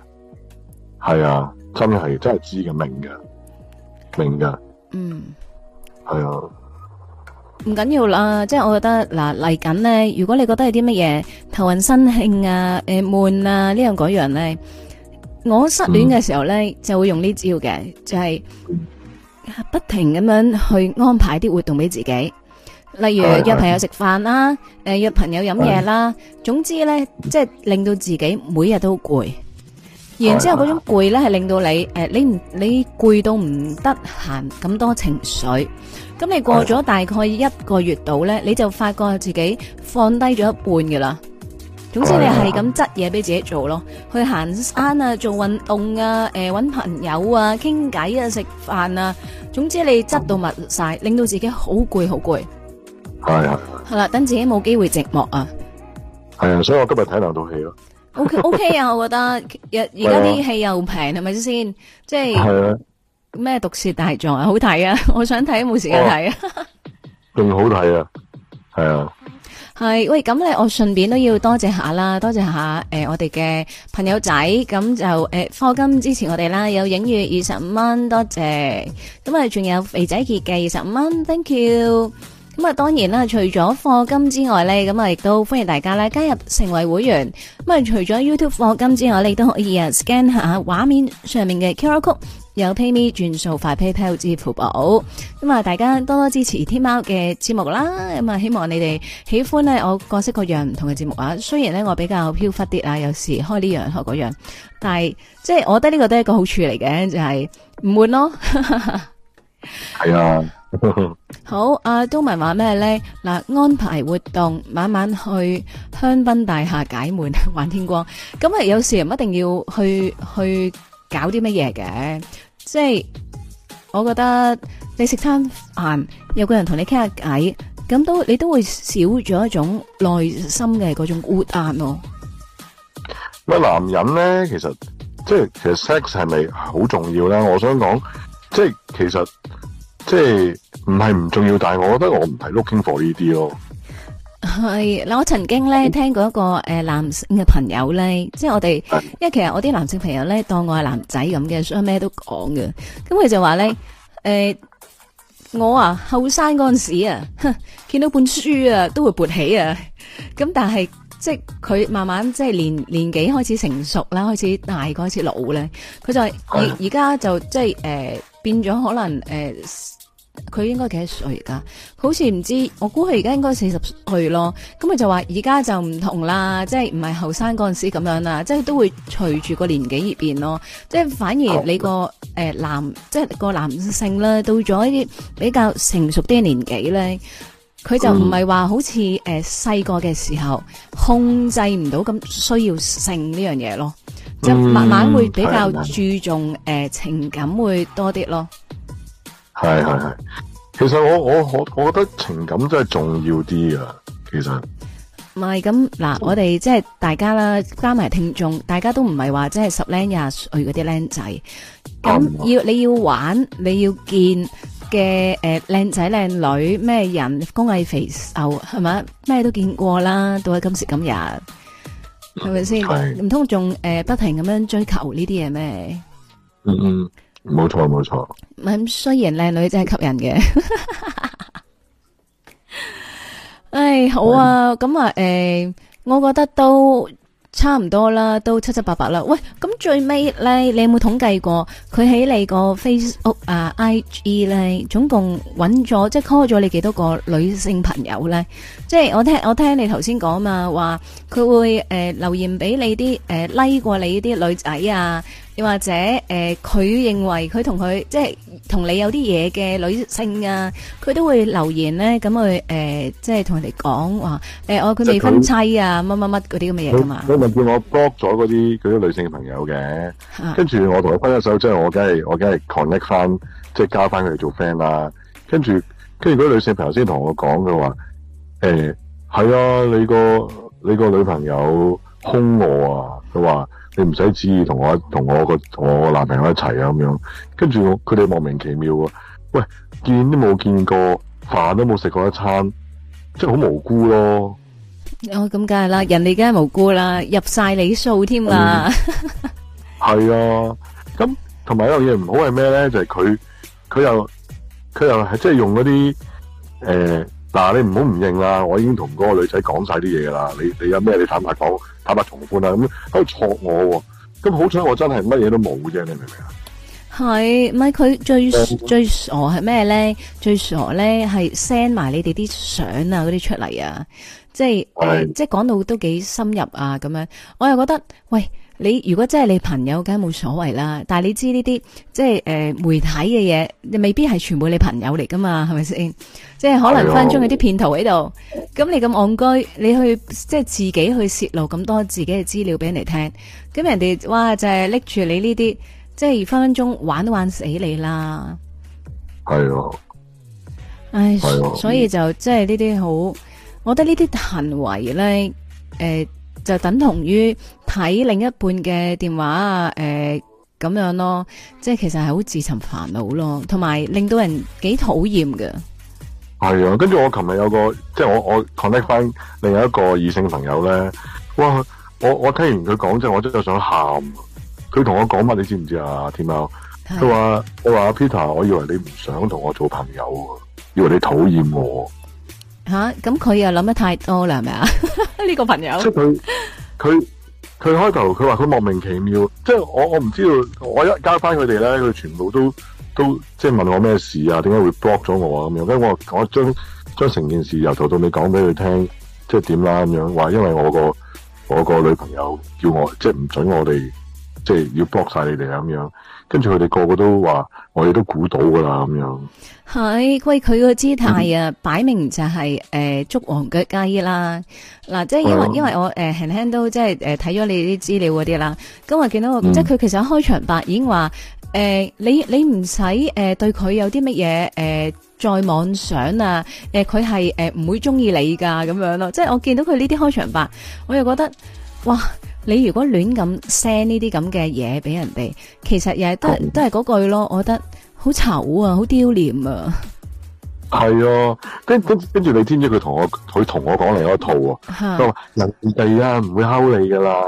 係啊，真係真係知嘅，明嘅，明嘅。嗯，係啊。唔緊要啦，即係我覺得嗱，嚟緊咧，如果你覺得係啲乜嘢頭暈身慶啊、誒、呃、悶啊、這樣、樣、呢樣嗰樣咧。我失戀嘅時候呢，就會用呢招嘅，就係、是、不停咁樣去安排啲活動俾自己，例如約朋友食飯啦，誒、哎、約、呃、朋友飲嘢啦，總之呢，即、就、係、是、令到自己每日都攰，然之後嗰種攰呢，係令到你誒、呃，你唔你攰到唔得閒咁多情緒，咁你過咗大概一個月度呢，你就發覺自己放低咗一半噶啦。總之你係咁執嘢俾自己做咯，去行山啊，做運動啊，誒，搵朋友啊，傾偈啊，食飯啊，總之你執到密曬，令到自己好攰好攰。係啊。係啦，等自己冇機會寂寞啊。係啊，所以我今日睇兩套戲咯。O K O K 啊，我覺得而而家啲戲又平，係咪先？即係咩？《毒舌大狀》好睇啊！我想睇冇時間睇。仲好睇啊！係啊。係喂，咁咧我順便都要多謝下啦，多謝下誒、呃、我哋嘅朋友仔，咁就誒課金支持我哋啦，有影月二十五蚊，多謝，咁啊仲有肥仔杰嘅二十五蚊，thank you，咁啊當然啦，除咗課金之外咧，咁啊亦都歡迎大家啦，加入成為會員，咁啊除咗 YouTube 課金之外，你都可以 scan 下畫面上面嘅 QR code。有 PayMe 轉數快 PayPal 支付寶，咁啊大家多多支持天喵嘅節目啦，咁啊希望你哋喜歡咧我各式各樣唔同嘅節目啊。雖然咧我比較飄忽啲啊，有時開呢樣學嗰樣，但係即係我覺得呢個都係一個好處嚟嘅，就係唔悶咯。係 是啊， 好啊，都文話咩咧？嗱，安排活動晚晚去香檳大廈解悶玩天光，咁啊有時唔一定要去去。搞啲乜嘢嘅，即係我覺得你食餐飯，有個人同你傾下偈，咁都你都會少咗一種內心嘅嗰種壓力咯。乜男人咧，其實即係其實 sex 係咪好重要咧？我想講，即係其實即係唔係唔重要，但係我覺得我唔係 looking for 呢啲咯。係嗱，我曾經咧聽過一個誒、呃、男性嘅朋友咧，即係我哋，因為其實我啲男性朋友咧，當我係男仔咁嘅，所以咩都講嘅。咁佢就話咧，誒、呃，我啊後生嗰陣時啊，見到本書啊都會勃起啊。咁但係即係佢慢慢即係年年紀開始成熟啦，開始大，開始老咧，佢就而而家就即係誒、呃、變咗可能誒。呃佢應該幾多歲噶？好似唔知，我估佢而家應該四十歲咯。咁佢就話：而家就唔同啦，即係唔係後生嗰陣時咁樣啦，即係都會隨住個年紀而變咯。即係反而你個誒男,、呃呃、男，即係個男性啦，到咗一啲比較成熟啲嘅年紀咧，佢就唔係話好似誒細個嘅時候控制唔到咁需要性呢樣嘢咯、嗯，就慢慢會比較注重誒、呃、情感會多啲咯。係係係，其實我我我我覺得情感真係重要啲啊，其實唔係咁。嗱，我哋即係大家啦，加埋聽眾，大家都唔係話即係十零廿歲嗰啲僆仔，咁要你要玩你要見嘅誒、靚仔靚女咩人，高矮肥瘦係咪？咩都見過啦，到今時今日係咪先？唔通仲誒不停咁樣追求呢啲嘢咩？嗯嗯。Okay. 冇錯，冇錯。咁雖然靚女真係吸引嘅， 唉，好啊，咁、嗯、啊，誒、欸，我覺得都差唔多啦，都七七八八啦。喂，咁最尾咧，你有冇統計過佢喺你個 facebook 啊，I G 咧，總共揾咗即係 call 咗你幾多個女性朋友咧？即係我聽我聽你頭先講嘛，話佢會誒、呃、留言俾你啲誒 like 過你啲女仔啊。又或者，誒、呃、佢認為佢同佢即係同你有啲嘢嘅女性啊，佢都會留言咧，咁佢誒即係同人哋講話誒我佢未婚妻啊乜乜乜嗰啲咁嘅嘢噶嘛。佢咪叫我 block 咗嗰啲嗰啲女性朋友嘅，跟住我同佢分咗手之後，我梗係我梗係 connect 翻，即係交翻佢嚟做 friend 啦。跟住跟住嗰啲女性朋友先同我講，佢話誒係啊，你個你個女朋友。凶我啊！佢話你唔使旨意，同我同我個我個男朋友一齊啊咁樣。跟住我佢哋莫名其妙喎，啊，喂，見都冇見過，飯都冇食過一餐，即係好無辜咯。哦，咁梗係啦，人哋梗係無辜啦，入晒你數添啦。係、嗯、 啊，咁同埋一樣嘢，唔好係咩咧？就係佢佢又佢又係即係用嗰啲誒，嗱，呃啊，你唔好唔認啦！我已經同嗰個女仔講晒啲嘢啦，你你有咩你坦白講。坦白重判啊咁，喺度戳我喎，咁好彩我真係乜嘢都冇啫，你明唔明啊？係咪佢最最傻係咩咧？最傻咧係 send 埋你哋啲相啊嗰啲出嚟啊，即係、呃、即係講到都幾深入啊咁樣，我又覺得喂。你如果真係你朋友，梗係冇所謂啦。但係你知呢啲即係誒、呃、媒體嘅嘢，你未必係全部你朋友嚟噶嘛，係咪先？即係可能分分鐘有啲騙徒喺度。咁、啊、你咁戇居，你去即係自己去泄露咁多自己嘅資料俾人哋聽，咁人哋哇就係拎住你呢啲，即係分分鐘玩都玩死你啦。係啊，唉，啊、所以就即係呢啲好，我覺得呢啲行為咧，誒、呃。就等同於睇另一半嘅電話啊，誒、呃、咁樣咯，即係其實係好自尋煩惱咯，同埋令到人幾討厭嘅。係啊，跟住我琴日有個，即係我我 connect 翻另一個異性朋友咧，哇！我我聽完佢講，即係我真係想喊。佢同我講乜你知唔知啊？天喵，佢話、啊、我話 Peter，我以為你唔想同我做朋友，以為你討厭我。吓，咁佢又諗得太多啦，係咪啊？呢 個朋友即係佢佢佢開頭佢話佢莫名其妙，即係我我唔知道。我一加翻佢哋咧，佢全部都都即係問我咩事啊？點解會 block 咗我啊？咁樣，跟住我我將將成件事由頭到尾講俾佢聽，即係點啦咁樣話，因為我個我個女朋友叫我即係唔准我哋即係要 block 晒你哋啊咁樣。跟住佢哋個個都話，我哋都估到噶啦咁樣。係，喂佢個姿態啊，擺、嗯、明就係誒捉黃腳雞啦。嗱、啊，即係因為、嗯、因為我誒輕輕都即係誒睇咗你啲資料嗰啲啦。咁我見到我、嗯、即係佢其實開場白已經話、呃、你你唔使誒對佢有啲乜嘢誒再妄想啊。誒佢係誒唔會中意你㗎咁樣咯。即係我見到佢呢啲開場白，我又覺得哇！你如果亂咁 send 呢啲咁嘅嘢俾人哋，其實又都係都係嗰句咯，我覺得好醜啊，好丟臉啊。係啊，跟跟跟住你知唔知佢同我佢同我講另一套喎，佢話人哋啊唔會敲你噶啦，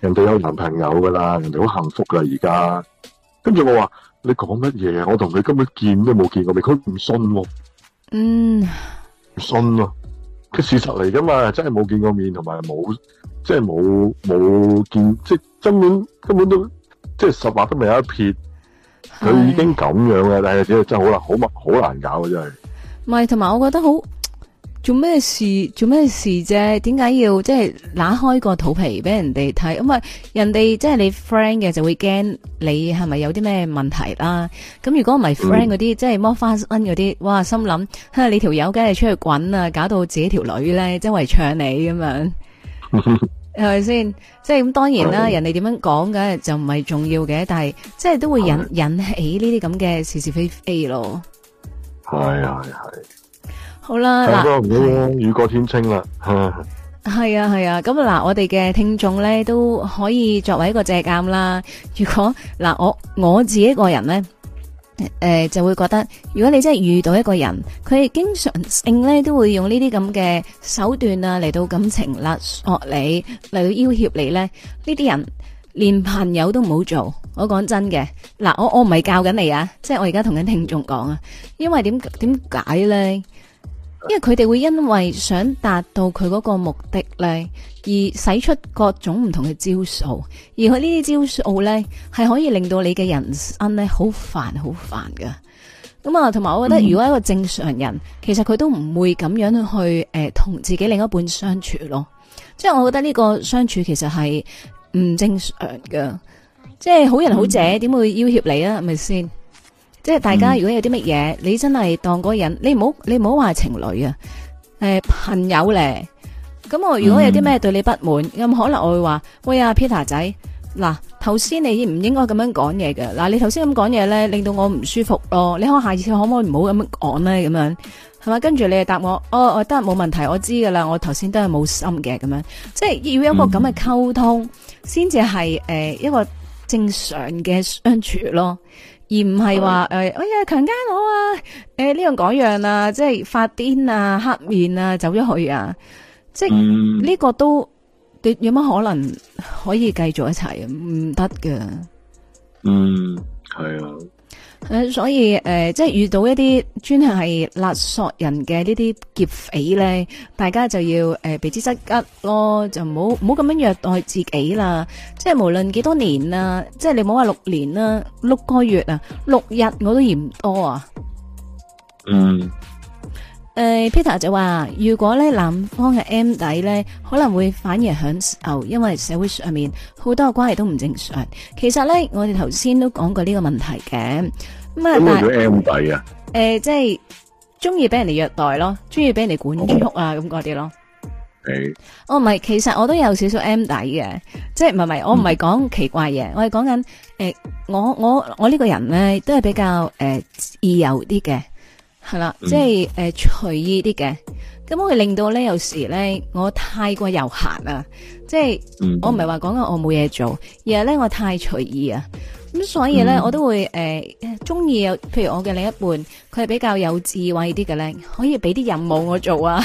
人哋有男朋友噶啦，人哋好幸福啦而家。跟住我話你講乜嘢？我同佢根本見都冇見過面，佢唔信喎。唔信啊！佢、嗯啊、事實嚟噶嘛，真係冇見過面同埋冇。即係冇冇見，即係根本根本都即係十八都未有一撇，佢已經咁樣嘅。但係只係真好難，好難好難搞真係。唔係，同埋我覺得好做咩事做咩事啫？點解要即係攋開個肚皮俾人哋睇？因為人哋即係你 friend 嘅，就會驚你係咪有啲咩問題啦、啊？咁如果唔係 friend 嗰啲，即係魔花身嗰啲，哇，心諗你條友梗係出去滾啊，搞到自己條女咧，即係周圍唱你咁樣。係咪先？即係咁，當然啦，人哋點樣講嘅就唔係重要嘅，但係即係都會引引起呢啲咁嘅是是非非咯。係啊，係係。好啦，嗱、啊，雨過天青啦，吓。係啊，係啊，咁嗱，我哋嘅聽眾咧都可以作為一個借鑒啦。如果嗱，我我自己個人咧。誒、呃，就會覺得如果你真係遇到一個人，佢經常性咧都會用呢啲咁嘅手段啊嚟到感情勒索你，嚟到要挾你咧，呢啲人連朋友都唔好做。我講真嘅，嗱，我我唔係教緊你啊，即係我而家同緊聽眾講啊，因為點點解咧？因為佢哋會因為想達到佢嗰個目的呢，而使出各種唔同嘅招數，而佢呢啲招數呢，係可以令到你嘅人生呢好煩好煩噶。咁啊，同埋我覺得如果一個正常人，嗯、其實佢都唔會咁樣去誒同、呃、自己另一半相處咯。即係我覺得呢個相處其實係唔正常噶。即係好人好姐，點、嗯、會要挾你啊？係咪先？即係大家如果有啲乜嘢，你真係當個人，你唔好你唔好話情侶啊，誒朋友咧。咁我如果有啲咩對你不滿，咁、嗯、可能我會話：喂呀、啊、Peter 仔，嗱頭先你唔應該咁樣講嘢嘅。嗱你頭先咁講嘢咧，令到我唔舒服咯。你可下次可唔可以唔好咁樣講咧？咁樣係嘛？跟住你就答我：哦哦得，冇問題，我知噶啦，我頭先都係冇心嘅。咁樣即係要一個咁嘅溝通，先至係誒一個正常嘅相處咯。而唔係話誒，哎呀強奸我啊！誒呢樣嗰樣啊，即係發癲啊，黑面啊，走咗去啊，即係呢個都你、嗯、有乜可能可以繼續一齊啊？唔得㗎，嗯，係啊。誒、呃，所以誒、呃，即係遇到一啲專係勒索人嘅呢啲劫匪咧，大家就要誒、呃，避之則吉咯，就唔好唔好咁樣虐待自己啦。即係無論幾多年啦、啊，即係你唔好話六年啦、啊，六個月啊，六日我都嫌多啊。嗯。誒、呃、，Peter 就話如果咧，男方嘅 M 底咧，可能會反而享受，因為社會上面好多關係都唔正常。其實咧，我哋頭先都講過呢個問題嘅。咁啊，咗 M 底啊？誒、呃，即係中意俾人哋虐待咯，中意俾人哋管束啊，咁嗰啲咯。我、hey. 哦，唔係，其實我都有少少 M 底嘅，即係唔係唔係，我唔係講奇怪嘢、嗯，我係講緊誒，我我我呢個人咧都係比較誒、呃、自由啲嘅。係啦，即係誒隨意啲嘅，咁會令到咧有時咧，我太過悠閒啊，即係、嗯、我唔係話講緊我冇嘢做，而係咧我太隨意啊，咁所以咧、嗯、我都會誒中意有，譬如我嘅另一半，佢係比較有智慧啲嘅咧，可以俾啲任務我做啊，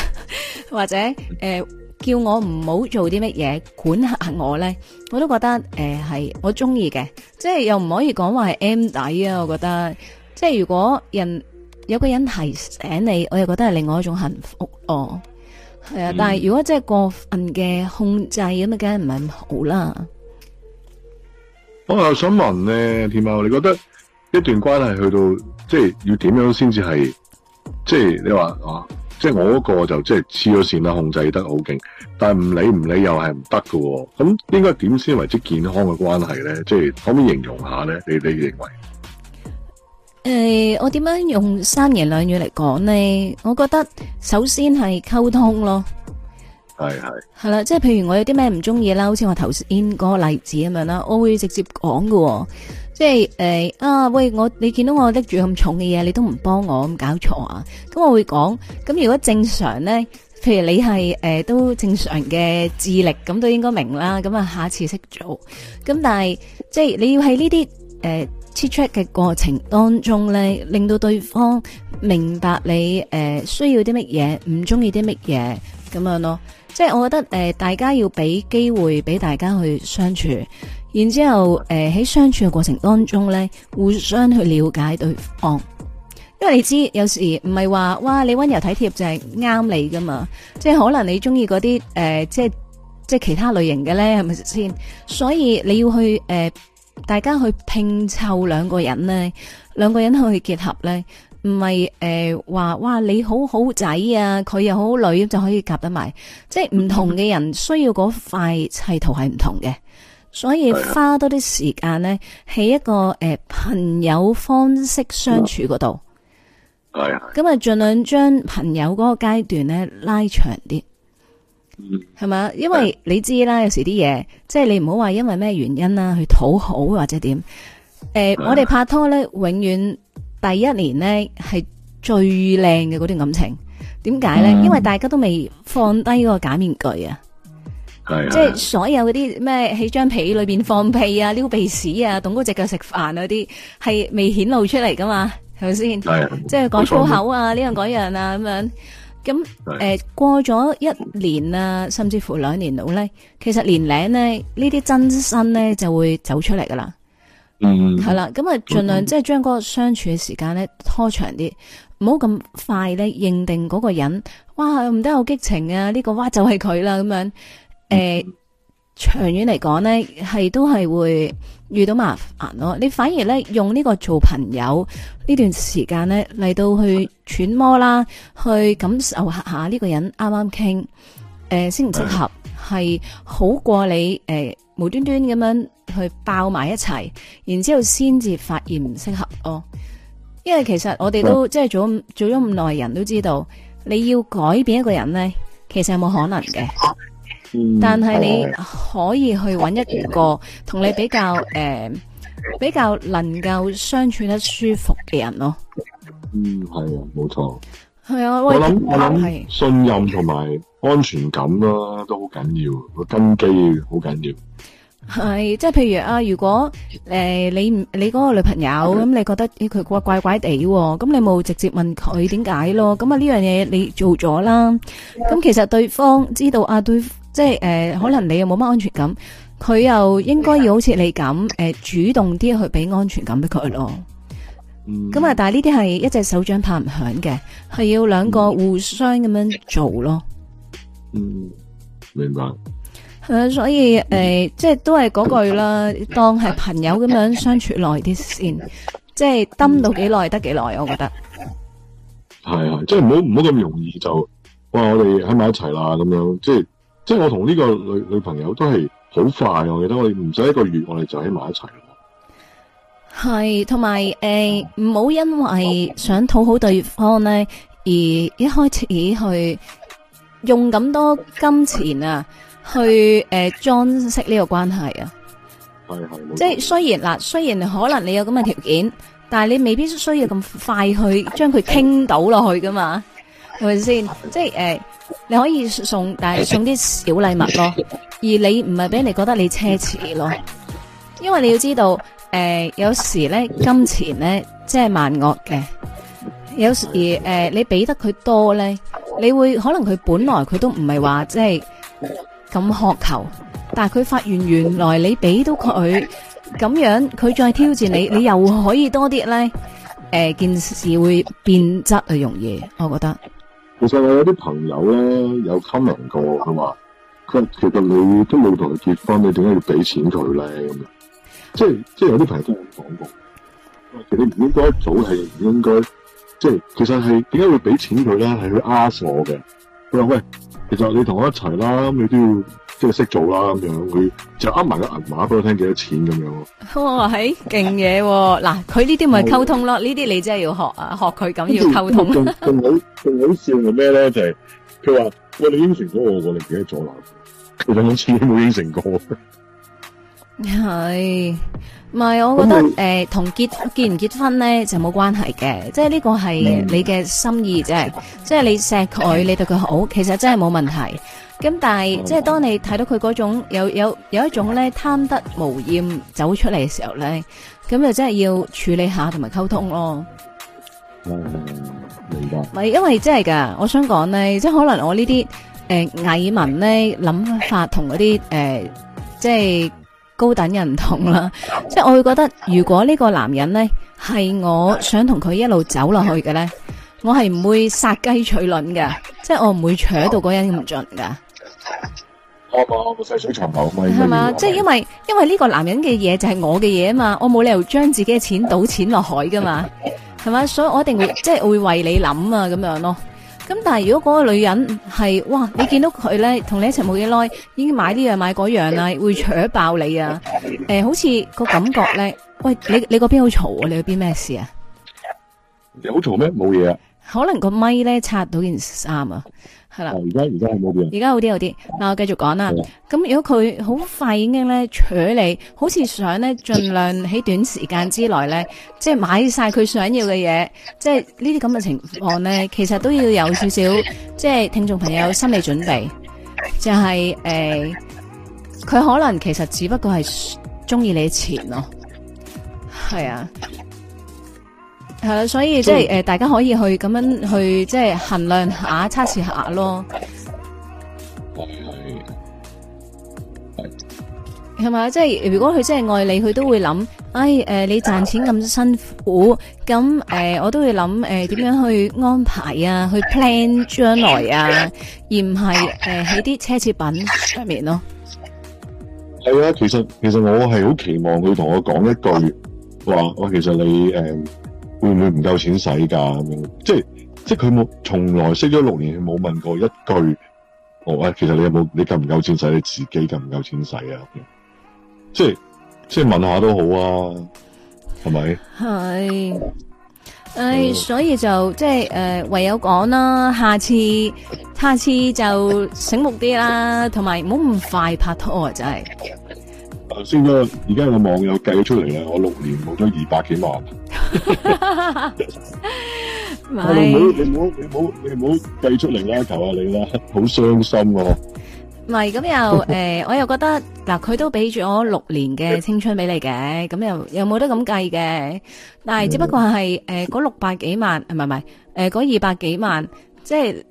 或者誒、呃、叫我唔好做啲乜嘢，管下我咧，我都覺得誒係、呃、我中意嘅，即係又唔可以講話係 M 底啊，我覺得即係如果人。有個人提醒你，我又覺得係另外一種幸福哦，係啊、嗯。但係如果真係過分嘅控制咁啊，梗係唔係咁好啦。我又想問咧，天喵，你覺得一段關係去到即係要點樣先至係，即係你話啊，即係我嗰個就即係黐咗線啦，控制得好勁，但係唔理唔理又係唔得噶。咁應該點先為之健康嘅關係咧？即係可唔可以形容下咧？你你認為？誒、呃，我點樣用三言兩語嚟講呢？我覺得首先係溝通咯，係系係啦，即係譬如我有啲咩唔中意啦，好似我頭先嗰個例子咁樣啦，我會直接講噶、哦，即係誒、呃、啊，喂，我你見到我拎住咁重嘅嘢，你都唔幫我咁搞錯啊？咁我會講，咁如果正常呢，譬如你係誒、呃、都正常嘅智力，咁都應該明啦。咁啊，下次識做。咁但係即係你要喺呢啲誒。呃 chat chat 嘅過程當中咧，令到對方明白你誒、呃、需要啲乜嘢，唔中意啲乜嘢咁樣咯。即係我覺得誒、呃，大家要俾機會俾大家去相處，然之後誒喺、呃、相處嘅過程當中咧，互相去了解對方。因為你知有時唔係話哇，你温柔體貼就係啱你噶嘛。即係可能你中意嗰啲誒，即係即係其他類型嘅咧，係咪先？所以你要去誒。呃大家去拼湊兩個人呢，兩個人去結合呢，唔係誒話哇你好好仔啊，佢又好好女就可以夾得埋，即係唔同嘅人需要嗰塊砌圖係唔同嘅，所以花多啲時間呢，喺一個誒、呃、朋友方式相處嗰度，咁啊盡量將朋友嗰個階段呢拉長啲。係嘛？因為你知啦，有時啲嘢，即係你唔好話因為咩原因啦，去討好或者點？誒、呃啊，我哋拍拖咧，永遠第一年咧係最靚嘅嗰段感情。點解咧？因為大家都未放低嗰個假面具啊，即係所有嗰啲咩喺張被裏邊放屁啊、撩鼻屎啊、戙嗰隻腳食飯嗰啲，係未顯露出嚟噶嘛？係咪先？即係講粗口啊，呢樣嗰樣啊，咁樣。咁誒、呃，過咗一年啊，甚至乎兩年到咧，其實年齡咧呢啲真身咧就會走出嚟噶啦，嗯、mm -hmm.，嗯係啦，咁啊盡量即係將個相處嘅時間咧拖長啲，唔好咁快咧認定嗰個人，哇唔得有激情啊，呢，這個哇就係佢啦咁樣，誒、呃，長遠嚟講咧係都係會。遇到麻煩咯，你反而咧用呢個做朋友呢段時間咧嚟到去揣摩啦，去感受下下呢個人啱啱傾，誒適唔適合係、嗯、好過你誒、呃、無端端咁樣去爆埋一齊，然之後先至發現唔適合咯、啊。因為其實我哋都、嗯、即係做咗做咗咁耐人都知道，你要改變一個人咧，其實係冇可能嘅。但係你可以去揾一個同你比較誒，比較能夠相處得舒服嘅人咯。嗯，係啊，冇錯。係啊，我諗我諗係信任同埋安全感啦，都好緊要，個根基好緊要。係即係，譬如啊，如果誒你唔你嗰個女朋友咁，你覺得佢怪怪地咁，你冇直接問佢點解咯？咁啊呢樣嘢你做咗啦。咁其實對方知道啊，對。即係誒、呃，可能你又冇乜安全感，佢又應該要好似你咁誒、呃，主動啲去俾安全感俾佢咯。咁、嗯、啊，但係呢啲係一隻手掌拍唔響嘅，係、嗯、要兩個互相咁樣做咯。嗯，明白。啊、呃，所以誒、呃，即係都係嗰句啦，當係朋友咁樣相處耐啲先，即係蹲到幾耐、嗯、得幾耐，我覺得。係啊，即係唔好唔好咁容易就哇！我哋喺埋一齊啦，咁樣即係。即係我同呢個女女朋友都係好快，我記得我哋唔使一個月，我哋就喺埋一齊。係，同埋誒，唔、呃、好、嗯、因為想討好對方咧、嗯，而一開始去用咁多金錢啊，去誒裝飾呢個關係啊。係、嗯、係，係即係雖然嗱，雖然可能你有咁嘅條件，但係你未必需要咁快去將佢傾到落去噶嘛。係咪先？即係誒、呃，你可以送，但係送啲小禮物咯。而你唔係俾人哋覺得你奢侈咯。因為你要知道，誒有時咧金錢咧即係萬惡嘅。有時誒、呃、你俾得佢多咧，你會可能佢本來佢都唔係話即係咁渴求，但係佢發現原來你俾到佢咁樣，佢再挑戰你，你又可以多啲咧。誒、呃、件事會變質，係，容易我覺得。其實我有啲朋友咧，有 comment 過佢話：佢其實你都冇同佢結婚，你點解要俾錢佢咧？咁樣，即係即係有啲朋友都咁講過。其實你唔應該一早係唔應該，即係其實係點解會俾錢佢咧？係佢 ask 我嘅。佢話：喂，其實你同我一齊啦，咁你都要。即係識做啦咁樣，佢就噏埋個銀碼俾我聽幾多錢咁樣。我話係勁嘢，嗱，佢呢啲咪溝通咯？呢 啲你真係要學啊，學佢咁要溝通。仲好仲好笑嘅咩咧？就係佢話，喂，你應承咗我，我哋記得阻攔。其實我自己冇應承過。係，唔 係？我覺得誒，同、 呃、結結唔結婚咧就冇關係嘅，即係呢個係你嘅心意啫、嗯。即係你錫佢，你對佢好， 其實真係冇問題。咁但係，即係當你睇到佢嗰種有有有一種咧貪得無厭走出嚟嘅時候咧，咁就真係要處理下同埋溝通咯。唔、嗯、係、嗯嗯，因為真係噶，我想講咧，即係可能我、呃、藝文呢啲誒蟻民咧諗法同嗰啲誒即係高等人唔同啦。即係我會覺得，如果呢個男人咧係我想同佢一路走落去嘅咧，我係唔會殺雞取卵嘅、嗯，即係我唔會扯到嗰人咁盡噶。我講我個細水長流嘛，係嘛？即、哦、係、就是、因為因為呢個男人嘅嘢就係我嘅嘢啊嘛，我冇理由將自己嘅錢賭錢落海噶嘛，係嘛？所以我一定會即係 會為你諗啊咁樣咯。咁但係如果嗰個女人係哇，你見到佢咧同你一齊冇幾耐，已經買呢樣、這個、買嗰樣啊，會灼爆你啊？誒、 呃，好似個感覺咧，喂，你你嗰邊好嘈啊？你嗰邊咩事啊？你好嘈咩？冇嘢啊。可能個咪咧擦到件衫啊。嗯嗯係啦，而家而家係冇變，而家好啲好啲。嗱，我繼續講啦。咁如果佢好快已經咧娶你，好似想咧盡量喺短時間之內咧，即係買晒佢想要嘅嘢，即係呢啲咁嘅情況咧，其實都要有少少，即係聽眾朋友心理準備，就係誒，佢可能其實只不過係中意你錢咯，係啊。係啦，所以即係誒，大家可以去咁樣去即係衡量下、測試下咯。係咪啊？即係如果佢真係愛你，佢都會諗。哎誒、呃，你賺錢咁辛苦，咁誒、呃，我都會諗誒，點、呃、樣去安排啊？去 plan 將來啊，而唔係誒喺啲奢侈品出面咯。係啊，其實其實我係好期望佢同我講一句，話我其實你誒。嗯會唔會唔夠錢使噶？咁樣，即係即係佢冇從來識咗六年，佢冇問過一句哦，喂，其實你有冇你夠唔夠錢使？你自己夠唔夠錢使啊？即係即係問下都好啊，係咪？係，誒、呃，所以就即係誒、呃，唯有講啦，下次下次就醒目啲啦，同埋唔好咁快拍拖啊！真係。頭先，而家個網友計出嚟啦，我六年冇咗二百幾萬。你唔好你唔好你唔好你唔好計出嚟啦，求下你啦，好傷心喎。唔係，咁又誒，我又覺得嗱，佢都俾住我六年嘅青春俾你嘅，咁又又冇得咁計嘅。但係只不過係誒，嗰六百幾萬，唔係唔係，誒，嗰二百幾萬，即係。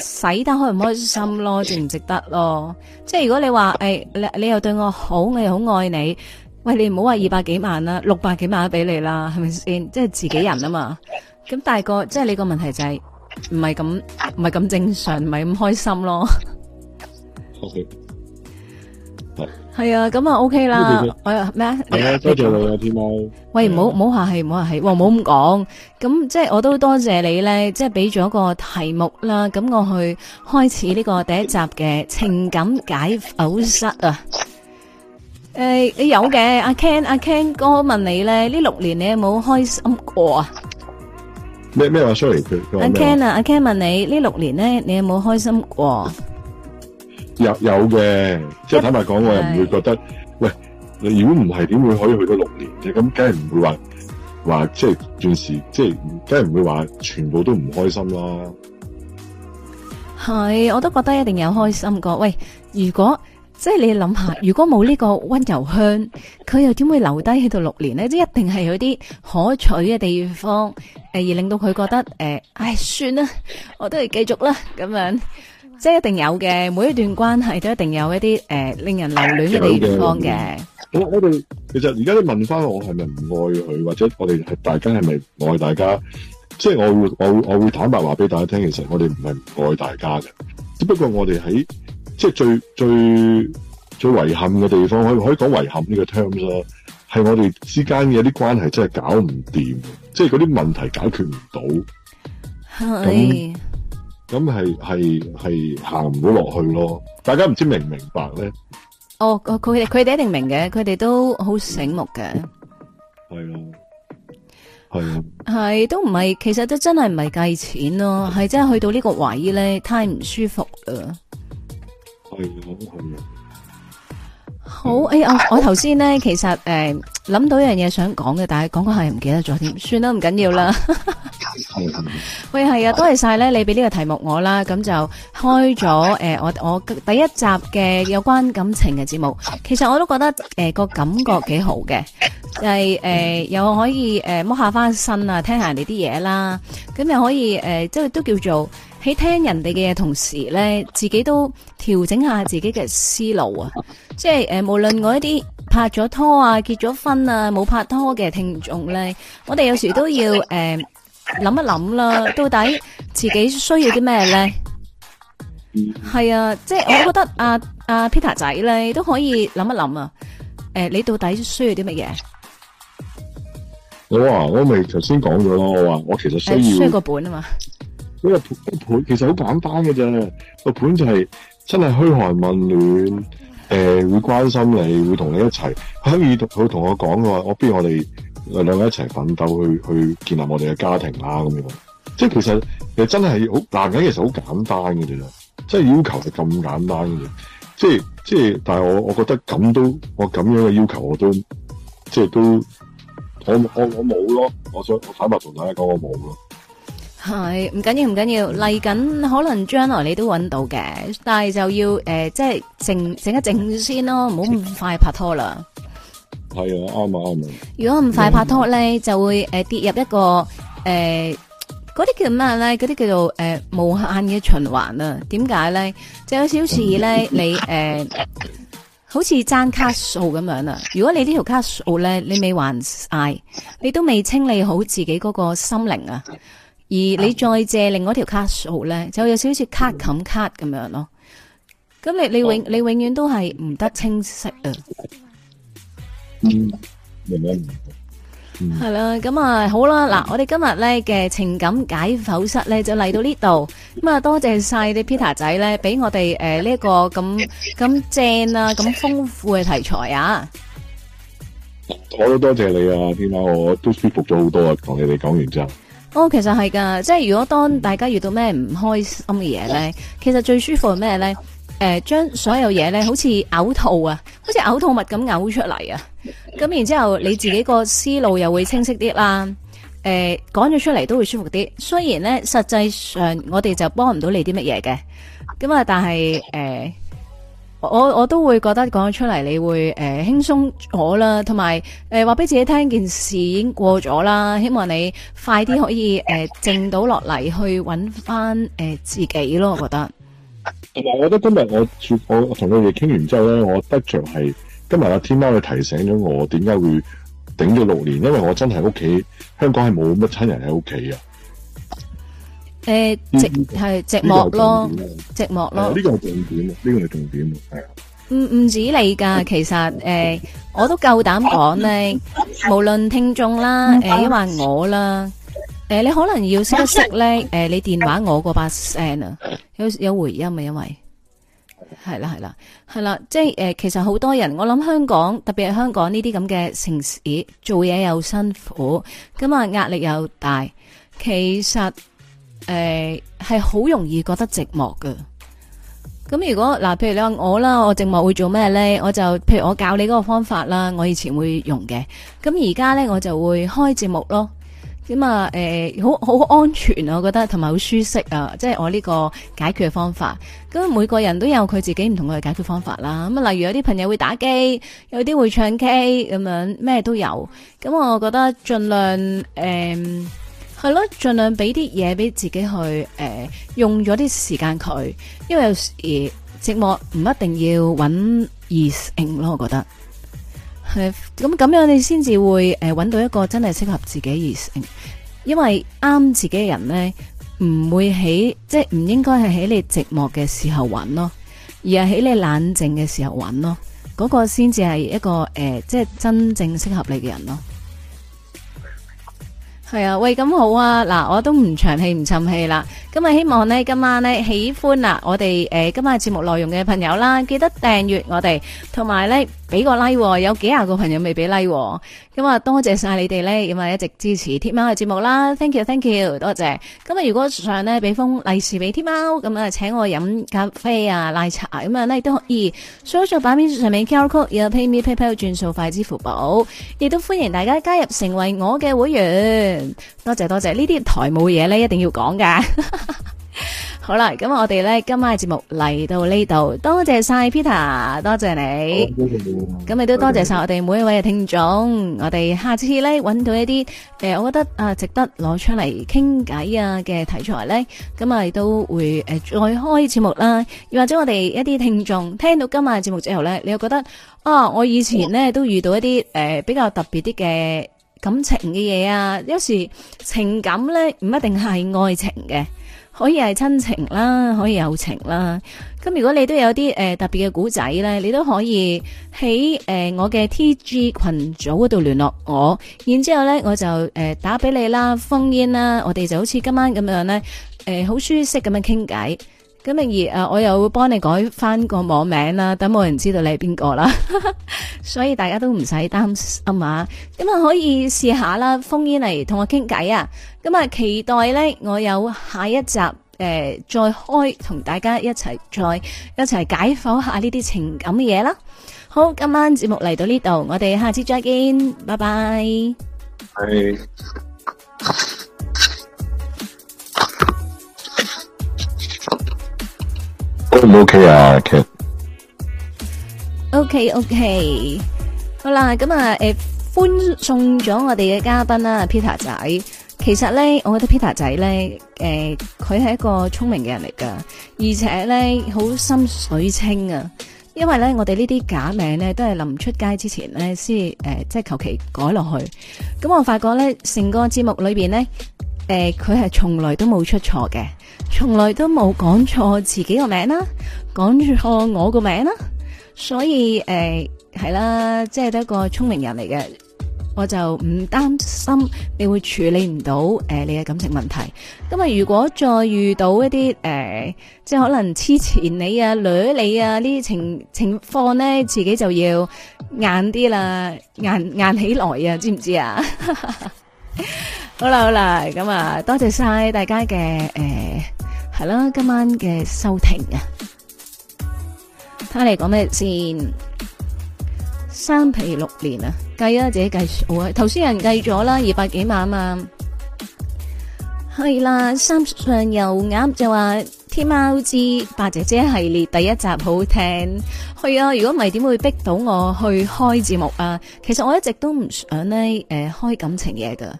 使得開唔開心咯，值唔值得咯？即係如果你話誒、哎，你你又對我好，我又好愛你，喂，你唔好話二百幾萬啦，六百幾萬都俾你啦，係咪先？即係自己人啊嘛。咁但係個即係你個問題就係唔係咁，唔係咁正常，唔係咁開心咯。Okay. 係啊，咁啊 OK 啦，我咩啊？係啊，多謝你啊，天喵。喂，唔好唔好客氣，唔好客氣，哇，唔好咁講。咁即係我都多謝你咧，即係俾咗個題目啦。咁我去開始呢個第一集嘅情感解剖室啊。誒，你有嘅，阿 Ken，阿 Ken 哥問你咧，呢六年你有冇開心過啊？咩咩話？Sorry，阿 Ken 啊，阿 Ken 問你呢六年咧，你有冇開心過？有有嘅，即係坦白講，我又唔會覺得，喂，你如果唔係，點會可以去到六年嘅？咁梗係唔會話，話即係件事，即係梗係唔會話全部都唔開心咯。係，我都覺得一定有開心過。喂，如果即係、就是、你諗下，如果冇呢個溫柔鄉，佢 又點會留低喺度六年咧？即係一定係有啲可取嘅地方，誒而令到佢覺得，誒，唉，算啦，我都係繼續啦，咁樣。即係一定有嘅，每一段關係都一定有一啲誒、呃、令人留戀嘅地方嘅。我我哋其實而家都問翻我，係咪唔愛佢，或者我哋係大家係咪愛大家？即係我會我我會坦白話俾大家聽，其實我哋唔係唔愛大家嘅，只不過我哋喺即係最最最遺憾嘅地方，可以可以講遺憾呢個 terms 咯，係我哋之間嘅一啲關係真係搞唔掂，即係嗰啲問題解決唔到。係。咁係係係行唔到落去咯，大家唔知明唔明白咧？哦，佢哋佢哋一定明嘅，佢哋都好醒目嘅。係 咯，係啊，係都唔係，其實都真係唔係計錢咯，係真係去到呢個位咧，太唔舒服啦。係啊，係啊。好，誒，我我頭先咧，其實誒諗到一樣嘢，想講嘅，但係講講下又唔記得咗添，算啦，唔緊要啦。係，係啊，多謝晒咧，你俾呢個題目我啦，咁就開咗誒，我我第一集嘅有關感情嘅節目，其實我都覺得誒個感覺幾好嘅，係誒又可以誒摸下翻身啊，聽下人哋啲嘢啦，咁又可以誒，即係都叫做。喺聽人哋嘅嘢同時咧，自己都調整下自己嘅思路啊！即係誒、呃，無論我一啲拍咗拖啊、結咗婚啊、冇拍拖嘅聽眾咧，我哋有時都要誒諗、呃、一諗啦，到底自己需要啲咩咧？係、嗯、啊，即係我覺得阿、啊、阿、啊啊啊、Peter 仔咧都可以諗一諗啊！誒、呃，你到底需要啲乜嘢？我啊，我咪頭先講咗咯，我話我其實需要、呃、需要個本啊嘛。嗰個盤其實好簡單嘅啫，個盤就係真係噓寒問暖，誒、呃、會關心你，會同你一齊，可以同佢同我講嘅話，我不如我哋兩個一齊奮鬥去去建立我哋嘅家庭啦，咁樣。即係其實其真係好男人，其實好簡單嘅啫，即係要求係咁簡單嘅啫，即係即係，但係我我覺得咁都我咁樣嘅要求我都即係都我我我冇咯，我想我坦白同大家講我，我冇咯。係唔緊要，唔緊要，嚟緊可能將來你都揾到嘅，但係就要誒、呃，即係整整一整先咯，唔好咁快拍拖啦。係啊，啱啊，啱啊。如果咁快拍拖咧，就會誒、呃、跌入一個誒嗰啲叫咩咧？嗰啲叫做誒、呃、無限嘅循環啊。點解咧？就有少少似咧， 你誒、呃、好似爭卡數咁樣啊。如果你條數呢條卡數咧，你未還晒，你都未清理好自己嗰個心靈啊。而你再借另外一條卡數咧，就有少少卡冚卡咁樣咯。咁你你永你永遠都係唔得清晰啊。嗯，明唔明？嗯，係啦。咁啊，好啦，嗱，我哋今日咧嘅情感解剖室咧就嚟到呢度。咁啊，多謝晒啲 Peter 仔咧，俾我哋誒呢一個咁咁正啊，咁豐富嘅題材啊。我都多謝你啊，天喵，我都舒服咗好多啊，同你哋講完之後。哦，其實係噶，即係如果當大家遇到咩唔開心嘅嘢咧，其實最舒服係咩咧？誒、呃，將所有嘢咧，好似嘔吐啊，好似嘔吐物咁嘔出嚟，啊，咁然之後你自己個思路又會清晰啲啦。誒、呃，講咗出嚟都會舒服啲。雖然咧，實際上我哋就幫唔到你啲乜嘢嘅。咁啊，但係誒。呃我我都會覺得講出嚟你會誒、呃、輕鬆咗啦，同埋誒話俾自己聽件事已經過咗啦。希望你快啲可以誒、呃、靜到落嚟，去揾翻誒自己咯。我覺得同埋，我覺得今日我我同你哋傾完之後咧，我得着係今日阿天喵佢提醒咗我，點解會頂咗六年？因為我真係喺屋企香港係冇乜親人喺屋企啊。誒，寂係寂寞咯，寂寞咯。呢個係重點啊，呢個係重點啊，係啊。唔唔止你噶，其實誒，我都夠膽講咧。無論聽眾啦，誒，因為我啦，誒，你可能要識一識咧。誒，你電話我個把聲啊，有有回音啊，因為係啦，係啦，係啦。即係誒，其實好多人，我諗香港特別係香港呢啲咁嘅城市，做嘢又辛苦，咁啊壓力又大，其實。誒、呃，係好容易覺得寂寞噶。咁如果嗱，譬如你話我啦，我寂寞會做咩呢？我就譬如我教你嗰個方法啦，我以前會用嘅。咁而家呢，我就會開節目咯。咁、嗯、啊，誒、呃，好好安全、啊，我覺得同埋好舒適啊。即、就、係、是、我呢個解決嘅方法。咁每個人都有佢自己唔同嘅解決方法啦。咁啊，例如有啲朋友會打機，有啲會唱 K，咁樣咩都有。咁我覺得盡量誒。呃係咯，盡量俾啲嘢俾自己去誒、呃，用咗啲時間佢，因為有時寂寞唔一定要揾異性咯，我覺得係咁咁樣你先至會誒揾到一個真係適合自己異性，因為啱自己嘅人呢，唔會喺即係唔應該係喺你寂寞嘅時候揾咯，而係喺你冷靜嘅時候揾咯，嗰、那個先至係一個誒、呃、即係真正適合你嘅人咯。係啊，喂，咁好啊，嗱，我都唔長氣唔沉氣啦。今日希望呢，今晚呢，喜歡嗱我哋誒，今晚節目內容嘅朋友啦，記得訂閱我哋，同埋呢，俾個 like，有幾廿個朋友未俾 like，咁啊多謝晒你哋呢。咁啊一直支持天喵嘅節目啦，thank you thank you，多謝。今日如果想呢，俾封利是俾天喵，咁啊請我飲咖啡啊奶茶，咁啊呢，都可以。搜索版面上面 QR Code，有 PayMe PayPal 轉數快支付寶，亦都歡迎大家加入成為我嘅會員。多謝多謝，呢啲台冇嘢咧，一定要講噶。 好啦，咁我哋咧今晚嘅節目嚟到呢度，多謝晒 Peter，多謝你。咁你都多謝晒我哋每一位嘅聽眾。我哋下次咧揾到一啲誒、呃，我覺得啊值得攞出嚟傾偈啊嘅題材咧，咁啊都會誒再開節目啦。又或者我哋一啲聽眾聽到今晚嘅節目之後咧，你又覺得啊，我以前咧都遇到一啲誒、呃、比較特別啲嘅。感情嘅嘢啊，有時情感呢，唔一定係愛情嘅，可以係親情啦，可以友情啦。咁如果你都有啲誒、呃、特別嘅古仔呢，你都可以喺誒、呃、我嘅 T G 群組嗰度聯絡我，然之後呢我就誒、呃、打俾你啦，烽煙啦，我哋就好似今晚咁樣呢，誒、呃、好舒適咁樣傾偈。咁而誒，我又會幫你改翻個網名啦，等冇人知道你係邊個啦，所以大家都唔使擔心啊！咁啊，可以試下啦，封煙嚟同我傾偈啊！咁啊，期待咧，我有下一集誒，再開同大家一齊再一齊解剖下呢啲情感嘅嘢啦。好，今晚節目嚟到呢度，我哋下次再見，拜拜。係。都 OK 啊，Kate。OK，OK，好啦，咁啊，誒，歡送咗我哋嘅嘉賓啦，Peter 仔。其實咧，我覺得 Peter 仔咧，誒，佢係一個聰明嘅人嚟噶，而且咧，好心水清啊。因為咧，我哋呢啲假名咧，都係臨出街之前咧先，誒，即係求其改落去。咁我發覺咧，成個節目裏邊咧。誒、呃，佢係從來都冇出錯嘅，從來都冇講錯自己個名啦，講錯我個名啦，所以誒係、呃、啦，即係一個聰明人嚟嘅，我就唔擔心你會處理唔到誒你嘅感情問題。咁啊，如果再遇到一啲誒、呃，即係可能黐前你啊、女你啊呢啲情情況呢，自己就要硬啲啦，硬硬起來啊，知唔知啊？ 好啦好啦，咁啊，多謝晒大家嘅誒係啦，今晚嘅收聽啊。睇下你講咩先？三皮六年啊，計啊自己計數啊。頭先人計咗啦，二百幾萬啊。係啦，三上又啱就話天喵之八姐姐系列第一集好聽。係啊，如果唔係點會逼到我去開節目啊？其實我一直都唔想呢誒、呃、開感情嘢噶。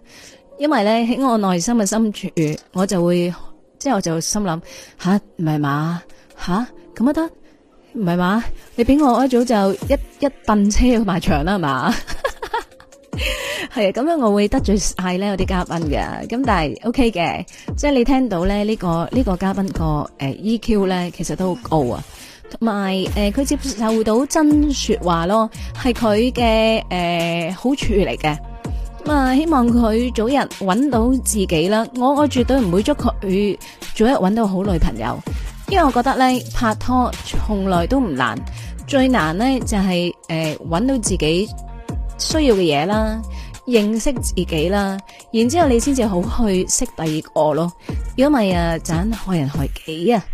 因為咧喺我內心嘅深處，我就會，即係我就心諗吓，唔係嘛，吓，咁咪得唔係嘛？你俾我一早就一一頓車去埋場啦係嘛？係 啊，咁樣我會得罪晒咧有啲嘉賓嘅，咁但係 OK 嘅，即係你聽到咧呢、這個呢、這個嘉賓個誒 EQ 咧，其實都好高啊，同埋誒佢接受到真說話咯，係佢嘅誒好處嚟嘅。咁、嗯、啊！希望佢早日揾到自己啦。我我絕對唔會祝佢早日揾到好女朋友，因為我覺得咧，拍拖從來都唔難，最難咧就係誒揾到自己需要嘅嘢啦，認識自己啦，然之後你先至好去識第二個咯。如果咪係啊，盞害人害己啊！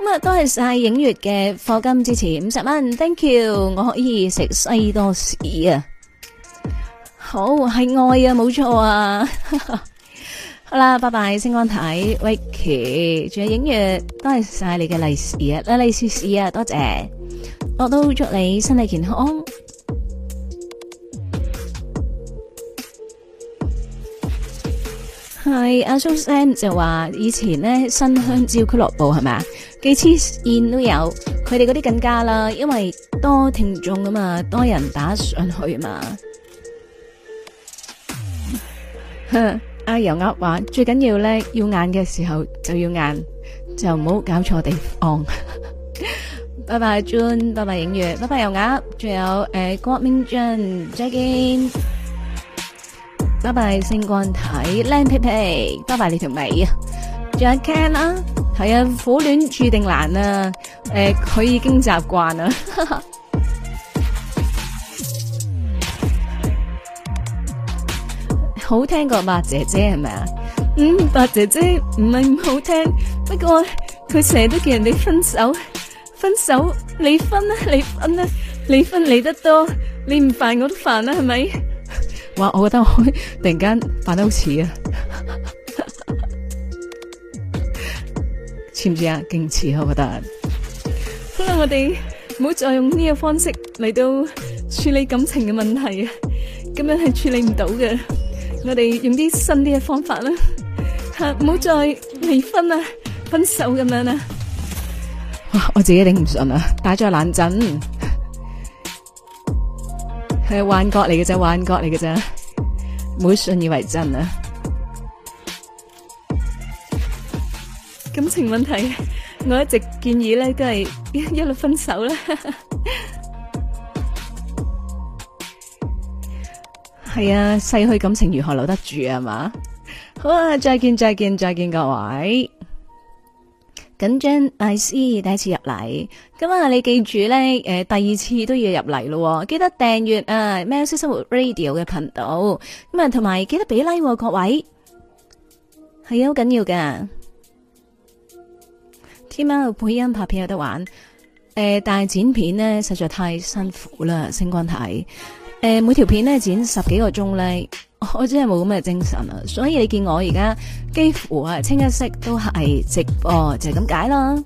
咁、嗯、啊，多謝晒影月嘅課金支持五十蚊，Thank you，我可以食西多士啊！好、oh, 係愛沒錯啊，冇錯啊！好啦，拜拜，星光體，威奇，仲有影月，多謝晒你嘅利是啊，啦，利是啊，多謝，我都祝你身體健康。係阿 Susan 就話以前呢新香蕉俱樂部係咪，幾次宴都有，佢哋嗰啲更加啦，因為多聽眾㗎嘛，多人打上去嘛。阿油鴨話最緊要咧要眼嘅時候就要眼，就唔好搞錯地方。拜拜，Jun，拜拜，影月，拜拜，油鴨，仲有誒，郭明俊，再見。拜拜，星光體，靚皮皮，拜拜你條尾啊！仲有 Ken 啦，係啊，苦戀注定難啊！誒，佢已經習慣啦。好聽過八姐姐係咪啊？嗯，八姐姐唔係唔好聽，不過佢成日都叫人哋分手、分手、離婚啊、離婚啊、離婚離得多，你唔煩我都煩啦，係咪？哇！我覺得我突然間扮得好似啊，知唔知啊？勁似，我覺得。好啦，我哋唔好再用呢個方式嚟到處理感情嘅問題啊，咁樣係處理唔到嘅。我哋用啲新啲嘅方法啦，吓唔好再離婚啊、分手咁樣啦。哇，我自己頂唔順啊，打咗冷震，係幻覺嚟嘅啫，幻覺嚟嘅啫，唔好信以為真啊。感情問題，我一直建議咧都係一律分手啦。係 啊，逝去感情如何留得住啊？嘛，好啊，再見，再見，再見，各位。緊張，I C 第一次入嚟，咁啊，你記住咧，誒，第二次都要入嚟咯，記得訂閱啊，s i 生活 Radio 嘅頻道，咁啊，同埋記得俾 like，啊、各位係啊，好緊要天聽我配音拍片有得玩，誒、啊，但剪片呢，實在太辛苦啦，星光睇。誒，每條片咧剪十幾個鐘咧，我真係冇咁嘅精神啊，所以你見我而家幾乎啊清一色都係直播，就係咁解啦。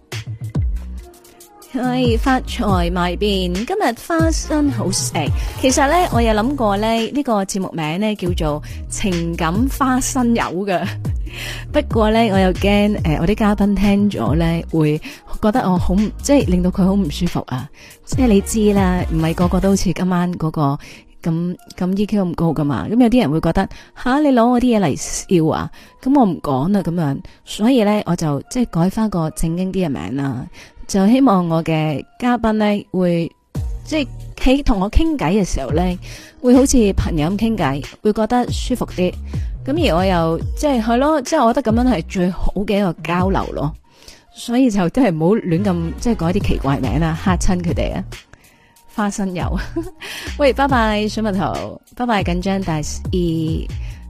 可發財埋邊，今日花生好食。其實咧，我有諗過咧，呢、這個節目名咧叫做《情感花生友》噶。 不過咧，我又驚誒、呃，我啲嘉賓聽咗咧會覺得我好，即係令到佢好唔舒服啊！即係你知啦，唔係個個都好似今晚嗰、那個咁咁 EQ 咁高噶嘛。咁、嗯、有啲人會覺得吓，你攞我啲嘢嚟笑啊！咁我唔講啦，咁樣。所以咧，我就即係改翻個正經啲嘅名啦。就希望我嘅嘉賓咧，會即係喺同我傾偈嘅時候咧，會好似朋友咁傾偈，會覺得舒服啲。咁而我又即係係咯，即係我覺得咁樣係最好嘅一個交流咯。所以就都係唔好亂咁，即係改啲奇怪名啦，吓親佢哋啊！花生油， 喂，拜拜，水蜜桃，拜拜，緊張，大師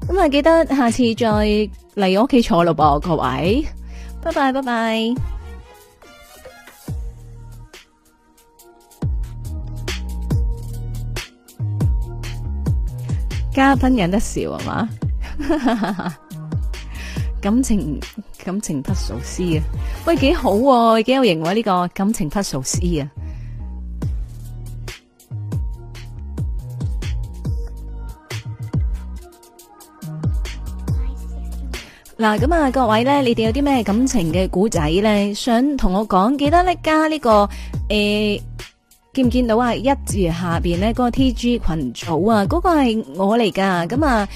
咁啊，記得下次再嚟我屋企坐咯噃，各位，拜拜，拜拜。嘉賓引得笑係嘛，？ 感情感情不熟師啊，喂，幾好，幾有型喎、啊、呢、呢個感情不熟師啊。嗱咁 啊，啊，各位咧，你哋有啲咩感情嘅古仔咧，想同我講，記得呢加呢、呢個誒。欸見唔見到啊？一字下邊咧，嗰個 T G 群組啊，嗰個係我嚟噶。咁啊，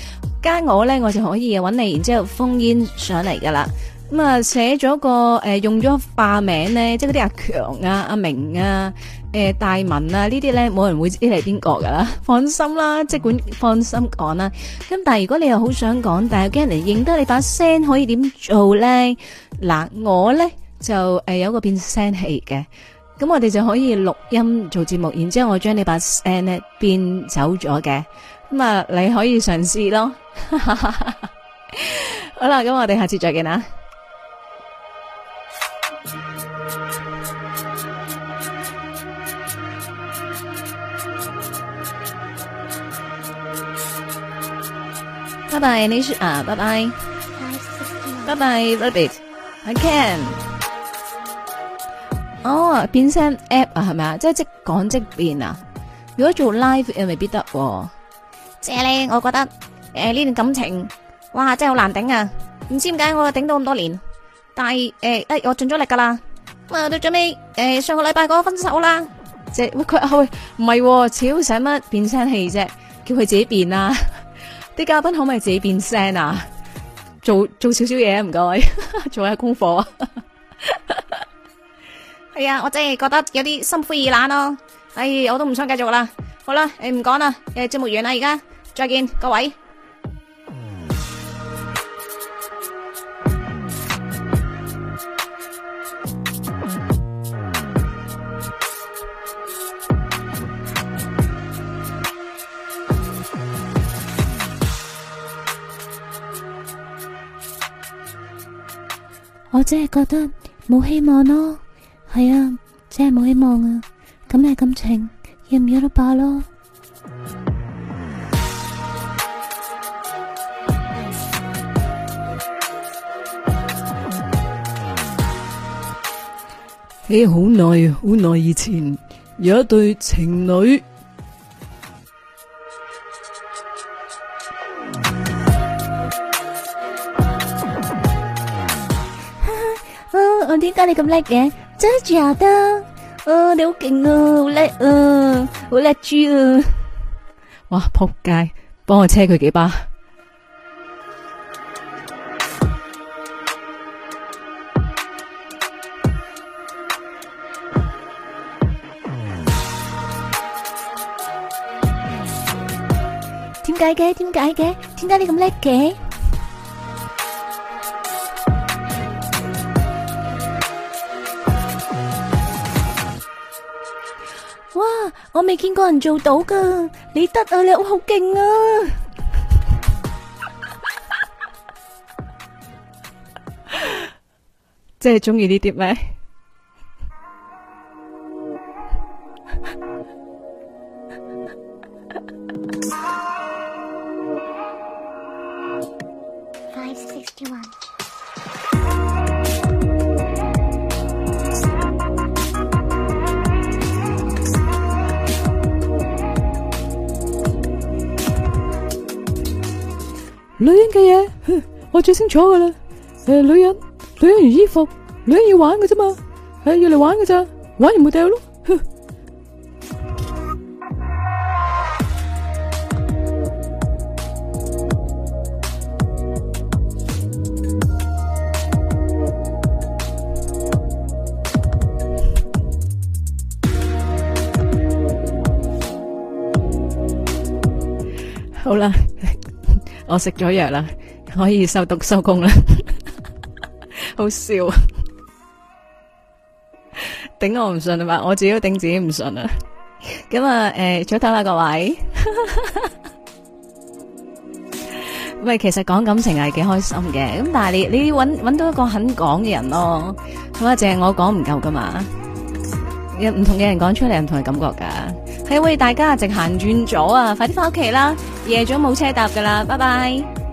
加我咧，我就可以揾你，然之後烽煙上嚟噶啦。咁啊，寫咗個誒、呃，用咗化名咧，即係嗰啲阿強啊、阿明啊、誒、呃、大文啊呢啲咧，冇人會知係邊個噶啦。放心啦，即管放心講啦。咁但係如果你又好想講，但係驚人哋認得你把聲，可以點做咧？嗱，我咧就誒、呃、有個變聲器嘅。咁我哋就可以錄音做節目，然之後我將你把聲咧，變走咗嘅，咁啊你可以嘗試咯。好啦，咁我哋下次再見啦！拜拜，Nisha，拜拜，拜拜，Rabbit，I can。哦，變聲 app 啊，係咪啊？即係即講即變啊！如果做 live 又未必得。即係咧，我覺得誒呢段感情，哇真係好難頂啊！唔知點解我頂到咁多年，但係誒，誒我盡咗力㗎啦。咁啊到最尾誒上個禮拜嗰個分手啦。即係佢去唔係超使乜變聲器啫，叫佢自己變啦。啲嘉賓可唔可以自己變聲啊？做做少少嘢唔該，做下功課。哎呀，我真係覺得有啲心灰意冷咯。哎，我都唔想繼續啦。好啦，你唔講啦，誒，節目完啦，而家再見各位。我真係覺得冇希望咯。係啊，真係冇希望啊！咁嘅感情，要唔要都罷咯。喺好耐好耐以前，有一對情侶。我我點解你咁叻嘅？真係得，啊你好勁啊，好叻啊，好叻豬啊！哇撲街，幫我車佢幾巴？點解嘅？點解嘅？點解你咁叻嘅？我未見過人做到噶，你得啊，你好勁啊！即係中意呢啲咩？女人嘅嘢，我最清楚㗎喇。誒，女人，女人如衣服，女人要玩㗎咋嘛，係要嚟玩㗎咋，玩完咪掉囉。好喇。我食咗藥啦，可以收毒收工啦，好笑，頂我唔順啊嘛，我自己都頂自己唔順啊。咁啊，誒，早唞啦，各位。喂，其實講感情係幾開心嘅，咁但係你你要揾揾到一個肯講嘅人咯。同埋，淨係我講唔夠噶嘛，有唔同嘅人講出嚟，唔同嘅感覺噶。係喂，大家直行轉左啊！快啲返屋企啦，夜咗冇車搭噶啦，拜拜。